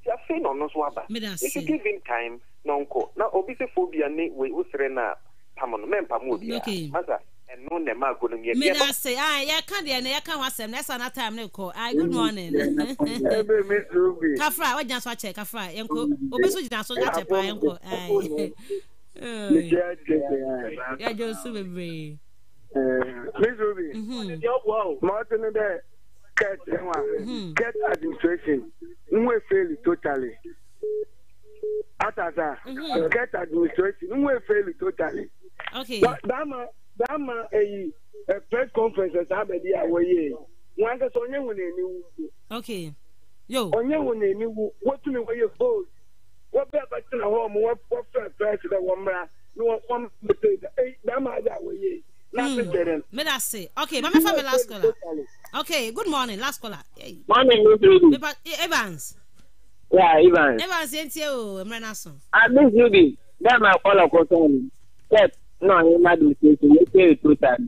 nti afei na ɔno nso aba if you give him time na ɔnkɔ na obi sɛ phobia ne wei wosrɛ no a pam no mɛmpa mu obi a masa ɛno na ɛma agolo mi ɛbi ɛba se a ah, yɛka deɛ na yɛka ho asɛm na ɛsa na time ne kɔ a ah, mm. good morning kafra wagyina so akyɛ kafra yɛnkɔ mm, obi nso gyina so akyɛ paa yɛnkɔ yɛagye [LAUGHS] osu bebree Miss Ruby, mm -hmm. Ket nwa Ket administration nwe fail totally atasa Ket hmm. administration nwe fail totally. Okay. Dama dama eyi eh, press conferences abedi awoye wọn akasa onye hụ eni wu. Onye hụ eni wu wotumi woye bold wọbẹ abatena hɔ ọmọ wọfẹ press dɛ wɔn mra eh, na wɔn mẹsẹ dama adi awoye. N'asị dịrị. Mmiri asị. Okay, mama fa mi last caller. Okay, good morning. Last caller. Morning, Miss Evans. Yeah, Evans. Evans, yẹn ti ẹ o, Emre Nason. Abis Ruby, dẹ́ẹ̀ máa kọ́ lọ́kọ́ sọ́ọ̀nù. Step náà yẹn má dùn sí ètò yẹn ṣe ètò tàbí.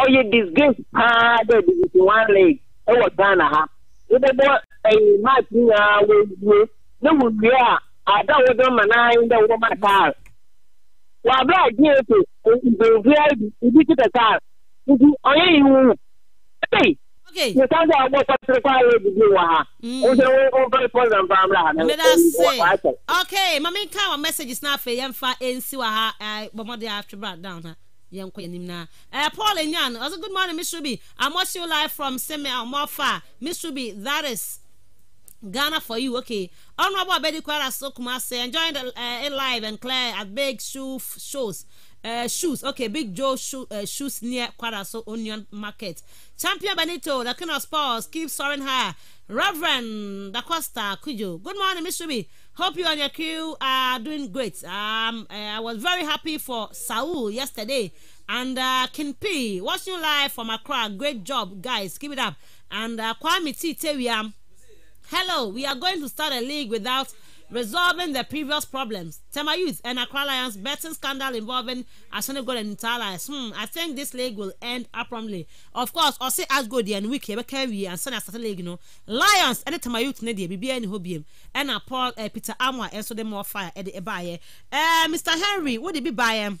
Ọyẹ disgrace paa dẹ̀ bìbì sí one leg ẹ wọ̀ Ghana ha. Wọ́dọ̀dọ̀ ẹ̀yìn máa ti yàn án wọ́n dúró. Ní wùdúró à, àdá wo dán mà náà ń dẹ̀ wọ́n máa káàr. Wà á bẹ́ẹ̀ dín ètò ìgbèrú fúyà ìdí títẹ̀ káàr. Nti ọ̀yẹ́ yìí wù tey Okay. san sɛ ɔbɔ sɔsere fa yɛ didi wɔ ha o sɛ o o fɛn fɔlɔ nfa amla ha mɛ wɔ akyɛ. Okay. maame nka wa messages na afɛ yɛn fa nsi wa ha ɛɛ bɔmɔden atwi bra down ha. yɛn kɔ yɛn nyinaa ɛɛ paul enyan ɔsɛ good morning miss ruby i'm watching you live from semi amofa miss ruby that is ghana for you okay honourable abedi kwara so kumase enjoying the uh, live and clear at big show shows uh, shoes. Okay, Big Joe shoe, uh, shoes near Kwaraso Onion Market. Champion Benito, the king of sports, keep soaring high. Reverend Dacosta Kujo. Good morning, Miss B. Hope you and your crew are doing great. Um, eh, I was very happy for Saul yesterday. And uh, King P, watching live from Accra. Great job, guys. Keep it up. And uh, Kwame T. Tewiam. Hello, we are going to start a league without resolving the previous problems. Tema Youth and Accra Lions betting scandal involving Ashana Gold and Italians. Hmm, I think this league will end up Of course, I'll say as good and week here, carry and son as league, you know. Lions and Tema Youth Nedia, BB and Hobium, and Paul uh, Peter Amwa, and so they more fire at eh, the buyer. Eh. Uh, Mr. Henry, would it be by him?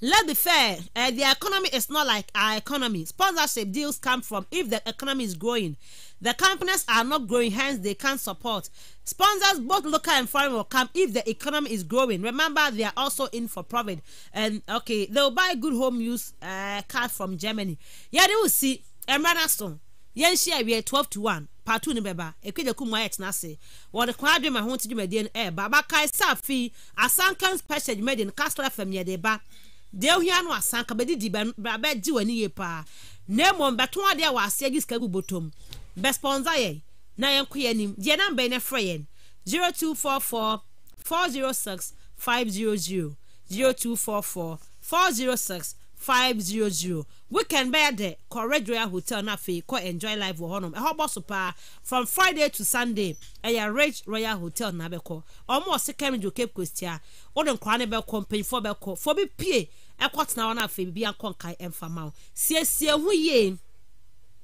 let be fair uh, the economy is not like our economy sponsorship deals come from if the economy is growing the companies are not growing hence they can't support Sponsors both local and foreign will come if the economy is growing. Remember, they are also in for profit. And okay, they will buy good home use uh, card from Germany. Yeah, they will see. Emrana Stone. Yen share we 12 to one. Part 2 ni beba. Ekwe de kumwa yet nase. Wade kwa adwe ma honti jume dien e. Baba kai sa fi. Asankan special jume dien. Kastra fem ye deba. Deo hiyan wa sanka. Bedi di brabe diwe ni ye pa. Nemo mbetuwa dia wa asye gisike gubotom. Besponza ye. Besponza ye na yɛn kɔ yɛn nim deɛ namba yi frɛ yɛn zero two four four four zero six five zero zero zero two four four four zero six five zero zero weekend bɛyɛ dɛ kɔ royal hotel na afei kɔ enjoy life wɔ hɔnom ɛhɔ bɔ so paa from friday to sunday ɛyɛ red royal hotel na bɛkɔ ɔmo wɔ sikɛmi jo cape coast ya wɔde nkɔla ne bɛkɔ mpanyinfoɔ bɛkɔ fo bi pie ɛkɔ tena wɔn afei bibi akɔ nkae ɛnfama o siesie ho yie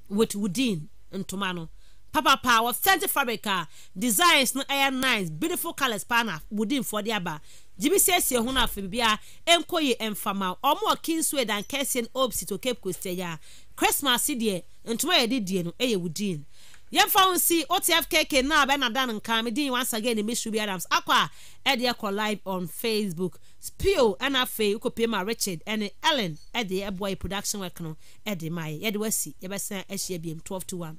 with within ntoma no papapa authentic fabric a ah. designs no ɛyɛ nice beautiful colours paa na wodi nfɔ de aba gyibi siesie ho na afei bia nkɔ yie mfama ɔmo wɔ kingsway dan kɛseɛ no obsi to cape coast ɛyɛ a christmas deɛ ntoma yɛ de die no ɛyɛ wodin yɛmfa ho si otfkk na bɛna da no nka medin once again ne mesru bi adams Akwa. a ɛde ɛkɔ live on facebook spio ɛna e, afei wokɔpie ma richard ɛne ellen ɛde ɛboa e, yɛ production work no ɛde ma yɛ yɛde wasi yɛbɛsan ahyia e, biam 12 to one.